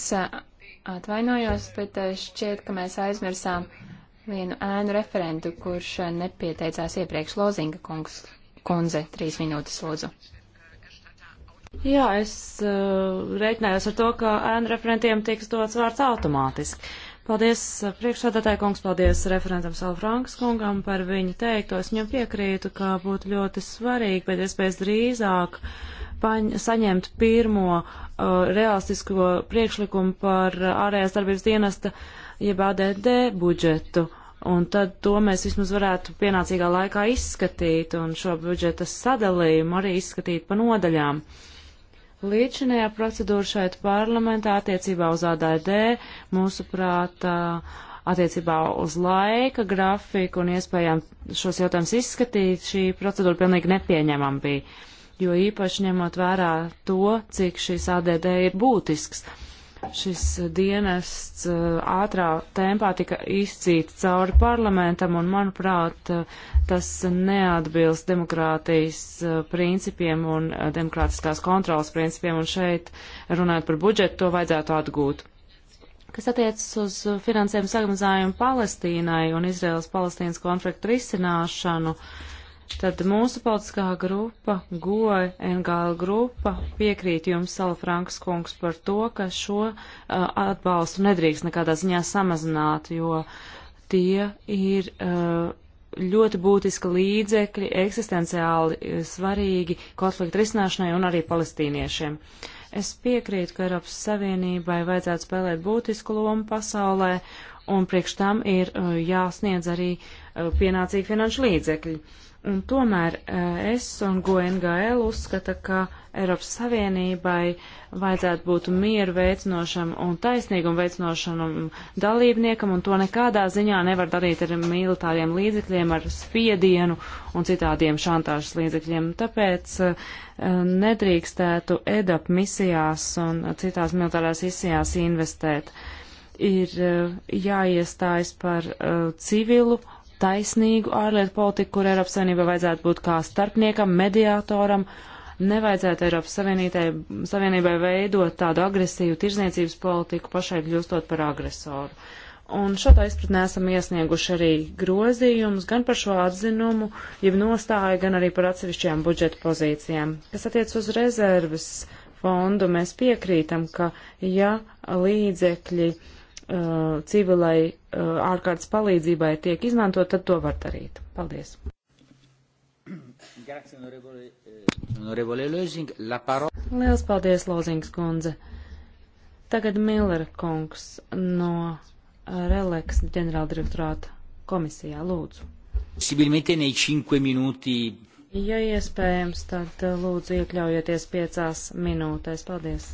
atvainojos, bet šķiet, ka mēs aizmirsām vienu ēnu referentu, kurš nepieteicās iepriekš Lozinga kungs, kundze, trīs minūtes lūdzu. Jā, es uh, reiķinājos ar to, ka ēnu referentiem tiks dots vārds automātiski. Paldies eh, priekšsādātāji kungs, paldies referentam Salfrankas kungam par viņu teikto. Es viņam piekrītu, ka būtu ļoti svarīgi pēc iespējas drīzāk paņ, saņemt pirmo uh, realistisko priekšlikumu par eh, ārējās darbības dienesta jeb ADD budžetu. Un tad to mēs vismaz varētu pienācīgā laikā izskatīt un šo budžeta sadalījumu arī izskatīt pa nodaļām. Uh, Līdšanējā procedūra šeit parlamentā attiecībā uz ADD, mūsuprāt, attiecībā uz laika grafiku un iespējām šos jautājumus izskatīt, šī procedūra pilnīgi nepieņemama bija, jo īpaši ņemot vērā to, cik šis ADD ir būtisks. Uh, šis dienests uh, ātrā tempā tika izcīts cauri parlamentam, un, manuprāt, uh, tas neatbilst demokrātijas uh, principiem un demokrātiskās kontrolas principiem, un šeit, runājot par budžetu, to vajadzētu atgūt. Kas attiecas uz finansējumu samazinājumu Palestīnai un Izraels-Palestīnas konfliktu risināšanu, uh, tad mūsu politiskā grupa, GOE, NGL grupa piekrīt jums, Salafrankas kungs, par to, ka šo uh, atbalstu nedrīkst nekādā ziņā samazināt, jo tie ir uh, ļoti būtiski līdzekļi, eksistenciāli uh, svarīgi konflikta risināšanai un arī palestīniešiem. Es piekrītu, ka Eiropas Savienībai vajadzētu spēlēt būtisku lomu pasaulē un priekš tam ir uh, jāsniedz arī uh, pienācīgi finanšu līdzekļi. Un tomēr uh, es un GNGL uzskata, ka Eiropas Savienībai vajadzētu būt mieru veicinošam un taisnīgumu veicinošam dalībniekam, un to nekādā ziņā nevar darīt ar militāriem līdzekļiem, ar spiedienu un citādiem šantāžas līdzekļiem. Tāpēc nedrīkstētu EDAP misijās un citās militārās misijās investēt. Uh, ir eh, jāiestājas par eh, civilu, taisnīgu ārlietu politiku, kur Eiropas Savienībai vajadzētu būt kā starpniekam, mediātoram. Nevajadzētu Eiropas Savienībai veidot tādu agresīvu tirzniecības politiku, pašai kļūstot par agresoru. Un šādā izpratnē esam iesnieguši arī grozījumus gan par šo atzinumu, jeb nostāju, gan arī par atsevišķajām budžeta pozīcijām. Kas attiec uz rezerves fondu, mēs piekrītam, ka ja līdzekļi uh, uh, civilai uh, ārkārtas palīdzībai tiek izmantot, tad to var darīt. Paldies. Eh, Liels paldies, Lozings kundze. Tagad Miller kungs no Releks ģenerāldirektorāta komisijā, lūdzu. Ja iespējams, tad eh, lūdzu iekļaujieties piecās minūtēs. Paldies.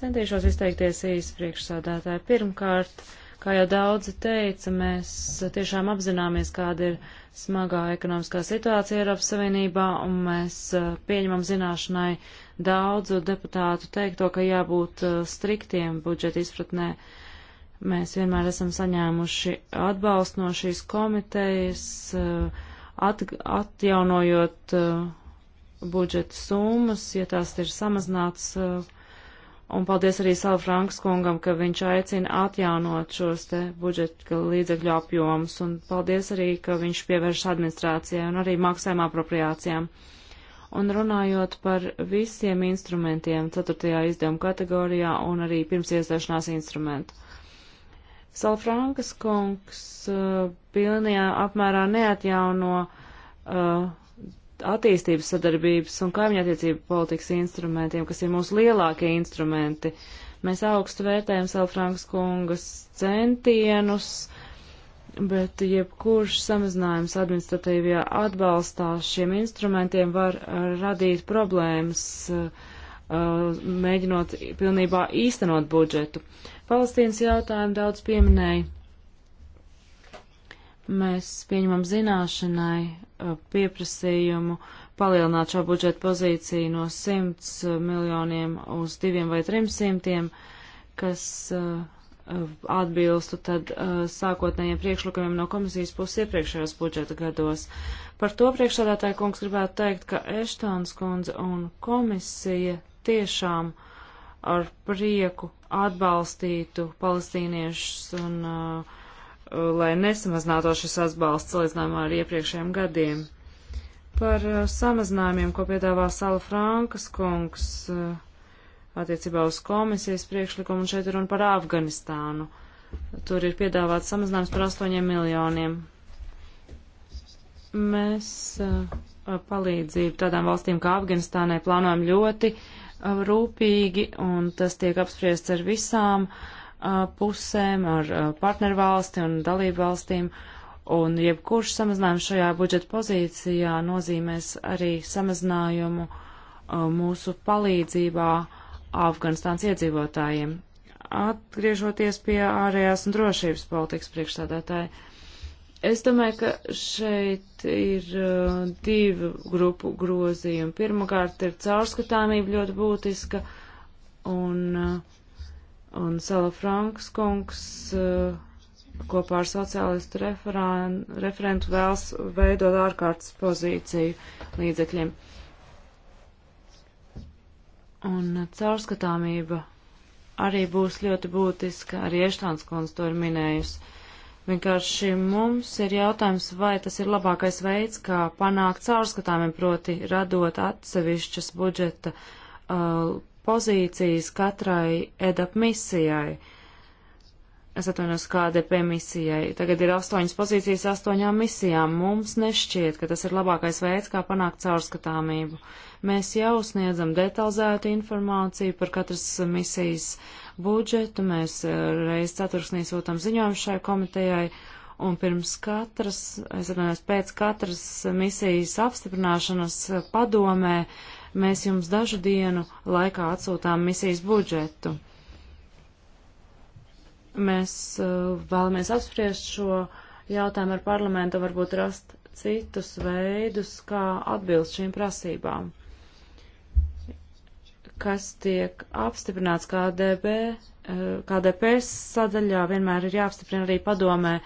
Centīšos izteikties īsi priekšsādātāji. Pirmkārt, kā jau daudzi teica, mēs tiešām apzināmies, kāda ir smagā ekonomiskā situācija Eiropas Savienībā, un mēs eh, pieņemam zināšanai daudzu deputātu teikto, ka jābūt eh, striktiem budžeta izpratnē. Mēs vienmēr esam saņēmuši atbalstu no šīs komitejas, eh, at, atjaunojot budžeta summas, ja tās ir samazināts uh, Un paldies arī Sala Franks kungam, ka viņš aicina atjaunot šos te budžeta līdzekļu apjomus. Un paldies arī, ka viņš pievērš administrācijai un arī maksājuma apropriācijām. Un runājot par visiem instrumentiem, ceturtajā izdevuma kategorijā un arī pirms iestāšanās instrumentu. Sala Frankas kungs uh, pilnajā apmērā neatjauno uh, attīstības sadarbības un kaimiņattiecību politikas instrumentiem, kas ir mūsu lielākie instrumenti. Mēs augstu vērtējam Salfrankas kungas centienus, bet jebkurš samazinājums administratīvajā atbalstā šiem instrumentiem var uh, radīt problēmas, uh, uh, mēģinot pilnībā īstenot budžetu. Palestīnas jautājumu daudz pieminēja. Mēs pieņemam zināšanai uh, pieprasījumu palielināt šo budžeta pozīciju no 100 uh, miljoniem uz 2 vai 300, kas uh, atbilstu tad sākotnējiem priekšlikumiem no komisijas puses iepriekšējos budžeta gados. Par to priekšsādātāja kungs gribētu teikt, ka Eštons kundze un komisija tiešām ar prieku atbalstītu palestīniešus un uh, Uh, lai nesamazinātu šis atbalsts salīdzinājumā ar iepriekšējiem gadiem. Par uh, samazinājumiem, ko piedāvā Sala Frankas kungs uh, attiecībā uz komisijas priekšlikumu, un šeit ir runa par Afganistānu. Tur ir piedāvāts samazinājums par 8 miljoniem. Mēs palīdzību tādām valstīm kā Afganistānai plānojam ļoti rūpīgi, un tas tiek apspriests ar visām uh, pusēm, ar partnervalsti un dalību valstīm, un jebkurš samazinājums šajā budžeta pozīcijā nozīmēs arī samazinājumu mūsu palīdzībā Afganistāns iedzīvotājiem. Atgriežoties pie ārējās un drošības politikas priekšstādātāja, es domāju, ka šeit ir divu grupu grozījumi. Pirmkārt ir caurskatāmība ļoti būtiska, un uh, Un Sala Franks kungs eh, kopā ar sociālistu referentu vēlas veidot ārkārtas pozīciju līdzekļiem. Un caurskatāmība arī būs ļoti būtiska, arī Eštāns kundze to ir minējusi. Vienkārši mums ir jautājums, vai tas ir labākais veids, kā panākt caurskatāmiem, proti radot atsevišķas budžeta uh, pozīcijas katrai EDAP misijai. Es atvainojos, KDP misijai. Tagad ir astoņas pozīcijas astoņām misijām. Mums nešķiet, ka tas ir labākais veids, kā panākt caurskatāmību. Mēs jau sniedzam detalizētu informāciju par katras misijas budžetu. Mēs eh, reiz ceturksnī sūtam ziņojumu šai komitejai un pirms katras, es atvainojos, pēc katras misijas apstiprināšanas eh, padomē Mēs jums dažu dienu laikā atsūtām misijas budžetu. Mēs uh, vēlamies apspriest šo jautājumu ar parlamentu, varbūt rast citus veidus, kā atbilst šīm prasībām, kas tiek apstiprināts KDB, uh, KDP sadaļā vienmēr ir jāapstiprina arī padomē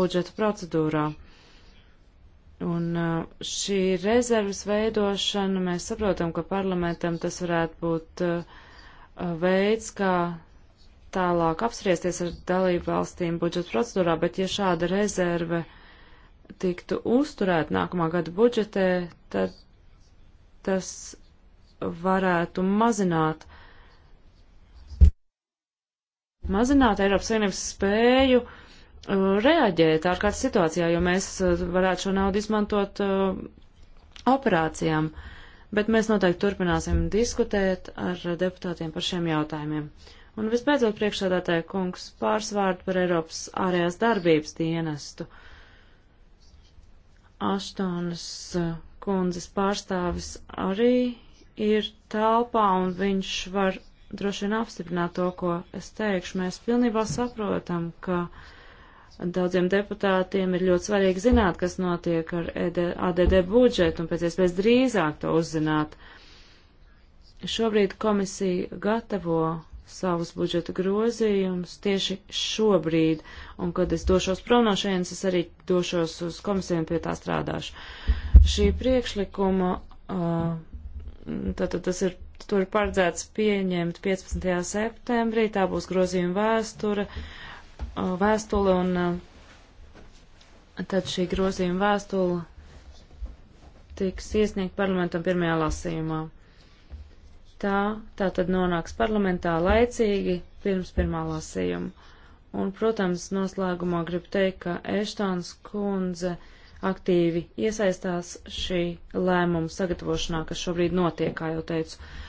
budžeta procedūrā. Un uh, šī rezerves veidošana, mēs saprotam, ka parlamentam tas varētu būt uh, uh, veids, kā tālāk apspriesties ar dalību valstīm budžeta procedūrā, bet ja šāda rezerve tiktu uzturēta nākamā gada budžetē, tad tas varētu mazināt, mazināt Eiropas Savienības spēju uh, reaģēt ārkārtas situācijā, jo mēs eh, varētu šo naudu izmantot eh, operācijām. Bet mēs noteikti turpināsim diskutēt ar deputātiem par šiem jautājumiem. Un visbeidzot, priekšsādātāja kungs pārsvārdu par Eiropas ārējās darbības dienestu. Aštonas eh, kundzes pārstāvis arī ir telpā, un viņš var droši vien apstiprināt to, ko es teikšu. Mēs pilnībā saprotam, ka uh, Daudziem deputātiem ir ļoti svarīgi zināt, kas notiek ar ADD e budžetu un pēc iespējas drīzāk to uzzināt. Šobrīd komisija gatavo savus budžeta grozījumus tieši šobrīd, un kad es došos prom no šejienes, es arī došos uz komisiju un pie tā strādāšu. Šī priekšlikuma, uh, tātad tas ir, tur ir paredzēts pieņemt 15. septembrī, tā būs grozījuma vēsture, Uh, vēstuli un uh, tad šī grozījuma vēstule tiks iesniegt parlamentam pirmajā lasījumā. Tā, tā tad nonāks parlamentā laicīgi pirms pirmā lasījuma. Un, protams, noslēgumā gribu teikt, ka Eštāns kundze aktīvi iesaistās šī lēmuma sagatavošanā, kas šobrīd notiek, kā jau teicu. Uh,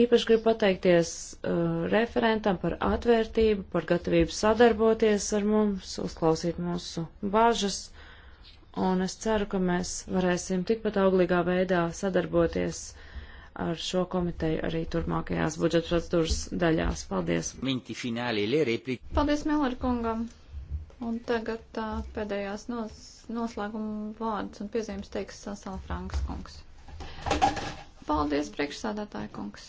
Īpaši gribu pateikties uh, referentam par atvērtību, par gatavību sadarboties ar mums, uzklausīt mūsu bāžas, un es ceru, ka mēs varēsim tikpat auglīgā veidā sadarboties ar šo komiteju arī turpmākajās budžeta procedūras daļās. Paldies! Paldies, Miller kungam! Un tagad uh, pēdējās nos, noslēguma vārds un piezīmes teiks Sasala Franks kungs. Paldies, priekšsādātāja kungs.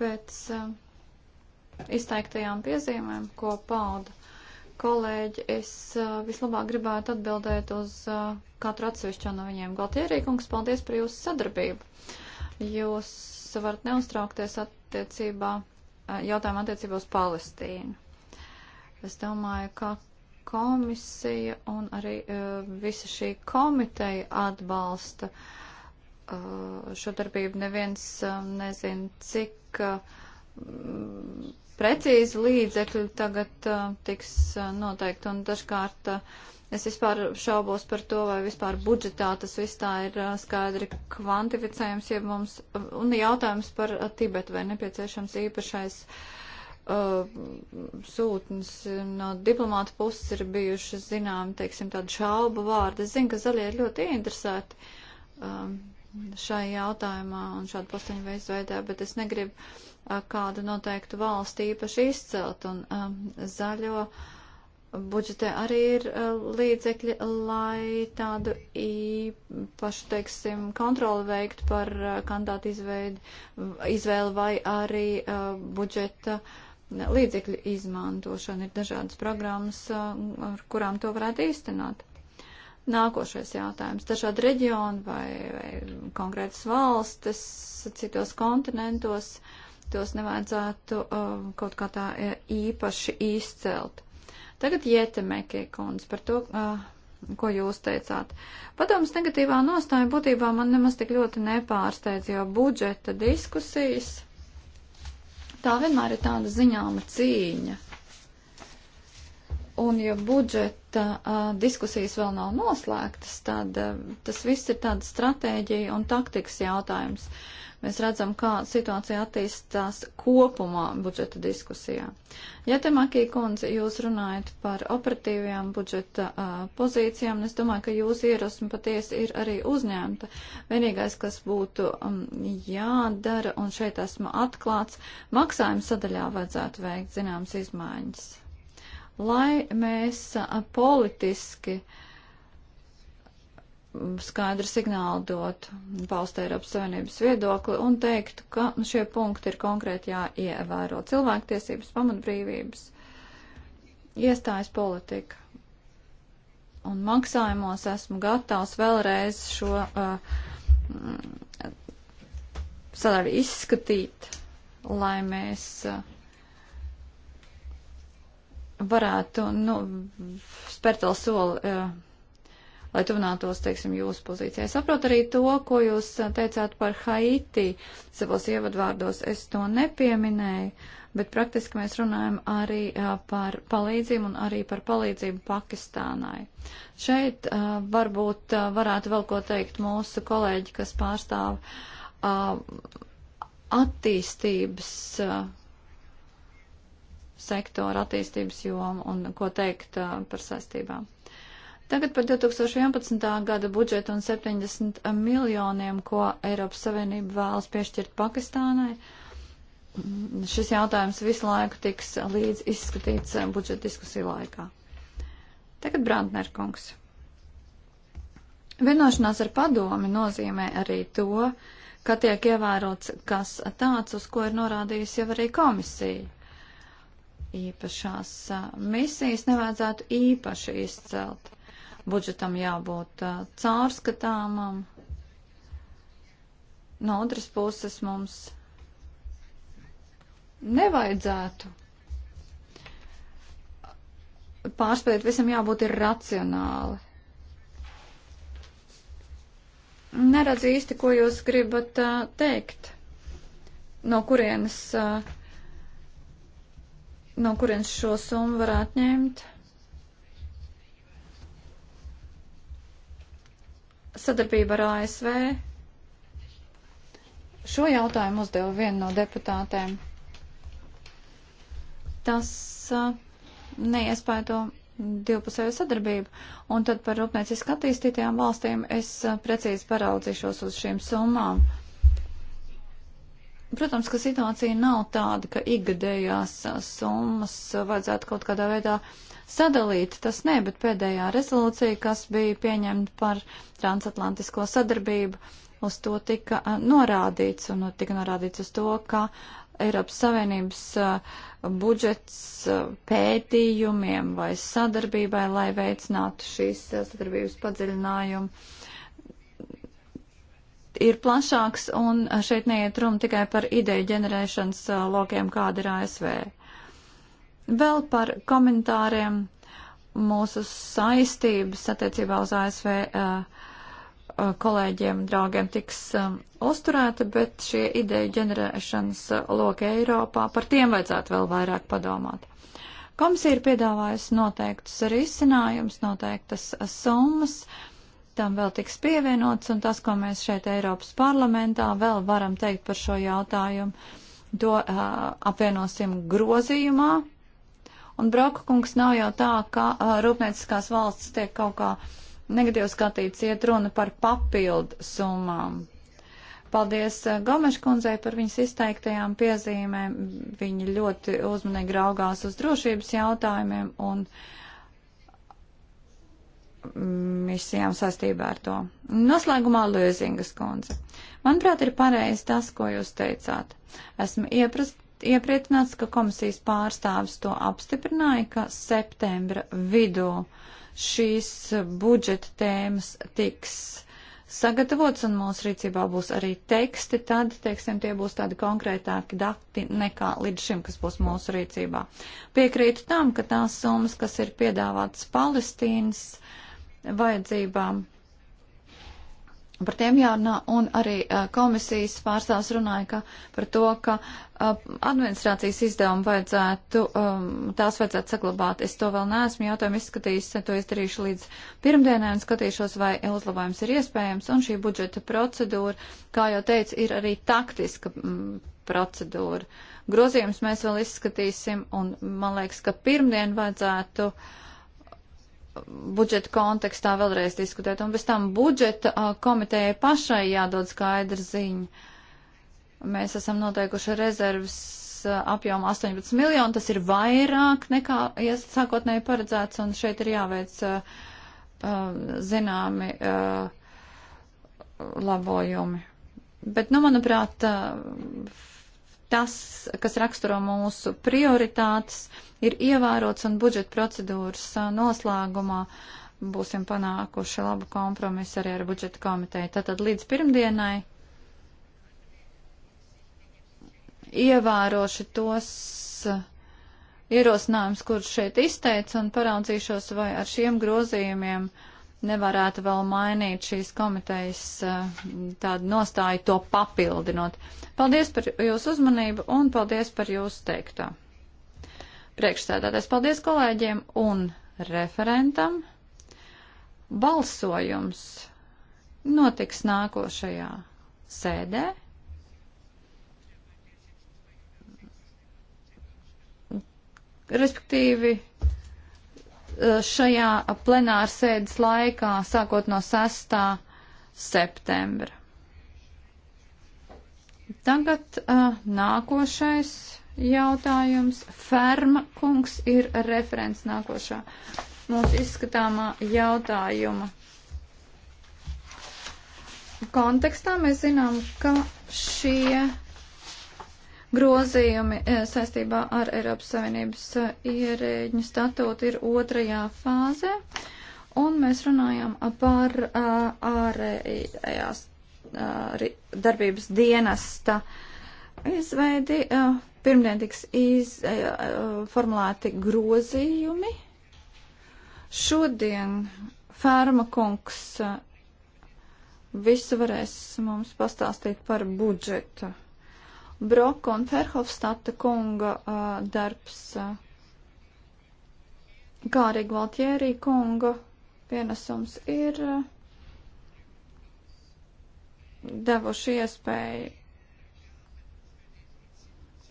pēc uh, izteiktajām piezīmēm, ko pauda kolēģi, es uh, vislabāk gribētu atbildēt uz uh, katru atsevišķo no viņiem. Galtierīkungs, paldies par jūsu sadarbību. Jūs varat neuztraukties attiecībā, uh, jautājumu attiecībā uz Palestīnu. Es domāju, ka komisija un arī uh, visa šī komiteja atbalsta uh, Uh, šo darbību neviens um, nezin, cik uh, mm, precīzi līdzekļi tagad uh, tiks noteikti un dažkārt es vispār šaubos par to, vai vispār budžetā tas viss tā ir skaidri kvantificējums, ja mums un jautājums par Tibetu vai nepieciešams īpašais sūtnes no diplomāta puses ir bijuši, zinām, teiksim, tādi šauba vārdi. Es zinu, ka zaļie ir ļoti interesēti um, šai jautājumā un šādu posteņu veidveidā, bet es negribu kādu noteiktu valsti īpaši izcelt un um, zaļo budžetē arī ir uh, līdzekļi, lai tādu īpašu, teiksim, kontroli veikt par uh, kandidātu izveidi, izvēli vai arī uh, budžeta līdzekļu izmantošanu. Ir dažādas programmas, ar kurām to varētu īstenot. Nākošais jautājums. Dažādi reģioni vai, vai konkrētas valstis citos kontinentos tos nevajadzētu uh, kaut kā tā e, īpaši izcelt. Tagad Jētemekie kundze par to, uh, ko jūs teicāt. Padoms negatīvā nostāja būtībā man nemaz tik ļoti nepārsteidz, jo budžeta diskusijas tā vienmēr ir tāda ziņāma cīņa Un ja budžeta uh, diskusijas vēl nav noslēgtas, tad uh, tas viss ir tāda stratēģija un taktikas jautājums. Mēs redzam, kā situācija attīstās kopumā budžeta diskusijā. Ja te, Makī kundze, jūs runājat par operatīvajām budžeta uh, pozīcijām, es domāju, ka jūsu ierosme patiesi ir arī uzņemta. Vienīgais, kas būtu um, jādara, un šeit esmu atklāts, maksājuma sadaļā vajadzētu veikt zināmas izmaiņas lai mēs politiski skaidru signālu dotu, paustu Eiropas Savienības viedokli un teiktu, ka šie punkti ir konkrēti jāievēro. Cilvēktiesības, pamatbrīvības, iestājas politika. Un maksājumos esmu gatavs vēlreiz šo uh, sadarbību izskatīt, lai mēs. Uh, varētu nu, spērt vēl soli, e, lai tuvinātos, teiksim, jūsu pozīcijai. Saprotu arī to, ko jūs e, teicāt par Haiti. Savos ievadvārdos es to nepieminēju, bet praktiski mēs runājam arī e, par palīdzību un arī par palīdzību Pakistānai. Šeit varbūt varētu vēl ko teikt mūsu kolēģi, kas pārstāv attīstības sektora attīstības jomu un ko teikt uh, par saistībām. Tagad par 2011. gada budžetu un 70 miljoniem, ko Eiropas Savienība vēlas piešķirt Pakistānai. Šis jautājums visu laiku tiks līdz izskatīts uh, budžeta diskusiju laikā. Tagad Brantner kungs. Vienošanās ar padomi nozīmē arī to, ka tiek ievērots kas tāds, uz ko ir norādījusi jau arī komisija īpašās misijas nevajadzētu īpaši izcelt. Budžetam jābūt caurskatāmam. No otras puses mums nevajadzētu pārspēt, visam jābūt ir racionāli. Neredz īsti, ko jūs gribat teikt, no kurienes uh, no kurienes šo summu varētu ņemt? Sadarbība ar ASV. Šo jautājumu uzdeva viena no deputātēm. Tas uh, neiespēja to divpusēju sadarbību. Un tad par rūpnieciski attīstītajām valstīm es uh, precīzi paraudzīšos uz šīm summām. Uh, Protams, ka situācija nav tāda, ka ikgadējās summas vajadzētu kaut kādā veidā sadalīt. Tas nē, bet pēdējā rezolūcija, kas bija pieņemta par transatlantisko sadarbību, uz to tika norādīts un tika norādīts uz to, ka Eiropas Savienības budžets pētījumiem vai sadarbībai, lai veicinātu šīs sadarbības padziļinājumu ir plašāks, un šeit neiet runa tikai par ideju ģenerēšanas lokiem, kāda ir ASV. Vēl par komentāriem mūsu saistības attiecībā uz ASV kolēģiem, draugiem tiks uzturēta, bet šie ideju ģenerēšanas loki Eiropā, par tiem vajadzētu vēl vairāk padomāt. Komisija ir piedāvājusi noteiktus risinājumus, noteiktas summas, uh, tam vēl tiks pievienots, un tas, ko mēs šeit Eiropas parlamentā vēl varam teikt par šo jautājumu, to uh, apvienosim grozījumā. Un Broka kungs nav jau tā, ka uh, rūpnieciskās valsts tiek kaut kā negatīvi skatīts, iet runa par papildu summām. Paldies Gomeša kundzei par viņas izteiktajām piezīmēm. Viņa ļoti uzmanīgi raugās uz drošības jautājumiem un uh, misijām saistībā ar to. Noslēgumā Lēzingas kundze. Manuprāt, ir pareizi tas, ko jūs teicāt. Esmu ieprast, iepriecināts, ka komisijas pārstāvis to apstiprināja, ka septembra vidū šīs budžeta tēmas tiks sagatavots un mūsu rīcībā būs arī teksti, tad, teiksim, tie būs tādi konkrētāki dati nekā līdz šim, kas būs mūsu rīcībā. Piekrītu tam, ka tās summas, kas ir piedāvātas Palestīnas, uh, vajadzībām. Par tiem jārunā, un arī komisijas pārstāvs runāja ka par to, ka administrācijas izdevumu vajadzētu, tās vajadzētu saglabāt. Es to vēl neesmu jautājumu izskatījis, to izdarīšu līdz pirmdienai un skatīšos, vai uzlabojums ir iespējams. Un šī budžeta procedūra, kā jau teicu, ir arī taktiska procedūra. Grozījums mēs vēl izskatīsim, un man liekas, ka pirmdien vajadzētu. Uh, budžeta kontekstā vēlreiz diskutēt, un bez tam budžeta uh, komitejai pašai jādod skaidra ziņa. Mēs esam noteikuši rezervas uh, apjomu 18 miljonu, tas ir vairāk nekā ja sākotnēji paredzēts, un šeit ir jāveic uh, zināmi labojumi. Bet, nu, manuprāt, tas, kas raksturo mūsu prioritātes, ir ievērots un budžeta procedūras noslēgumā būsim panākuši labu kompromisu arī ar budžeta komiteju. Tātad līdz pirmdienai ievēroši tos ierosinājums, kurš šeit izteica, un paraudzīšos, vai ar šiem grozījumiem uh, nevarētu vēl mainīt šīs komitejas eh, tādu nostāju, to papildinot. Paldies par jūsu uzmanību un paldies par jūsu teikto. Priekšsēdētājs, paldies kolēģiem un referentam. Balsojums notiks nākošajā sēdē. Respektīvi, Eh, šajā plenāra sēdes laikā, sākot no 6. septembra. Tagad uh, nākošais jautājums. Ferma kungs ir referents nākošā mūsu izskatāmā jautājuma kontekstā mēs zinām, ka šie grozījumi eh, saistībā ar Eiropas Savienības eh, ierēģņu statūtu ir otrajā fāzē, un mēs runājam par eh, ārējās darbības dienesta izveidi. Pirmdien tiks iz, formulēti grozījumi. Šodien Fērma kungs visu varēs mums pastāstīt par budžetu Broka un Ferhofstata kunga uh, darbs, uh, kā arī Gvaltjērī kunga pienesums ir uh, devuši iespēju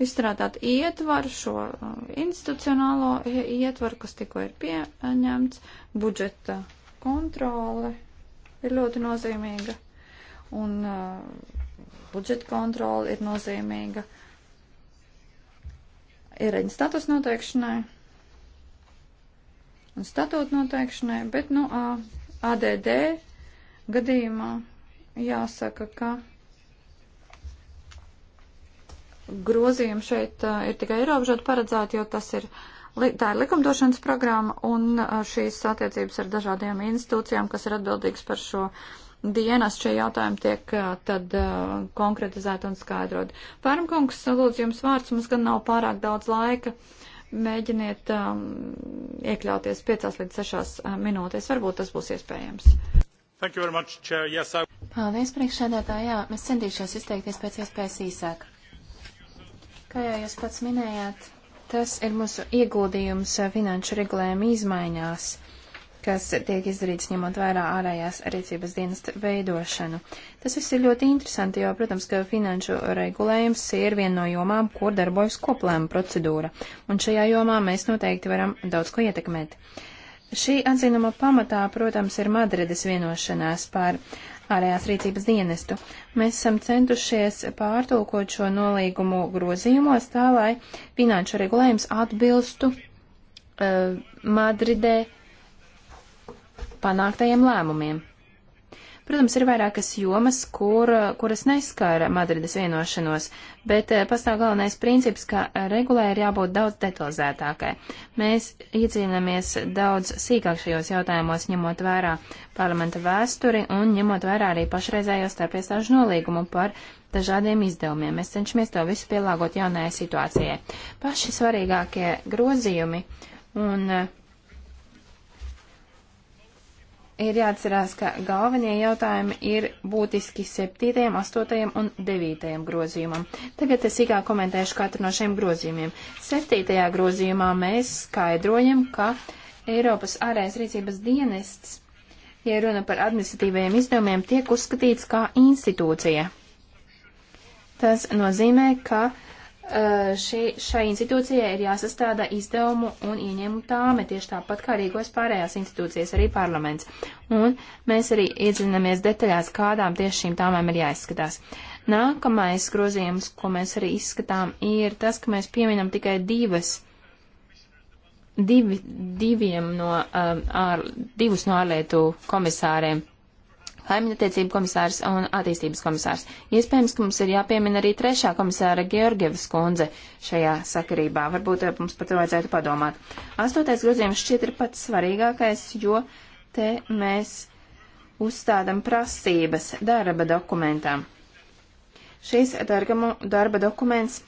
izstrādāt ietvaru, šo uh, institucionālo ietvaru, kas tikko ir pieņemts, budžeta kontrole ir ļoti nozīmīga. Un, uh, budžeta kontrola ir nozīmīga ierēģi status noteikšanai un statūtu noteikšanai, bet, nu, ADD gadījumā jāsaka, ka grozījumi šeit ir tikai ierobežot paredzēti, jo tas ir, tā ir likumdošanas programma un šīs attiecības ar dažādiem institūcijām, kas ir atbildīgs par šo uh, dienas šie jautājumi tiek tad konkretizēti un skaidrot. Pērmkungs, lūdzu, jums vārds, mums gan nav pārāk daudz laika. Mēģiniet um, iekļauties 5 līdz 6 minūtēs, varbūt tas būs iespējams. Much, Chair. yes, I... Paldies, priekšsēdētāji, jā, es centīšos izteikties pēc iespējas īsāk. Kā jau jūs pats minējāt, tas ir mūsu ieguldījums finanšu regulējuma izmaiņās. Uh, kas tiek izdarīts ņemot vērā ārējās rīcības dienas veidošanu. Tas viss ir ļoti interesanti, jo, protams, ka finanšu regulējums ir viena no jomām, kur darbojas koplēma procedūra, un šajā jomā mēs noteikti varam daudz ko ietekmēt. Šī atzinuma pamatā, protams, ir Madrides vienošanās par ārējās rīcības dienestu. Mēs esam centušies pārtulkot šo nolīgumu grozījumos tā, lai finanšu regulējums atbilstu uh, Madridē uh, panāktajiem lēmumiem. Protams, ir vairākas jomas, kur, kuras neskara Madrides vienošanos, bet eh, pastāv galvenais princips, ka regulē ir jābūt daudz detalizētākai. Mēs iecīnāmies daudz sīkāk šajos jautājumos, ņemot vērā parlamenta vēsturi un ņemot vērā arī pašreizējo starpiestāžu nolīgumu par dažādiem izdevumiem. Mēs cenšamies to visu pielāgot jaunajai situācijai. Paši svarīgākie grozījumi un uh, ir jāatcerās, ka galvenie jautājumi ir būtiski 7., 8. un 9. grozījumam. Tagad es īkā komentēšu katru no šiem grozījumiem. 7. grozījumā mēs skaidrojam, ka Eiropas ārējais rīcības dienests, ja runa par administratīvajiem izdevumiem, tiek uzskatīts kā institūcija. Tas nozīmē, ka uh, Eh, šī, šai institūcijai ir jāsastāda izdevumu un ieņēmumu tāme, tieši tāpat kā rīkos pārējās institūcijas, arī parlaments. Un mēs arī iedzinamies detaļās, kādām tieši šīm tāmēm ir jāizskatās. Nākamais grozījums, ko mēs arī izskatām, ir tas, ka mēs pieminam tikai divas, divi, diviem no, um, ār, divus no ārlietu komisāriem kaimiņattiecību komisārs un attīstības komisārs. Iespējams, ka mums ir jāpiemina arī trešā komisāra Georgievas kundze šajā sakarībā. Varbūt eh, mums pat vajadzētu padomāt. Astotais grozījums šķiet ir pats svarīgākais, jo te mēs uzstādam prasības darba dokumentam. Šis darba dokuments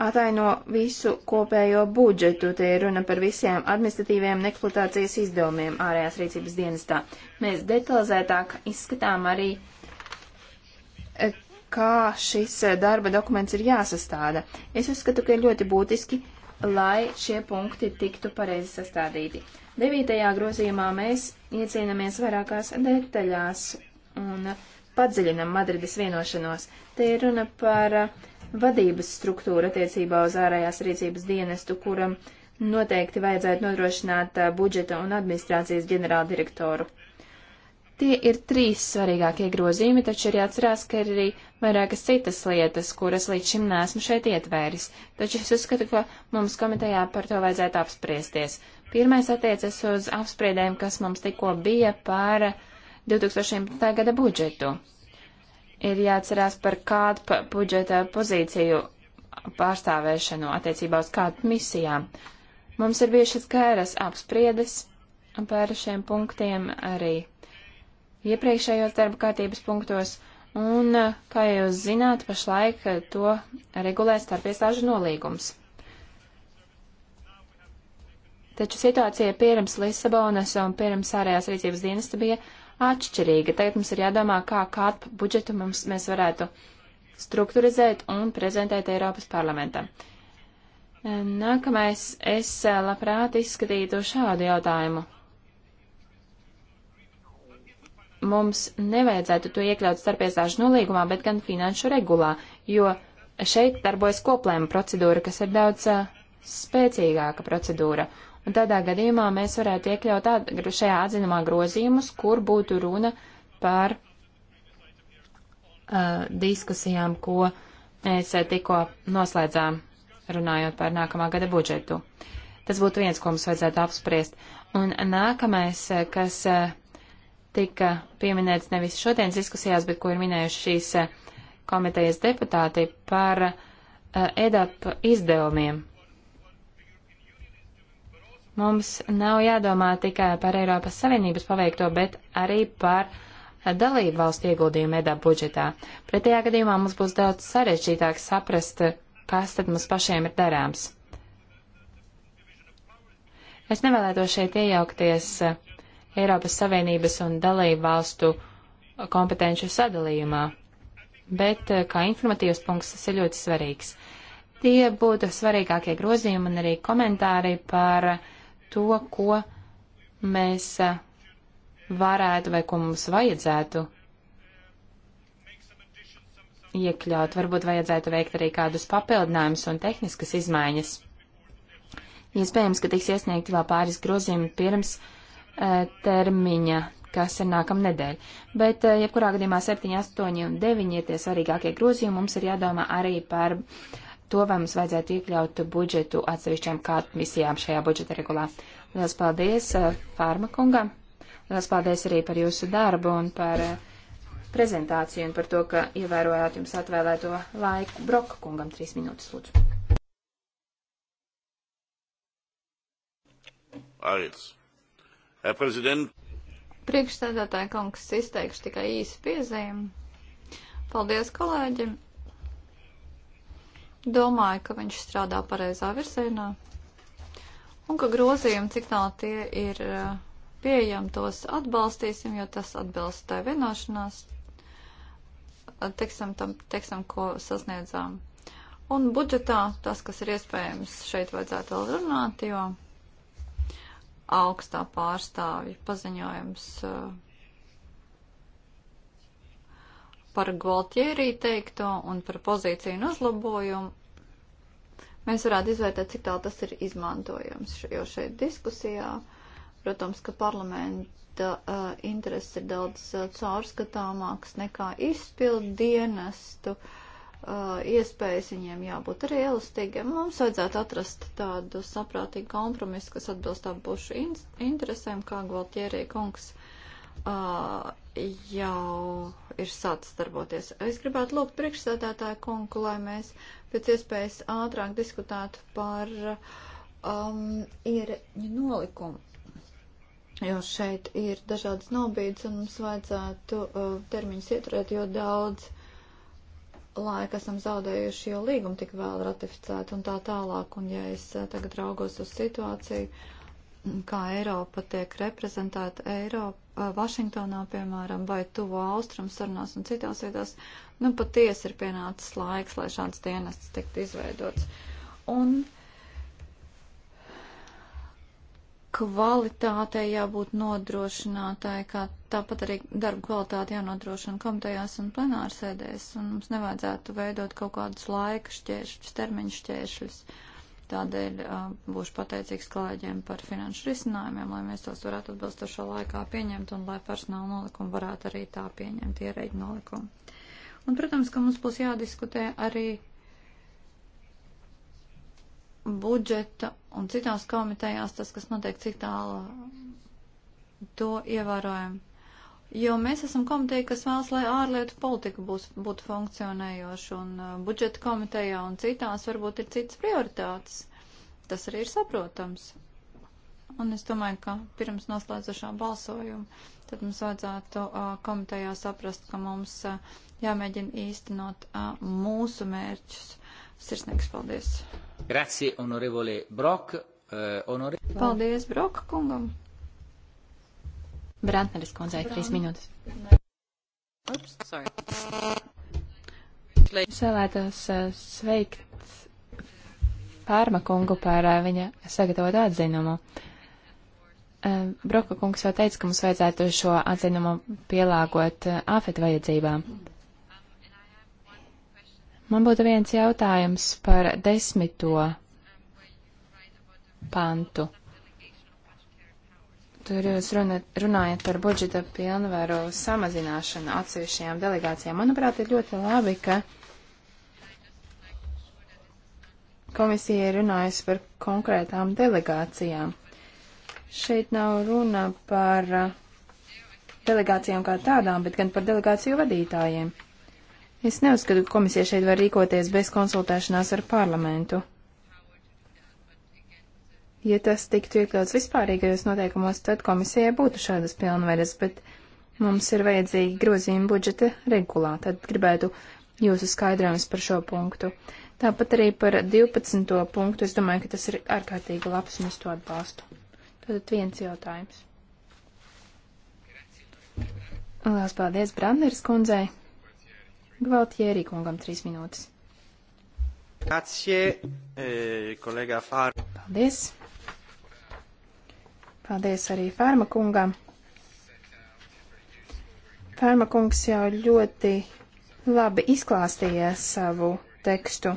ataino visu kopējo budžetu. Te ir runa par visiem administratīviem neklutācijas izdevumiem ārējās rīcības dienestā. Mēs detalizētāk izskatām arī, e, kā šis e, darba dokuments ir jāsastāda. Es uzskatu, ka ir ļoti būtiski, lai šie punkti tiktu pareizi sastādīti. Devītajā grozījumā mēs iecīnamies vairākās detaļās un padziļinam Madrides vienošanos. Te ir runa par uh, vadības struktūra attiecībā uz ārējās rīcības dienestu, kuram noteikti vajadzētu nodrošināt budžeta un administrācijas ģenerāldirektoru. Tie ir trīs svarīgākie grozījumi, taču ir jāatcerās, ka ir arī vairākas citas lietas, kuras līdz šim neesmu šeit ietvēris, taču es uzskatu, ka mums komitejā par to vajadzētu apspriesties. Pirmais attiecas uz apspriedēm, kas mums tikko bija par 2017. gada budžetu ir jāatcerās par kādu budžeta pozīciju pārstāvēšanu attiecībā uz kādu misijām. Mums ir bijušas gairas apspriedes par šiem punktiem arī iepriekšējos darba kārtības punktos, un, kā jūs zināt, pašlaik to regulē starpiestāžu nolīgums. Taču situācija pirms Lisabonas un pirms ārējās rīcības dienesta bija atšķirīga. Tagad mums ir jādomā, kā kādu budžetu mums, mēs varētu strukturizēt un prezentēt Eiropas parlamentam. Nākamais es eh, labprāt izskatītu šādu jautājumu. Mums nevajadzētu to iekļaut starpiestāžu nolīgumā, bet gan finanšu regulā, jo šeit darbojas koplēma procedūra, kas ir daudz eh, spēcīgāka procedūra. Un tādā gadījumā mēs varētu iekļaut tād, šajā atzinumā grozījumus, kur būtu runa par uh, diskusijām, ko mēs uh, tikko noslēdzām, runājot par nākamā gada budžetu. Tas būtu viens, ko mums vajadzētu apspriest. Un nākamais, uh, kas uh, tika pieminēts nevis šodienas diskusijās, bet ko ir minējuši šīs uh, komitejas deputāti par EDAP izdevumiem. Mums nav jādomā tikai par Eiropas Savienības paveikto, bet arī par dalību valstu ieguldījumu EDA budžetā. Pretējā gadījumā mums būs daudz sarežģītāk saprast, kas tad mums pašiem ir darāms. Es nevēlētos šeit iejaukties Eiropas Savienības un dalību valstu kompetenču sadalījumā, bet eh, kā informatīvs punkts tas ir ļoti svarīgs. Tie būtu svarīgākie grozījumi un arī komentāri par uh, to, ko mēs varētu vai ko mums vajadzētu iekļaut. Varbūt vajadzētu veikt arī kādus papildinājumus un tehniskas izmaiņas. Iespējams, ka tiks iesniegti vēl pāris grozījumi pirms e, termiņa, kas ir nākamnedēļ. Bet, e, jebkurā gadījumā 7, 8 un 9 ir tie svarīgākie grozījumi. Mums ir jādomā arī par uh, to, vai mums vajadzētu iekļaut budžetu atsevišķām kārtmisijām šajā budžeta regulā. Lielas paldies uh, Fārmakungam, lielas paldies arī par jūsu darbu un par uh, prezentāciju un par to, ka ievērojāt jums atvēlēto laiku. Broka kungam trīs minūtes, lūdzu. Aiz. Herr Präsident. Priekšstādātāja kungs izteikšu tikai īsu piezīmi. Paldies kolēģim Domāju, ka viņš strādā pareizā virzienā un ka grozījumi, cik tālu tie ir eh, pieejami, tos atbalstīsim, jo tas atbilst tai vienošanās, eh, teiksim, tam, teiksim, ko sasniedzām. Un budžetā tas, kas ir iespējams, šeit vajadzētu vēl runāt, jo augstā pārstāvja paziņojums uh, par Gualtierī teikto un par pozīciju un uzlabojumu. Mēs varētu izvērtēt, cik tālu tas ir izmantojams, jo šeit diskusijā, protams, ka parlamenta uh, intereses ir daudz uh, caurskatāmāks nekā izpildu dienestu uh, iespējas, viņiem jābūt arī elastīgiem. Mums vajadzētu atrast tādu saprātīgu kompromisu, kas atbilst abu pušu in interesēm, kā Gualtierī kungs uh, jau ir sācis darboties. Es gribētu lūgt priekšsēdētāju kungu, lai mēs pēc iespējas ātrāk diskutētu par um, ierēģu nolikumu. Jo šeit ir dažādas nobīdes un mums vajadzētu uh, termiņus ieturēt, jo daudz laika esam zaudējuši, jo līguma tik vēl ratificēta un tā tālāk. Un ja es uh, tagad raugos uz situāciju, kā Eiropa tiek reprezentēta, Eiropa Vašingtonā, piemēram, vai tuvo austrum sarunās un citās vietās, nu patiesi ir pienācis laiks, lai šāds dienests tiktu izveidots. Un kvalitātei jābūt nodrošinātai, kā tāpat arī darba kvalitāte jānodrošina komitejās un plenārsēdēs, un mums nevajadzētu veidot kaut kādus laika šķēršļus, termiņu šķēršļus. Uh, Tādēļ uh, būšu pateicīgs kolēģiem par finanšu risinājumiem, lai mēs tos varētu atbilstošā laikā pieņemt un lai personāla nolikumu varētu arī tā pieņemt, ierēģi nolikumu. Un, protams, ka mums būs jādiskutē arī budžeta un citās komitejās tas, kas notiek cik tālu, to ievērojam Jo mēs esam komiteja, kas vēlas, lai ārlietu politika būs, būtu funkcionējoša, un uh, budžeta komitejā un citās varbūt ir citas prioritātes. Tas arī ir saprotams. Un es domāju, ka pirms noslēdzošā balsojuma, tad mums vajadzētu uh, komitejā saprast, ka mums uh, jāmēģina īstenot uh, mūsu mērķus. Sirsnīgs paldies! Grazie, honorevole Brok! Uh, honore... Paldies Broka kungam! Brantneris kundzei trīs minūtes. Ups, sorry. Es vēlētos eh, sveikt Pārma kungu par eh, viņa sagatavotu atzinumu. Eh, Broka kungs jau teica, ka mums vajadzētu šo atzinumu pielāgot afetu vajadzībām. Man būtu viens jautājums par desmito pantu. Tur jūs runat, runājat par budžeta pilnvaru samazināšanu atsevišķajām delegācijām. Manuprāt, ir ļoti labi, ka komisija ir runājusi par konkrētām delegācijām. Šeit nav runa par delegācijām kā tādām, bet gan par delegāciju vadītājiem. Es neuzskatu, ka komisija šeit var rīkoties bez konsultēšanās ar parlamentu. Ja tas tiktu iekļauts vispārīgajos noteikumos, tad komisijai būtu šādas pilnvaras, bet mums ir vajadzīgi grozījumi budžeta regulā, tad gribētu jūsu skaidrojums par šo punktu. Tāpat arī par 12. punktu, es domāju, ka tas ir ārkārtīgi labs un es to atbalstu. Tātad viens jautājums. Lielas paldies Branderis kundzei. Gvaltjērī kungam trīs minūtes. Grazie, kolēģa eh, Fār. Paldies. Paldies arī Fārma kungam. Fārma kungs jau ļoti labi izklāstīja savu tekstu.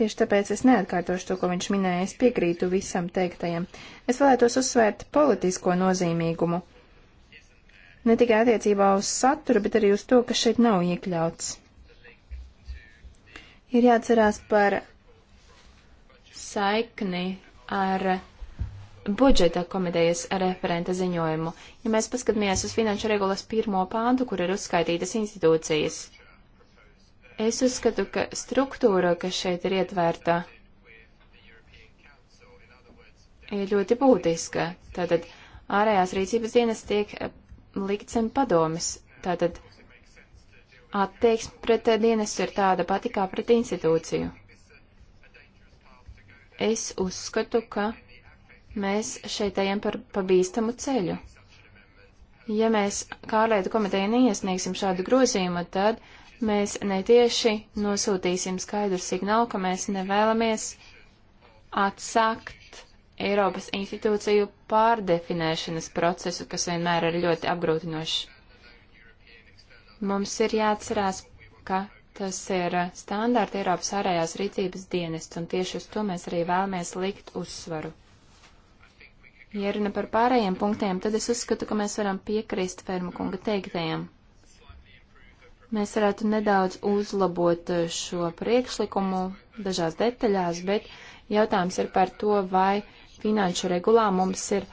Tieši tāpēc es neatkārtošu to, ko viņš minēja, es piekrītu visam teiktajam. Es vēlētos uzsvērt politisko nozīmīgumu. Ne tikai attiecībā uz saturu, bet arī uz to, kas šeit nav iekļauts. Ir jāatcerās par saikni ar budžeta komitejas referenta ziņojumu. Ja mēs paskatāmies uz finanšu regulas pirmo pāntu, kur ir uzskaitītas institūcijas, es uzskatu, ka struktūra, kas šeit ir ietvērta, ir ļoti būtiska. Tātad ārējās rīcības dienas tiek eh, likts zem padomis. Tātad attieksme pret eh, dienestu ir tāda pati kā pret institūciju. Es uzskatu, ka mēs šeit ejam par, pa bīstamu ceļu. Ja mēs kārlietu komiteja neiesniegsim šādu grozījumu, tad mēs netieši nosūtīsim skaidru signālu, ka mēs nevēlamies atsākt Eiropas institūciju pārdefinēšanas procesu, kas vienmēr ir ļoti apgrūtinošs. Mums ir jāatcerās, ka tas ir standārta Eiropas ārējās rīcības dienests, un tieši uz to mēs arī vēlamies likt uzsvaru. Ja runa par pārējiem punktiem, tad es uzskatu, ka mēs varam piekrist Ferma kunga teiktajam. Mēs varētu nedaudz uzlabot eh, šo priekšlikumu dažās detaļās, bet jautājums ir par to, vai finanšu regulā mums ir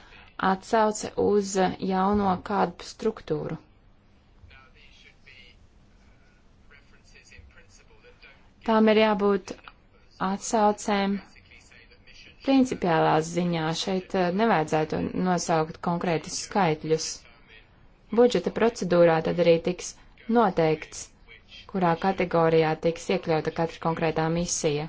atsauce uz jauno kādu struktūru. Tām ir jābūt atsaucēm principiālā ziņā šeit eh, nevajadzētu nosaukt konkrētus skaitļus. Budžeta procedūrā tad arī tiks noteikts, kurā kategorijā tiks iekļauta katra konkrētā misija.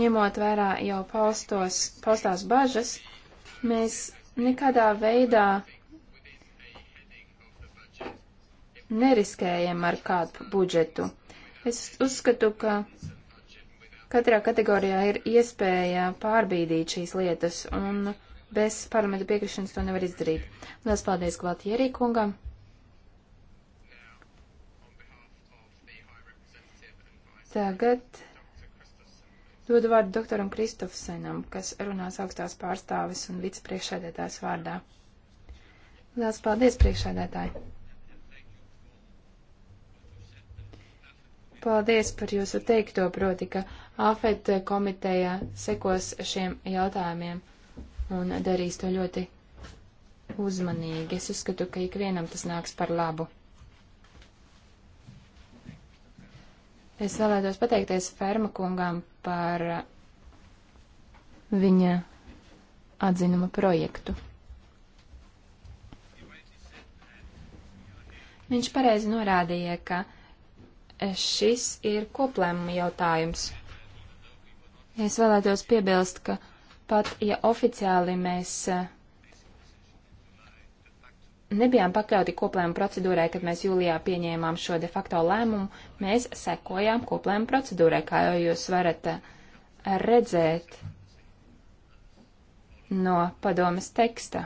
Ņemot vērā jau paustos, paustās bažas, mēs nekādā veidā neriskējam ar kādu budžetu. Es uzskatu, ka katrā kategorijā ir iespēja pārbīdīt šīs lietas, un bez parlamenta piekrišanas to nevar izdarīt. Lielas paldies Gvaltierī kungam! Tagad dodu vārdu doktoram Kristofsenam, kas runās augstās pārstāvis un vicepriekšēdētājs vārdā. Lielas paldies, priekšēdētāji! Paldies par jūsu teikto, proti, ka AFET komiteja sekos šiem jautājumiem un darīs to ļoti uzmanīgi. Es uzskatu, ka ikvienam tas nāks par labu. Es vēlētos pateikties Ferma kungām par viņa atzinuma projektu. Viņš pareizi norādīja, ka šis ir koplēmuma jautājums. Es vēlētos piebilst, ka pat ja oficiāli mēs eh, nebijām pakļauti koplēmuma procedūrai, kad mēs jūlijā pieņēmām šo de facto lēmumu, mēs sekojām koplēmuma procedūrai, kā jau jūs varat eh, redzēt no padomas teksta.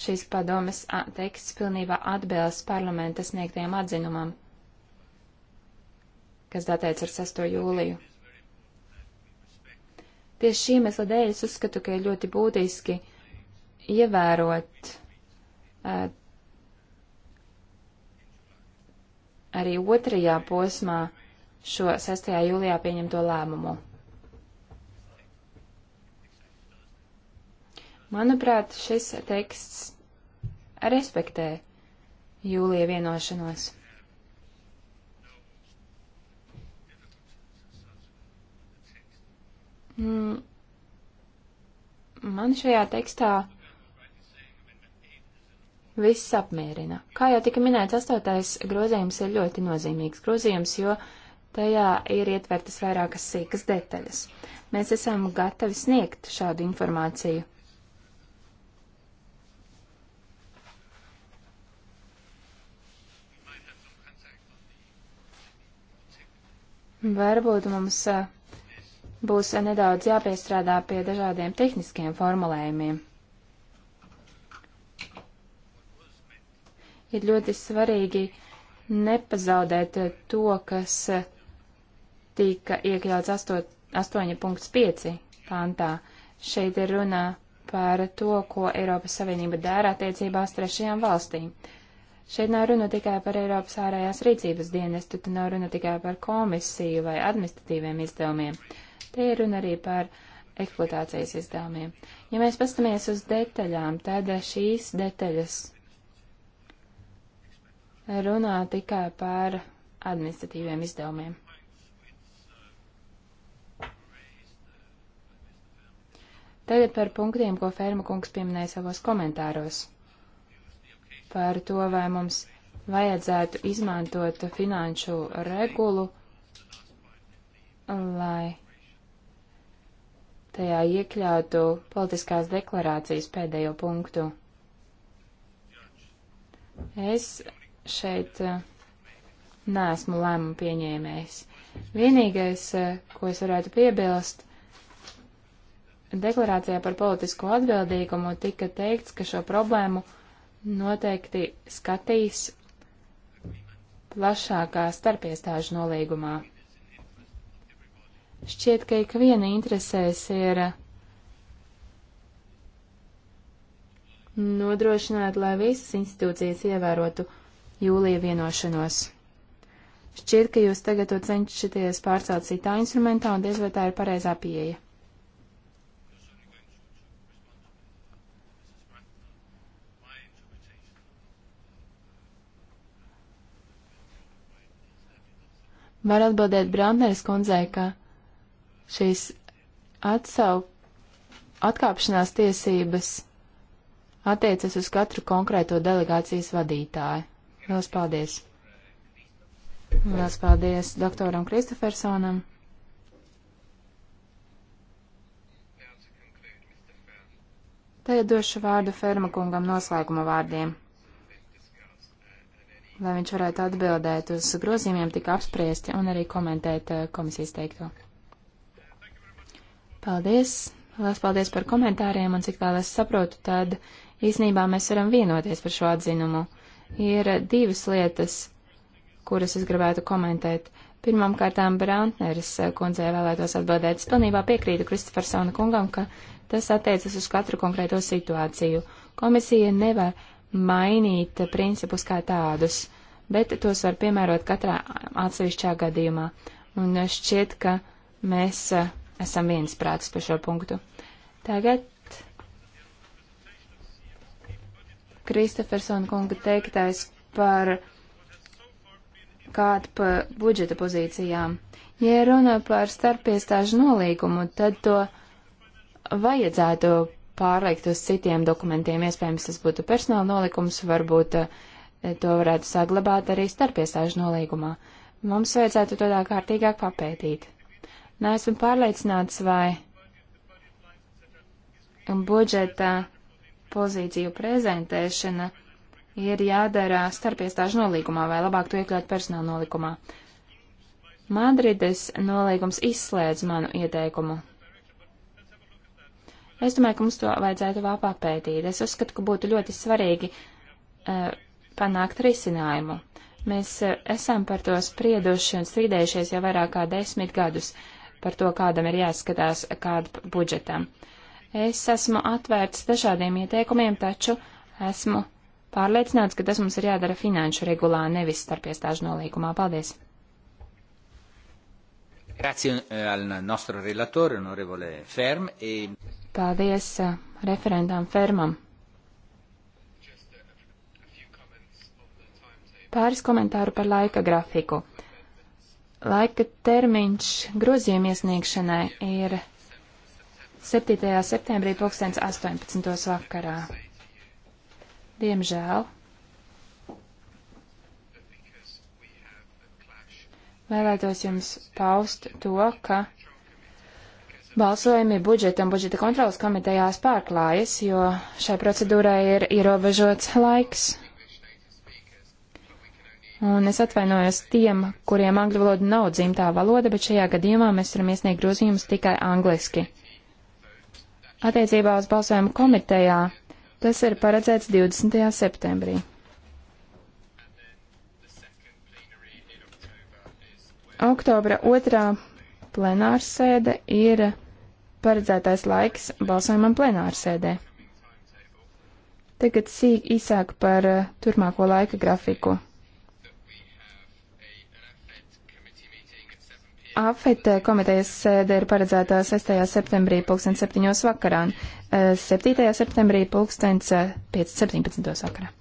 Šis padomas teksts pilnībā atbilst parlamenta sniegtajam atzinumam kas datēts ar 6. jūliju. Tieši šī mesla dēļ es uzskatu, ka ir ļoti būtiski ievērot uh, arī otrajā posmā šo 6. jūlijā pieņemto lēmumu. Manuprāt, šis teksts respektē jūlija vienošanos. Mm. Man šajā tekstā viss apmierina. Kā jau tika minēts, astotais grozījums ir ļoti nozīmīgs grozījums, jo tajā ir ietvertas vairākas sīkas detaļas. Mēs esam gatavi sniegt šādu informāciju. Varbūt mums uh, būs nedaudz jāpiestrādā pie dažādiem tehniskiem formulējumiem. Ir ļoti svarīgi nepazaudēt to, kas tika iekļauts 8.5 pantā. Šeit ir runa par to, ko Eiropas Savienība dara attiecībās trešajām valstīm. Šeit nav runa tikai par Eiropas ārējās rīcības dienestu, te nav runa tikai par komisiju vai administratīviem izdevumiem. Uh, Te ir runa arī par eksploatācijas izdevumiem. Ja mēs pastamies uz detaļām, tad šīs detaļas runā tikai par administratīviem izdevumiem. Tagad par punktiem, ko Ferma kungs pieminēja savos komentāros. Par to, vai mums vajadzētu izmantot finanšu regulu, lai tajā iekļautu politiskās deklarācijas pēdējo punktu. Es šeit eh, neesmu lēmumu pieņēmējs. Vienīgais, eh, ko es varētu piebilst, deklarācijā par politisko atbildīgumu tika teikts, ka šo problēmu noteikti skatīs plašākā starpiestāžu nolīgumā. Šķiet, ka ikviena interesēs ir nodrošināt, lai visas institūcijas ievērotu jūlija vienošanos. Šķiet, ka jūs tagad to cenšaties pārcelt citā instrumentā, un diez vai tā ir pareizā pieeja. Var atbildēt Brandneres kundzei, ka šīs atsau, atkāpšanās tiesības attiecas uz katru konkrēto delegācijas vadītāju. Lielas paldies! Lielas paldies doktoram Kristofersonam! Tagad došu vārdu Ferma kungam noslēguma vārdiem, lai viņš varētu atbildēt uz grozījumiem tik apspriesti un arī komentēt eh, komisijas teikto. Paldies! Lielas paldies par komentāriem, un cik vēl es saprotu, tad īsnībā mēs varam vienoties par šo atzinumu. Ir divas lietas, kuras es gribētu komentēt. Pirmām kārtām Brantneris kundzei vēlētos atbildēt. Es pilnībā piekrītu Kristofersona kungam, ka tas attiecas uz katru konkrēto situāciju. Komisija nevar mainīt principus kā tādus, bet tos var piemērot katrā atsevišķā gadījumā. Un šķiet, ka mēs esam viens prātis par šo punktu. Tagad Kristofersona kunga teiktais par kādu pa budžeta pozīcijām. Ja runa par starpiestāžu nolīgumu, tad to vajadzētu pārlikt uz citiem dokumentiem. Iespējams, tas būtu personāla nolikums, varbūt eh, to varētu saglabāt arī starpiestāžu nolīgumā. Mums vajadzētu to tā kārtīgāk papētīt. Neesmu pārliecināts, vai budžeta pozīciju prezentēšana ir jādara starpiestāžu nolīgumā, vai labāk to iekļaut personāla nolīgumā. Madrides nolīgums izslēdz manu ieteikumu. Es domāju, ka mums to vajadzētu vēl papētīt. Es uzskatu, ka būtu ļoti svarīgi uh, panākt risinājumu. Mēs uh, esam par to sprieduši un strīdējušies jau vairāk kā desmit gadus. Uh, par to, kādam ir jāskatās kādu budžetam. Es esmu atvērts dažādiem ieteikumiem, taču esmu pārliecināts, ka tas mums ir jādara finanšu regulā, nevis starpiestāžu nolīgumā. Paldies! Grazie eh, al nostro relatore, onorevole Ferm. E... Paldies eh, referentam Fermam. Pāris komentāru par laika grafiku. Laika termiņš grozījuma iesniegšanai ir 7. septembrī 2018. vakarā. Diemžēl. Vēlētos jums paust to, ka balsojumi budžeta un budžeta kontrolas komitejās pārklājas, jo šai procedūrai ir ierobežots laiks. Un es atvainojos tiem, kuriem angļu valoda nav dzimtā valoda, bet šajā gadījumā mēs varam iesniegt grozījumus tikai angliski. Attiecībā uz balsojumu komitejā tas ir paredzēts 20. septembrī. Oktobra otrā plenārsēde ir paredzētais laiks balsojumam plenārsēdē. Tagad sīk īsāk par eh, turmāko laika grafiku. AFIT eh, komitejas sēde ir paredzēta 6. septembrī 2007. vakarā un 7. Eh, septembrī 2017. Eh, vakarā.